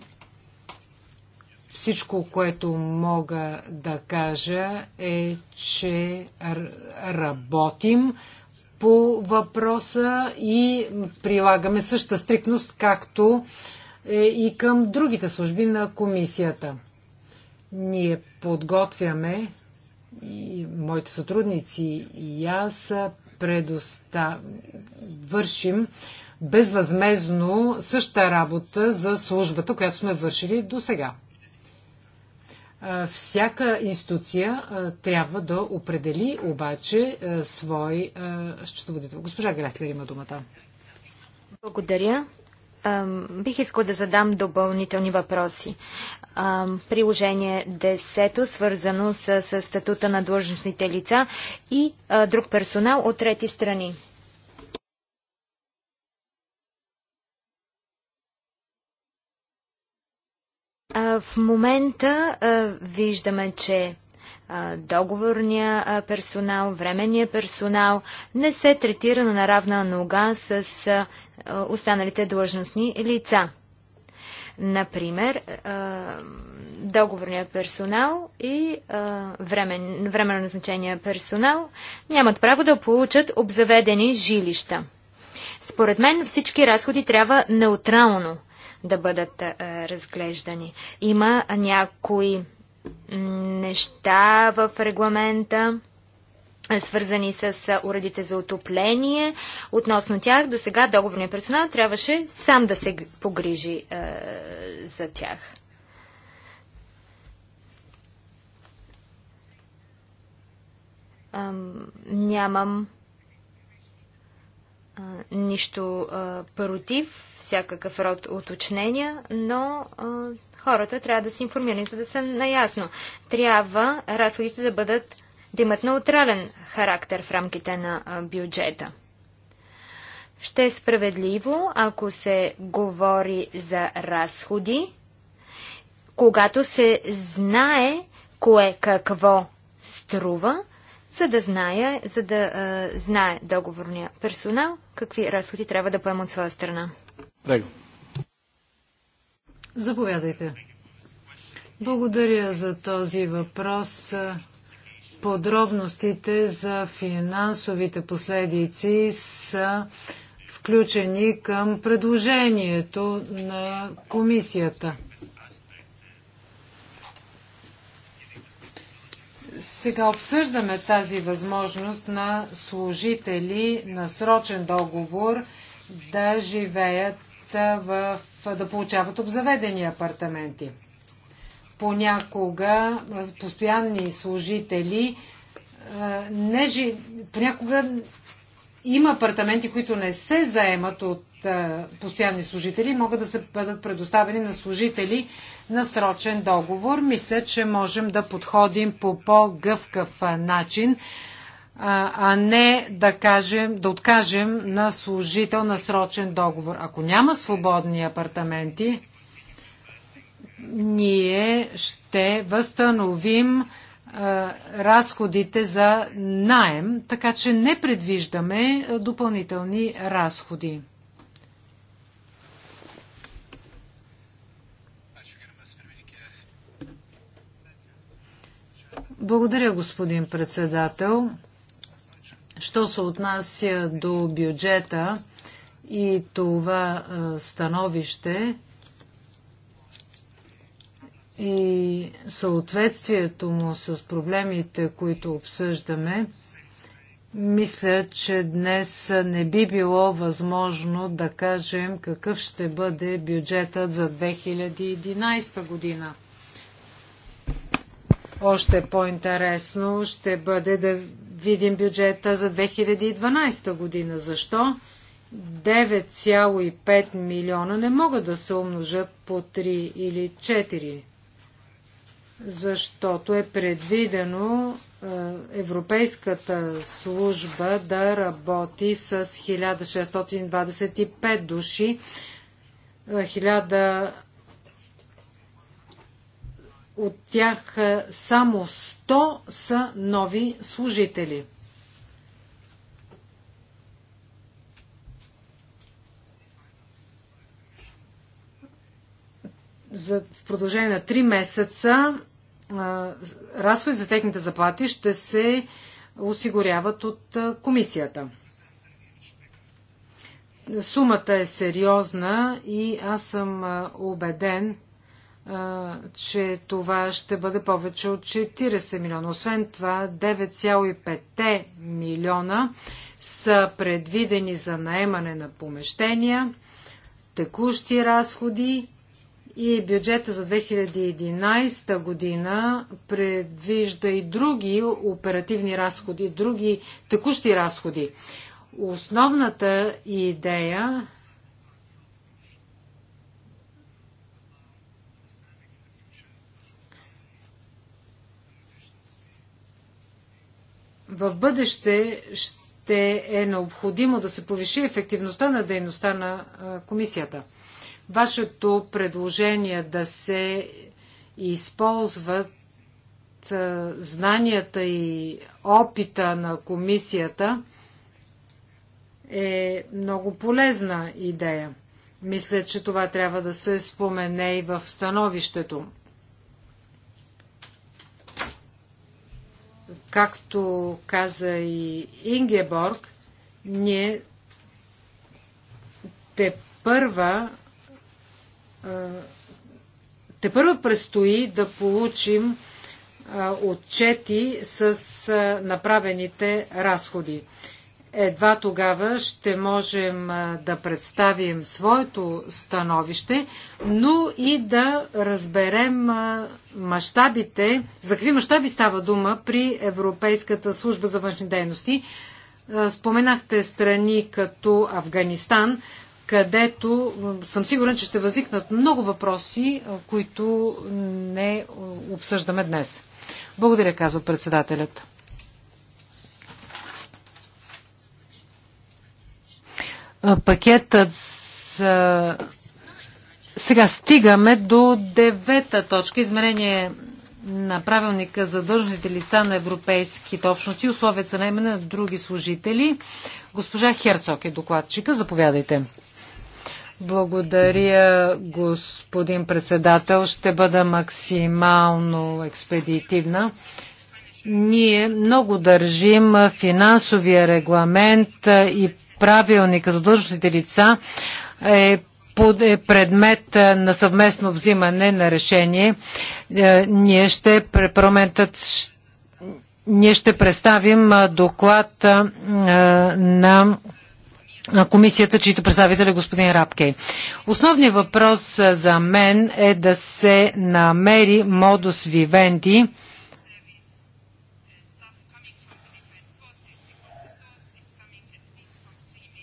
Всичко, което мога да кажа е, че работим по въпроса и прилагаме същата стрикност, както е и към другите служби на комисията. Ние подготвяме и моите сътрудници и аз предоставим безвъзмезно същата работа за службата, която сме вършили до сега. Всяка институция трябва да определи обаче свой счетоводител. Госпожа Греслер има думата. Благодаря. Бих искал да задам допълнителни въпроси. Приложение 10, свързано с, с статута на длъжностните лица и друг персонал от трети страни. В момента виждаме, че договорния персонал, временния персонал не се третира на равна нога с останалите длъжностни лица. Например, договорният персонал и времен, временно назначения персонал нямат право да получат обзаведени жилища. Според мен всички разходи трябва неутрално да бъдат разглеждани. Има някои неща в регламента свързани с уредите за отопление. Относно тях, до сега договорният персонал трябваше сам да се погрижи е, за тях. Ам, нямам а, нищо а, против всякакъв род уточнения, но а, хората трябва да са информирани, за да са наясно. Трябва разходите да бъдат да имат неутрален характер в рамките на а, бюджета. Ще е справедливо, ако се говори за разходи, когато се знае кое какво струва, за да знае, за да е, знае договорния персонал какви разходи трябва да поема от своя страна. Прего. Заповядайте. Благодаря за този въпрос. Подробностите за финансовите последици са включени към предложението на комисията. Сега обсъждаме тази възможност на служители на срочен договор да живеят в, да получават обзаведени апартаменти. Понякога постоянни служители не, понякога има апартаменти, които не се заемат от е, постоянни служители, могат да се бъдат предоставени на служители на срочен договор. Мисля, че можем да подходим по по-гъвкав е, начин, е, а не да, кажем, да откажем на служител на срочен договор. Ако няма свободни апартаменти, ние ще възстановим разходите за найем, така че не предвиждаме допълнителни разходи. Благодаря, господин председател. Що се отнася до бюджета и това становище, и съответствието му с проблемите, които обсъждаме, мисля, че днес не би било възможно да кажем какъв ще бъде бюджетът за 2011 година. Още по-интересно ще бъде да видим бюджета за 2012 година. Защо? 9,5 милиона не могат да се умножат по 3 или 4 защото е предвидено е, Европейската служба да работи с 1625 души, 1000 е, от тях е, само 100 са нови служители. За в продължение на 3 месеца разходи за техните заплати ще се осигуряват от комисията. Сумата е сериозна и аз съм убеден, че това ще бъде повече от 40 милиона. Освен това, 9,5 милиона са предвидени за наемане на помещения, текущи разходи и бюджета за 2011 година предвижда и други оперативни разходи, други текущи разходи. Основната идея в бъдеще ще е необходимо да се повиши ефективността на дейността на комисията. Вашето предложение да се използват знанията и опита на комисията е много полезна идея. Мисля, че това трябва да се спомене и в становището. Както каза и Ингеборг, ние те първа те първо предстои да получим отчети с направените разходи. Едва тогава ще можем да представим своето становище, но и да разберем мащабите, за какви мащаби става дума при Европейската служба за външни дейности. Споменахте страни като Афганистан където съм сигурен, че ще възникнат много въпроси, които не обсъждаме днес. Благодаря, казва председателят. Пакетът за... Сега стигаме до девета точка. Измерение на правилника за дължностите лица на европейските общности, условията за наемане на други служители. Госпожа Херцог е докладчика. Заповядайте. Благодаря, господин председател. Ще бъда максимално експедитивна. Ние много държим финансовия регламент и правилника за длъжностните лица е е предмет на съвместно взимане на решение. Е, ние ще, парламентът, ние ще представим доклад на комисията, чието представител е господин Рапкей. Основният въпрос за мен е да се намери модус вивенди,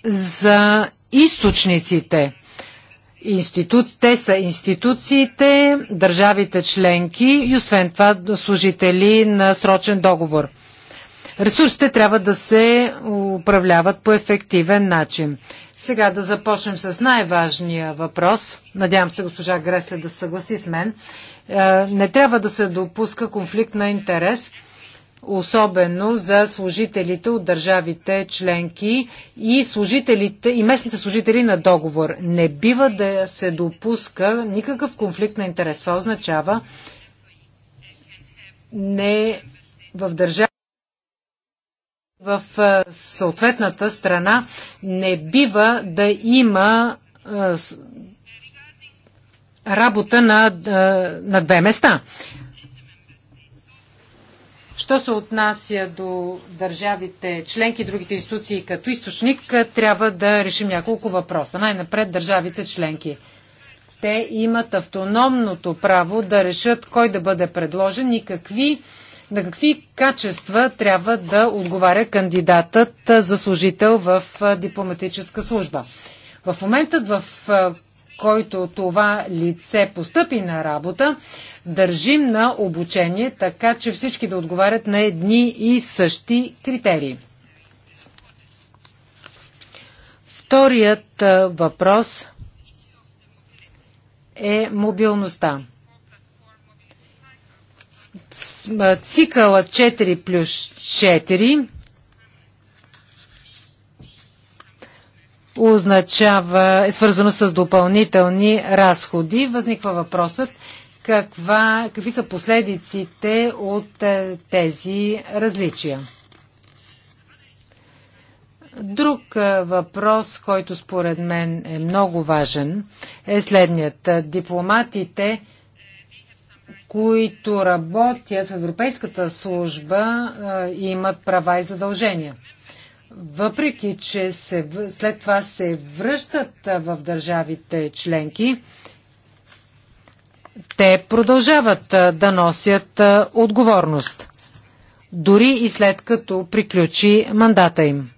за източниците. те са институциите, държавите членки и освен това служители на срочен договор – Ресурсите трябва да се управляват по ефективен начин. Сега да започнем с най-важния въпрос. Надявам се госпожа Гресле да съгласи с мен. Е, не трябва да се допуска конфликт на интерес особено за служителите от държавите членки и, служителите, и местните служители на договор. Не бива да се допуска никакъв конфликт на интерес. Това означава не в държава в съответната страна не бива да има работа на, на две места. Що се отнася до държавите членки, другите институции като източник, трябва да решим няколко въпроса. Най-напред държавите членки. Те имат автономното право да решат кой да бъде предложен и какви на какви качества трябва да отговаря кандидатът за служител в дипломатическа служба. В момента, в който това лице постъпи на работа, държим на обучение, така че всички да отговарят на едни и същи критерии. Вторият въпрос е мобилността цикъла 4 плюс 4 означава, е свързано с допълнителни разходи. Възниква въпросът каква, какви са последиците от е, тези различия. Друг е, въпрос, който според мен е много важен, е следният. Дипломатите които работят в Европейската служба, имат права и задължения. Въпреки, че се, след това се връщат в държавите членки, те продължават да носят отговорност, дори и след като приключи мандата им.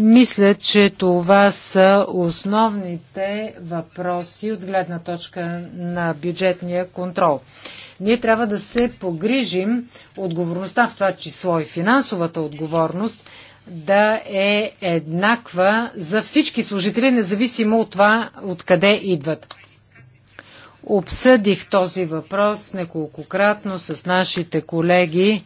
Мисля, че това са основните въпроси от гледна точка на бюджетния контрол. Ние трябва да се погрижим отговорността, в това число и финансовата отговорност, да е еднаква за всички служители, независимо от това откъде идват. Обсъдих този въпрос неколкократно с нашите колеги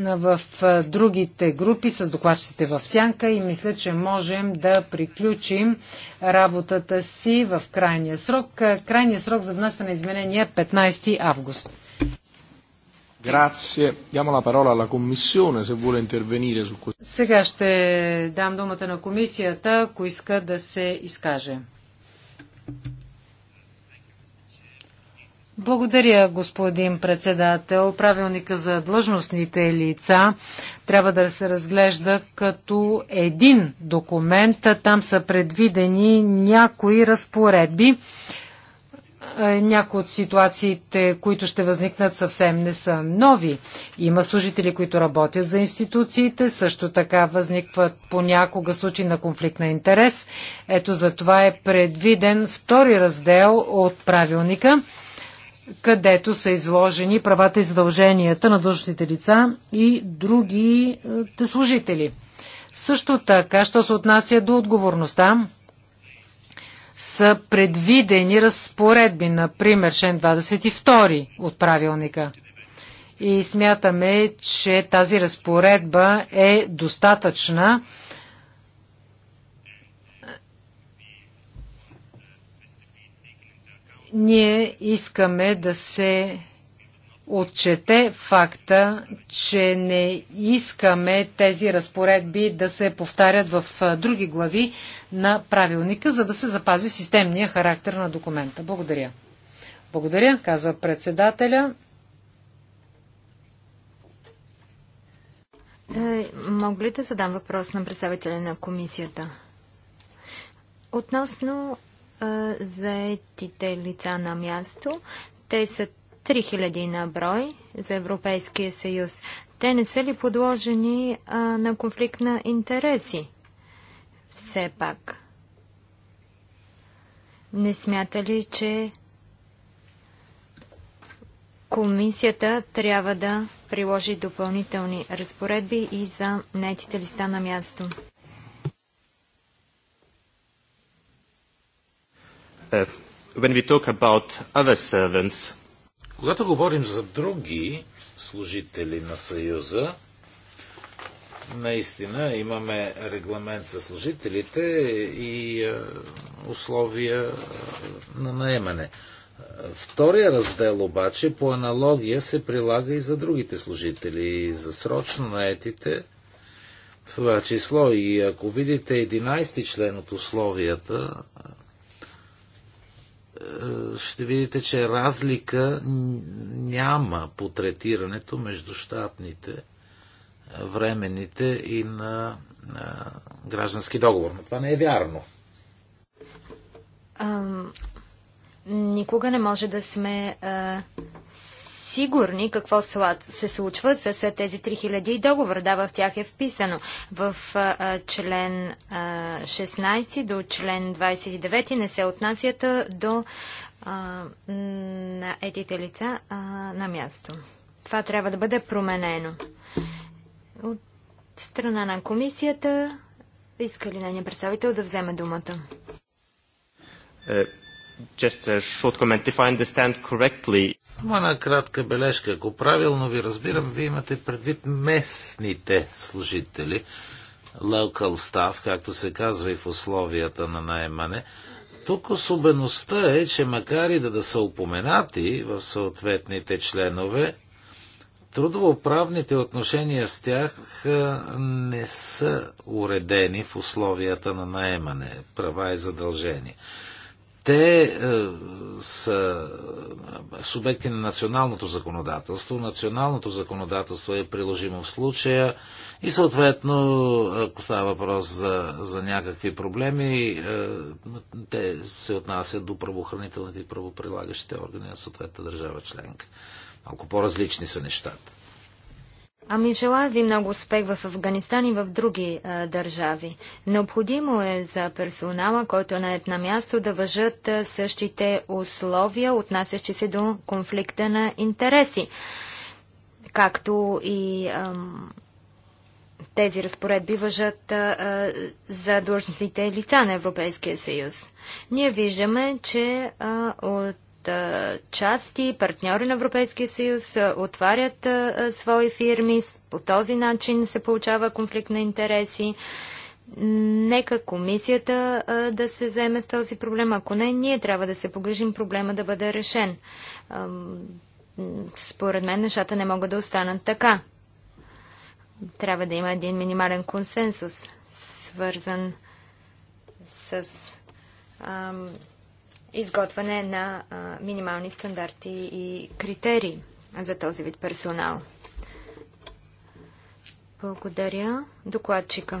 в другите групи с докладчиците в сянка и мисля, че можем да приключим работата си в крайния срок. Крайния срок за внасяне на изменения е 15 август. Сега ще дам думата на комисията, ако иска да се изкаже. Благодаря, господин председател. Правилника за длъжностните лица трябва да се разглежда като един документ. Там са предвидени някои разпоредби. Е, някои от ситуациите, които ще възникнат съвсем не са нови. Има служители, които работят за институциите, също така възникват понякога случаи на конфликт на интерес. Ето за това е предвиден втори раздел от правилника – където са изложени правата и задълженията на длъжностните лица и другите служители. Също така, що се отнася до отговорността, са предвидени разпоредби, например член 22 от правилника. И смятаме, че тази разпоредба е достатъчна Ние искаме да се отчете факта, че не искаме тези разпоредби да се повтарят в други глави на правилника, за да се запази системния характер на документа. Благодаря. Благодаря, казва председателя. Е, мога ли да задам въпрос на представителя на комисията? Относно заетите лица на място. Те са 3000 на брой за Европейския съюз. Те не са ли подложени а, на конфликт на интереси? Все пак. Не смята ли, че комисията трябва да приложи допълнителни разпоредби и за нетите листа на място? Uh, when we talk about other servants, когато говорим за други служители на Съюза, наистина имаме регламент за служителите и е, условия е, на наемане. Втория раздел обаче по аналогия се прилага и за другите служители, за срочно наетите, в това число. И ако видите 11 член от условията е, ще видите, че разлика няма по третирането между щатните, е, временните и на, на граждански договор. Но това не е вярно. Ам, никога не може да сме а, е, сигурни какво се случва с тези 3000 договора. Да, в тях е вписано в член 16 до член 29 не се отнасят до на етите лица на място. Това трябва да бъде променено. От страна на комисията иска ли нейният представител да вземе думата? Е, Just a short comment. If I understand correctly... Само една кратка бележка. Ако правилно ви разбирам, вие имате предвид местните служители. Local staff, както се казва и в условията на наемане. Тук особеността е, че макар и да, да са упоменати в съответните членове, трудовоправните отношения с тях не са уредени в условията на наемане, права и задължения те е, са е, субекти на националното законодателство. Националното законодателство е приложимо в случая и съответно, ако става въпрос за, за някакви проблеми, е, те се отнасят до правоохранителните и правоприлагащите органи на съответната държава членка. Малко по-различни са нещата. Ами желая ви много успех в Афганистан и в други а, държави. Необходимо е за персонала, който е нает място, да въжат а, същите условия, отнасящи се до конфликта на интереси, както и ам, тези разпоредби въжат а, а, за длъжностните лица на Европейския съюз. Ние виждаме, че а, от части, партньори на Европейския съюз отварят а, свои фирми. По този начин се получава конфликт на интереси. Нека комисията а, да се заеме с този проблем. Ако не, ние трябва да се погрижим проблема да бъде решен. А, според мен нещата не могат да останат така. Трябва да има един минимален консенсус, свързан с ам, изготвяне на а, минимални стандарти и критерии за този вид персонал. Благодаря. Докладчика.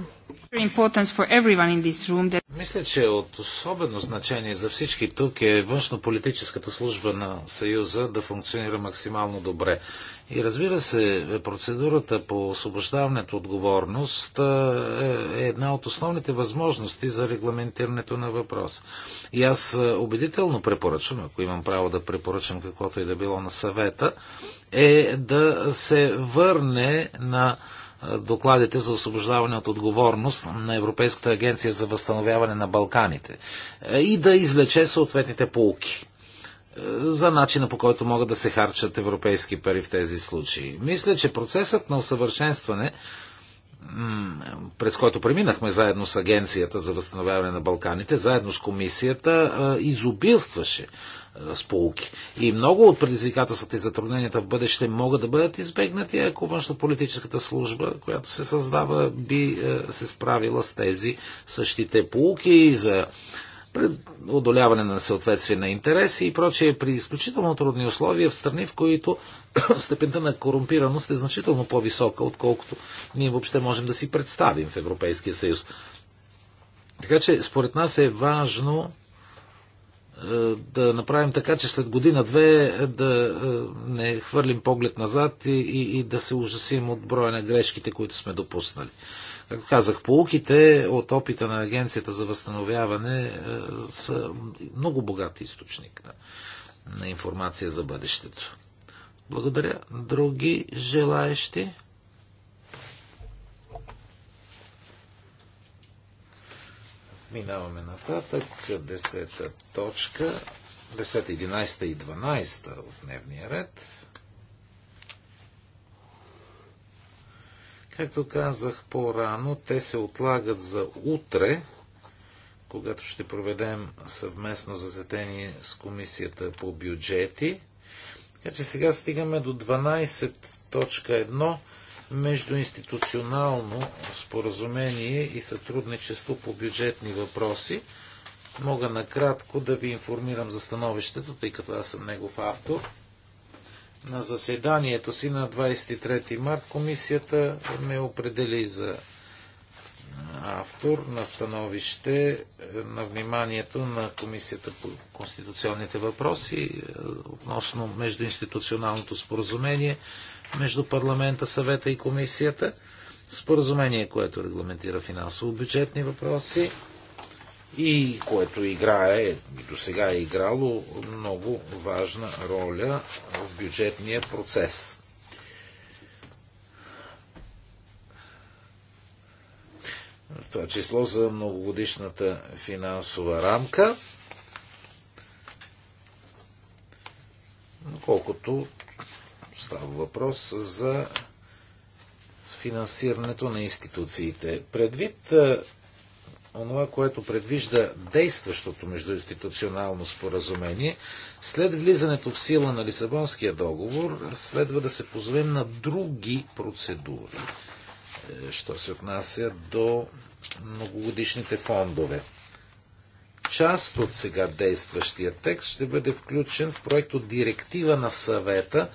Мисля, че от особено значение за всички тук е външно-политическата служба на Съюза да функционира максимално добре. И разбира се, процедурата по освобождаването отговорност е, е една от основните възможности за регламентирането на въпрос. И аз убедително препоръчвам, ако имам право да препоръчам каквото и да било на съвета, е да се върне на е, докладите за освобождаване от отговорност на Европейската агенция за възстановяване на Балканите е, и да извлече съответните полки е, за начина по който могат да се харчат европейски пари в тези случаи. Мисля, че процесът на усъвършенстване през който преминахме заедно с Агенцията за възстановяване на Балканите, заедно с комисията, изобилстваше с полки. И много от предизвикателствата и затрудненията в бъдеще могат да бъдат избегнати, ако политическата служба, която се създава, би се справила с тези същите полуки и за пред одоляване на съответствие на интереси и прочие при изключително трудни условия в страни, в които степента на корумпираност е значително по-висока, отколкото ние въобще можем да си представим в Европейския съюз. Така че, според нас е важно е, да направим така, че след година-две е, да е, не хвърлим поглед назад и, и, и да се ужасим от броя на грешките, които сме допуснали. Както казах, полуките от опита на Агенцията за възстановяване е, са много богат източник на, на информация за бъдещето. Благодаря. Други желаещи? Минаваме нататък. 10 точка. 10, 11 и 12 от дневния ред. Както казах по-рано, те се отлагат за утре, когато ще проведем съвместно заседание с Комисията по бюджети. Така че сега стигаме до 12.1 междуинституционално споразумение и сътрудничество по бюджетни въпроси. Мога накратко да ви информирам за становището, тъй като аз съм негов автор. На заседанието си на 23 март комисията ме определи за автор на становище е, на вниманието на Комисията по конституционните въпроси е, относно междуинституционалното споразумение между парламента, съвета и комисията. Споразумение, което регламентира финансово-бюджетни въпроси, и което играе, и е, до сега е играло много важна роля в бюджетния процес. това число за многогодишната финансова рамка, колкото става въпрос за финансирането на институциите. Предвид онова, което предвижда действащото междуинституционално споразумение, след влизането в сила на Лисабонския договор, следва да се позовем на други процедури, е, що се отнася до многогодишните фондове. Част от сега действащия текст ще бъде включен в проект от Директива на съвета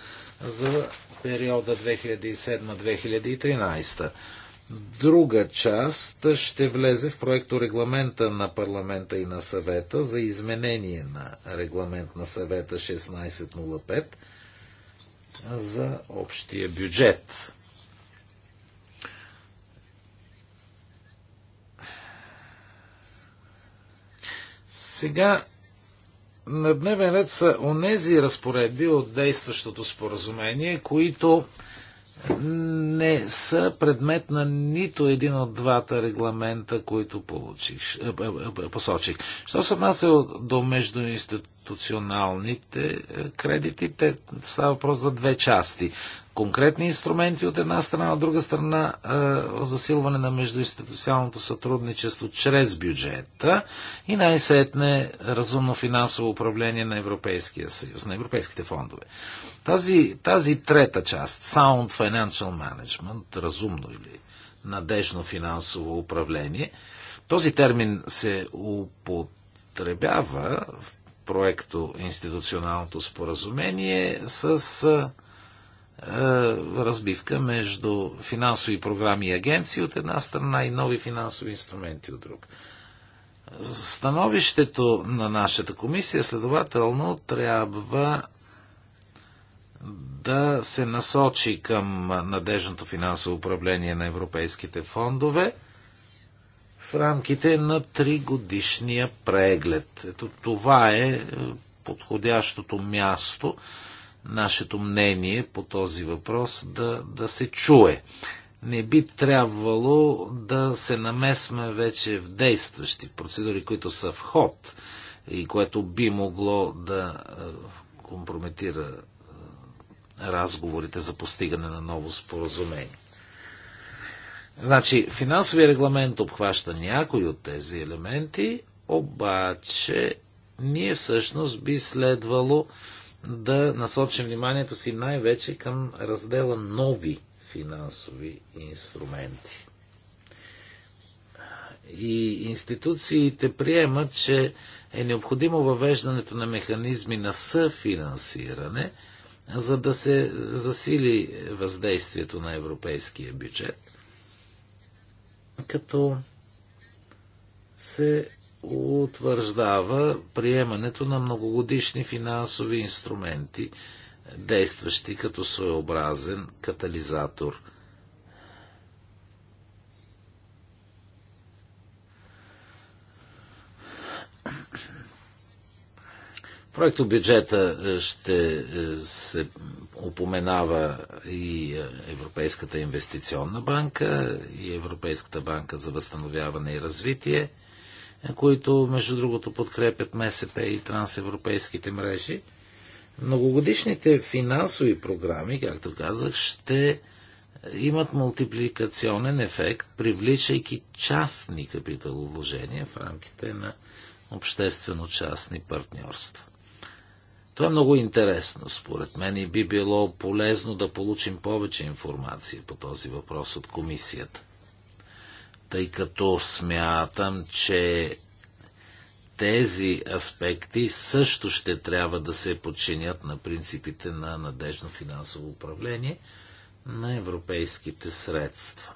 за периода 2007-2013 Друга част ще влезе в проекто регламента на парламента и на съвета за изменение на регламент на съвета 1605 за общия бюджет. Сега на дневен ред са онези разпоредби от действащото споразумение, които не са предмет на нито един от двата регламента, които получих, е, е, е, посочих. Що се отнася до междуинститут институционалните е, кредити. Те става въпрос за две части. Конкретни инструменти от една страна, от друга страна е, засилване на междуинституционалното сътрудничество чрез бюджета и най-сетне разумно финансово управление на Европейския съюз, на европейските фондове. Тази, тази трета част, Sound Financial Management, разумно или надежно финансово управление, този термин се употребява в проекто институционалното споразумение с разбивка между финансови програми и агенции от една страна и нови финансови инструменти от друг. Становището на нашата комисия, следователно, трябва да се насочи към надежното финансово управление на европейските фондове – в рамките на тригодишния преглед. Ето това е, е подходящото място, нашето мнение по този въпрос да, да се чуе. Не би трябвало да се намесме вече в действащи процедури, които са в ход и което би могло да е, компрометира е, разговорите за постигане на ново споразумение. Значи, финансовия регламент обхваща някои от тези елементи, обаче ние всъщност би следвало да насочим вниманието си най-вече към раздела нови финансови инструменти. И институциите приемат, че е необходимо въвеждането на механизми на съфинансиране, за да се засили въздействието на европейския бюджет – като се утвърждава приемането на многогодишни финансови инструменти, действащи като своеобразен катализатор проекто бюджета е, ще е, се упоменава и е, Европейската инвестиционна банка, и Европейската банка за възстановяване и развитие, които, между другото, подкрепят МСП и трансевропейските мрежи. Многогодишните финансови програми, както казах, ще имат мултипликационен ефект, привличайки частни капиталовложения в рамките на обществено-частни партньорства. Това е много интересно, според мен, и би било полезно да получим повече информация по този въпрос от комисията. Тъй като смятам, че тези аспекти също ще трябва да се подчинят на принципите на надежно финансово управление на европейските средства.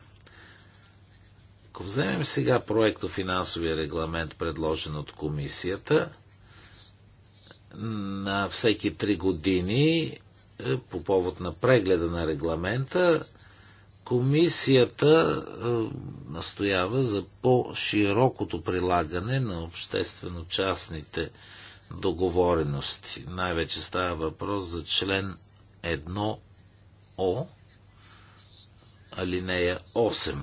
Ако вземем сега проекто финансовия регламент, предложен от комисията, на всеки три години е, по повод на прегледа на регламента комисията е, настоява за по-широкото прилагане на обществено-частните договорености. Най-вече става въпрос за член 1О, алинея 8.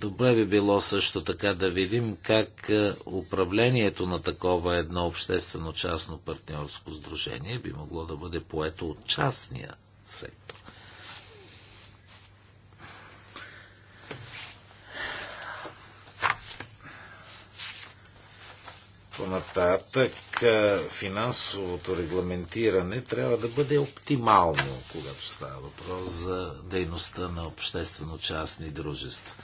Добре би било също така да видим как е, управлението на такова едно обществено-частно партньорско сдружение би могло да бъде поето от частния сектор. Понататък е, финансовото регламентиране трябва да бъде оптимално, когато става въпрос за дейността на обществено-частни дружества.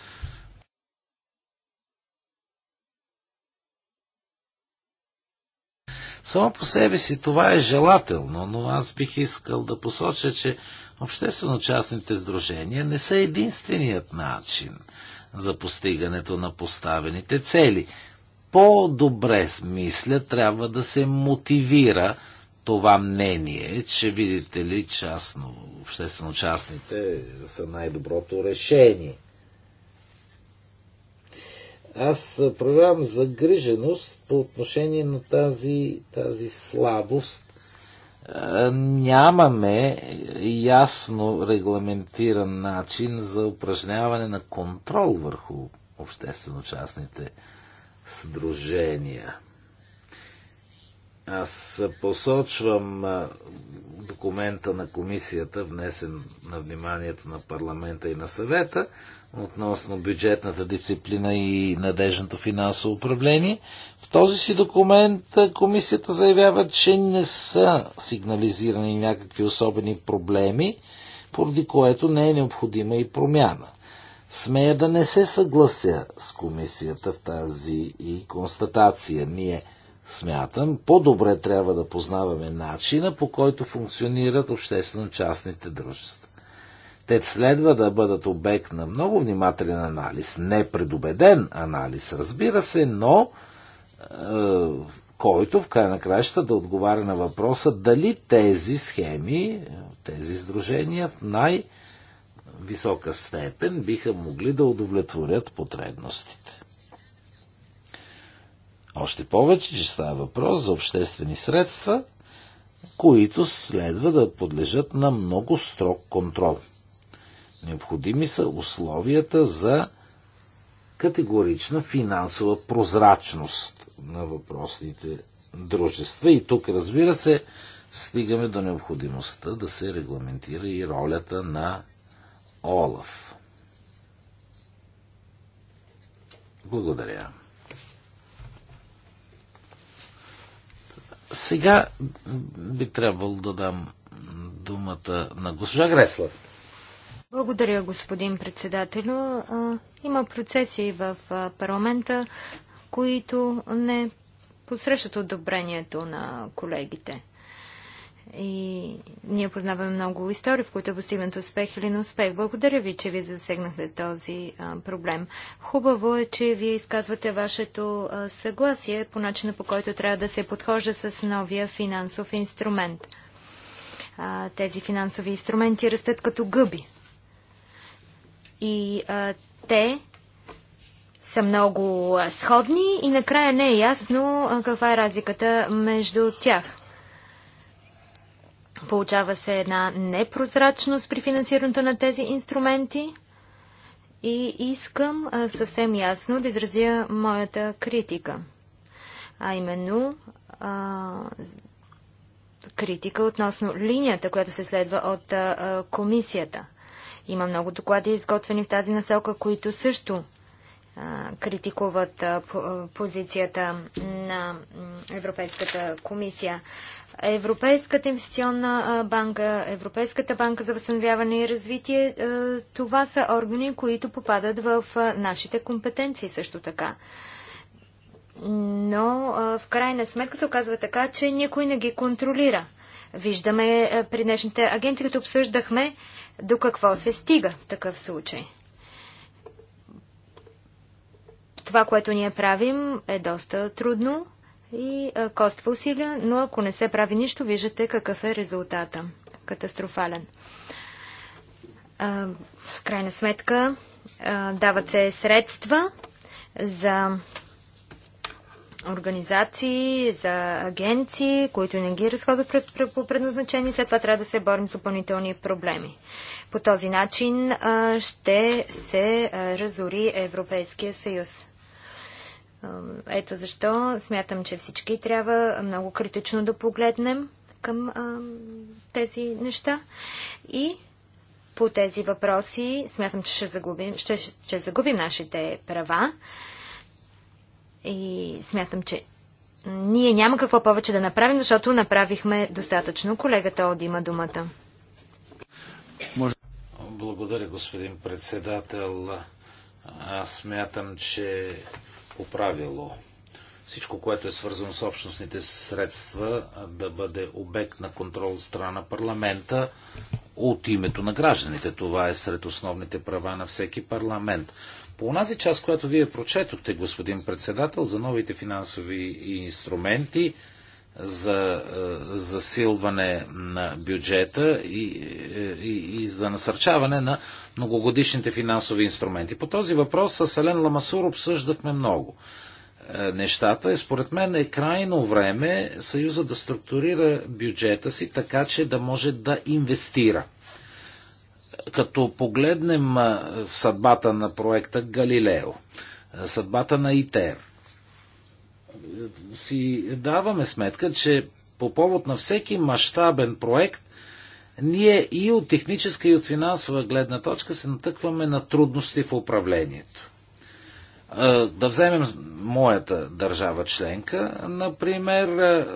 Само по себе си това е желателно, но аз бих искал да посоча, че обществено-частните сдружения не са единственият начин за постигането на поставените цели. По-добре, мисля, трябва да се мотивира това мнение, че видите ли, частно, обществено-частните са най-доброто решение. Аз проявявам загриженост по отношение на тази, тази слабост. Нямаме ясно регламентиран начин за упражняване на контрол върху обществено-частните сдружения. Аз посочвам документа на комисията, внесен на вниманието на парламента и на съвета, относно бюджетната дисциплина и надежното финансово управление. В този си документ комисията заявява, че не са сигнализирани някакви особени проблеми, поради което не е необходима и промяна. Смея да не се съглася с комисията в тази и констатация. Ние смятам, по-добре трябва да познаваме начина, по който функционират обществено-частните дружества. Те следва да бъдат обект на много внимателен анализ, предубеден анализ, разбира се, но е, който в край на краища да отговаря на въпроса дали тези схеми, тези сдружения в най-висока степен биха могли да удовлетворят потребностите. Още повече, че става въпрос за обществени средства, които следва да подлежат на много строг контрол. Необходими са условията за категорична финансова прозрачност на въпросните дружества. И тук, разбира се, стигаме до необходимостта да се регламентира и ролята на Олаф. Благодаря. Сега би трябвало да дам думата на госпожа Греслав. Благодаря, господин председателю. Има процеси в парламента, които не посрещат одобрението на колегите. И ние познаваме много истории, в които е постигнат успех или не успех. Благодаря ви, че ви засегнахте този а, проблем. Хубаво е, че вие изказвате вашето а, съгласие по начина по който трябва да се подхожда с новия финансов инструмент. А, тези финансови инструменти растат като гъби и а, те са много сходни и накрая не е ясно а, каква е разликата между тях. Получава се една непрозрачност при финансирането на тези инструменти и искам а, съвсем ясно да изразя моята критика. А именно а, критика относно линията, която се следва от а, комисията. Има много доклади, изготвени в тази насока, които също а, критикуват а, позицията на Европейската комисия. Европейската инвестиционна банка, Европейската банка за възстановяване и развитие, това са органи, които попадат в нашите компетенции също така. Но в крайна сметка се оказва така, че никой не ги контролира. Виждаме е, при днешните агенти, като обсъждахме до какво се стига в такъв случай. Това, което ние правим, е доста трудно и е, коства усилия, но ако не се прави нищо, виждате какъв е резултата. Катастрофален. Е, в крайна сметка дават се средства за организации, за агенции, които не ги разходят по предназначение. След това трябва да се борим с допълнителни проблеми. По този начин а, ще се а, разори Европейския съюз. Ето защо смятам, че всички трябва много критично да погледнем към а, тези неща. И по тези въпроси смятам, че ще загубим, ще, ще загубим нашите права. И смятам, че ние няма какво повече да направим, защото направихме достатъчно. Колегата Оди има думата. Благодаря, господин председател. Аз смятам, че по правило всичко, което е свързано с общностните средства, да бъде обект на контрол от страна на парламента от името на гражданите. Това е сред основните права на всеки парламент. По онази част, която вие прочетохте, господин председател, за новите финансови инструменти, за е, засилване на бюджета и, е, и, и за насърчаване на многогодишните финансови инструменти. По този въпрос с Елен Ламасур обсъждахме много е, нещата. И според мен е крайно време Съюза да структурира бюджета си така, че да може да инвестира – като погледнем съдбата на проекта Галилео, съдбата на ИТЕР, си даваме сметка, че по повод на всеки мащабен проект, ние и от техническа, и от финансова гледна точка се натъкваме на трудности в управлението. Да вземем моята държава членка, например,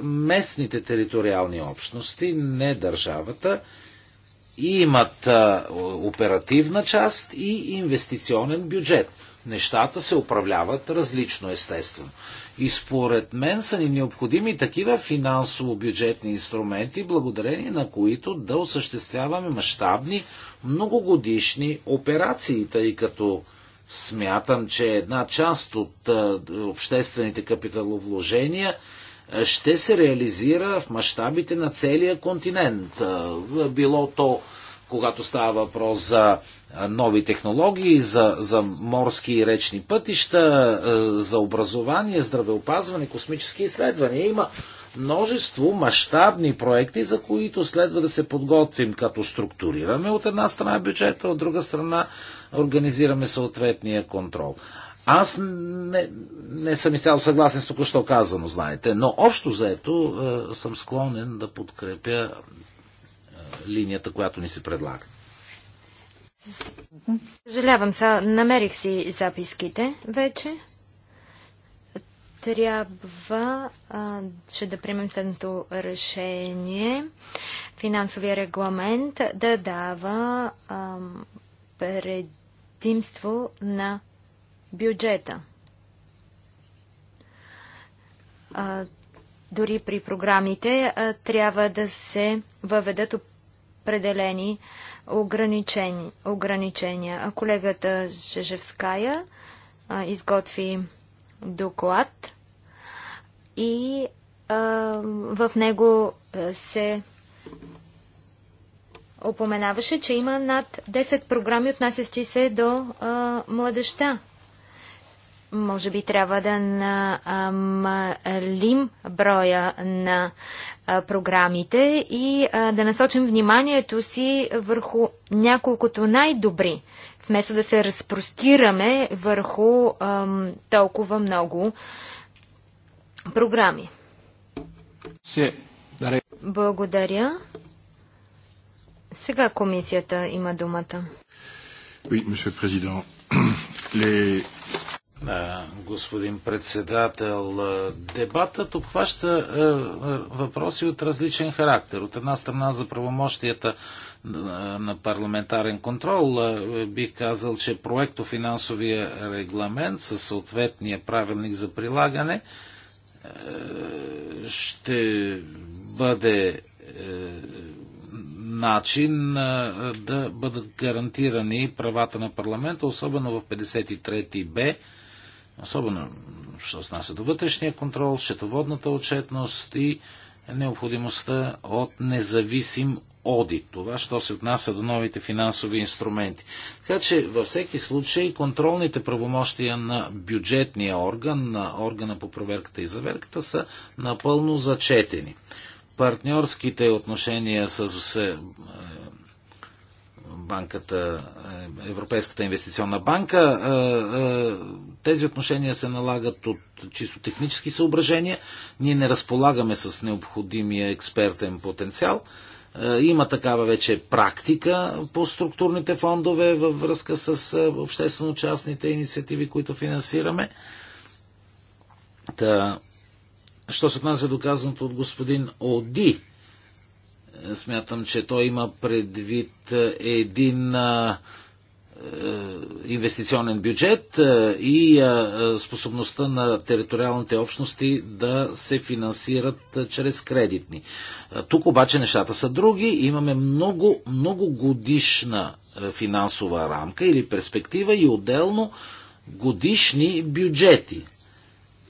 местните териториални общности, не държавата, имат оперативна част и инвестиционен бюджет. Нещата се управляват различно, естествено. И според мен са ни необходими такива финансово-бюджетни инструменти, благодарение на които да осъществяваме мащабни многогодишни операции, тъй като смятам, че една част от обществените капиталовложения – ще се реализира в мащабите на целия континент. Било то когато става въпрос за нови технологии, за, за морски и речни пътища, за образование, здравеопазване, космически изследвания. Има множество мащабни проекти, за които следва да се подготвим, като структурираме от една страна бюджета, от друга страна организираме съответния контрол. Аз не, не съм изцяло съгласен с току-що казано, знаете, но общо заето е, съм склонен да подкрепя е, линията, която ни се предлага. Съжалявам, са, намерих си записките вече. Трябва а, ще да приемем следното решение. Финансовия регламент да дава а, предимство на бюджета. дори при програмите трябва да се въведат определени ограничения. Колегата Жежевская изготви доклад и в него се опоменаваше, че има над 10 програми, отнасящи се до младеща. Може би трябва да намалим броя на програмите и да насочим вниманието си върху няколкото най-добри, вместо да се разпростираме върху толкова много програми. Благодаря. Сега комисията има думата. Oui, monsieur le président. Les господин председател. Дебатът обхваща въпроси от различен характер. От една страна за правомощията на парламентарен контрол. Бих казал, че проекто финансовия регламент със съответния правилник за прилагане ще бъде е, начин да бъдат гарантирани правата на парламента, особено в 53 б особено що се отнася до вътрешния контрол, счетоводната отчетност и необходимостта от независим одит. Това, що се отнася до новите финансови инструменти. Така че във всеки случай контролните правомощия на бюджетния орган, на органа по проверката и заверката са напълно зачетени. Партньорските отношения с банката, е, Европейската инвестиционна банка. Е, е, тези отношения се налагат от чисто технически съображения. Ние не разполагаме с необходимия експертен потенциал. Има такава вече практика по структурните фондове във връзка с обществено-частните инициативи, които финансираме. Та, що се отнася до казаното от господин Оди, Смятам, че той има предвид е, един е, инвестиционен бюджет е, и способността на териториалните общности да се финансират чрез кредитни. Тук обаче нещата са други. Имаме много, много годишна финансова рамка или перспектива и отделно годишни бюджети.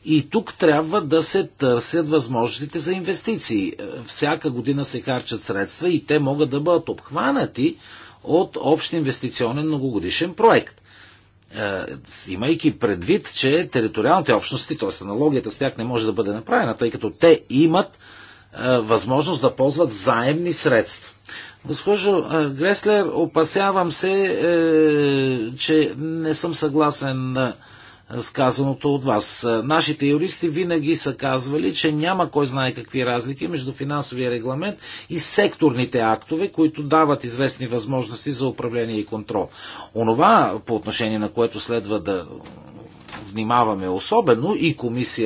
И тук трябва да се търсят възможностите за инвестиции. Е, всяка година се харчат средства и те могат да бъдат обхванати от общ инвестиционен многогодишен проект. Е, имайки предвид, че териториалните общности, т.е. аналогията с тях не може да бъде направена, тъй като те имат е, възможност да ползват заемни средства. Госпожо Греслер, опасявам се, че не съм съгласен на сказаното от вас. Е, нашите юристи винаги са казвали, че няма кой знае какви разлики между финансовия регламент и секторните актове, които дават известни възможности за управление и контрол. Онова, по отношение на което следва да внимаваме особено и комисия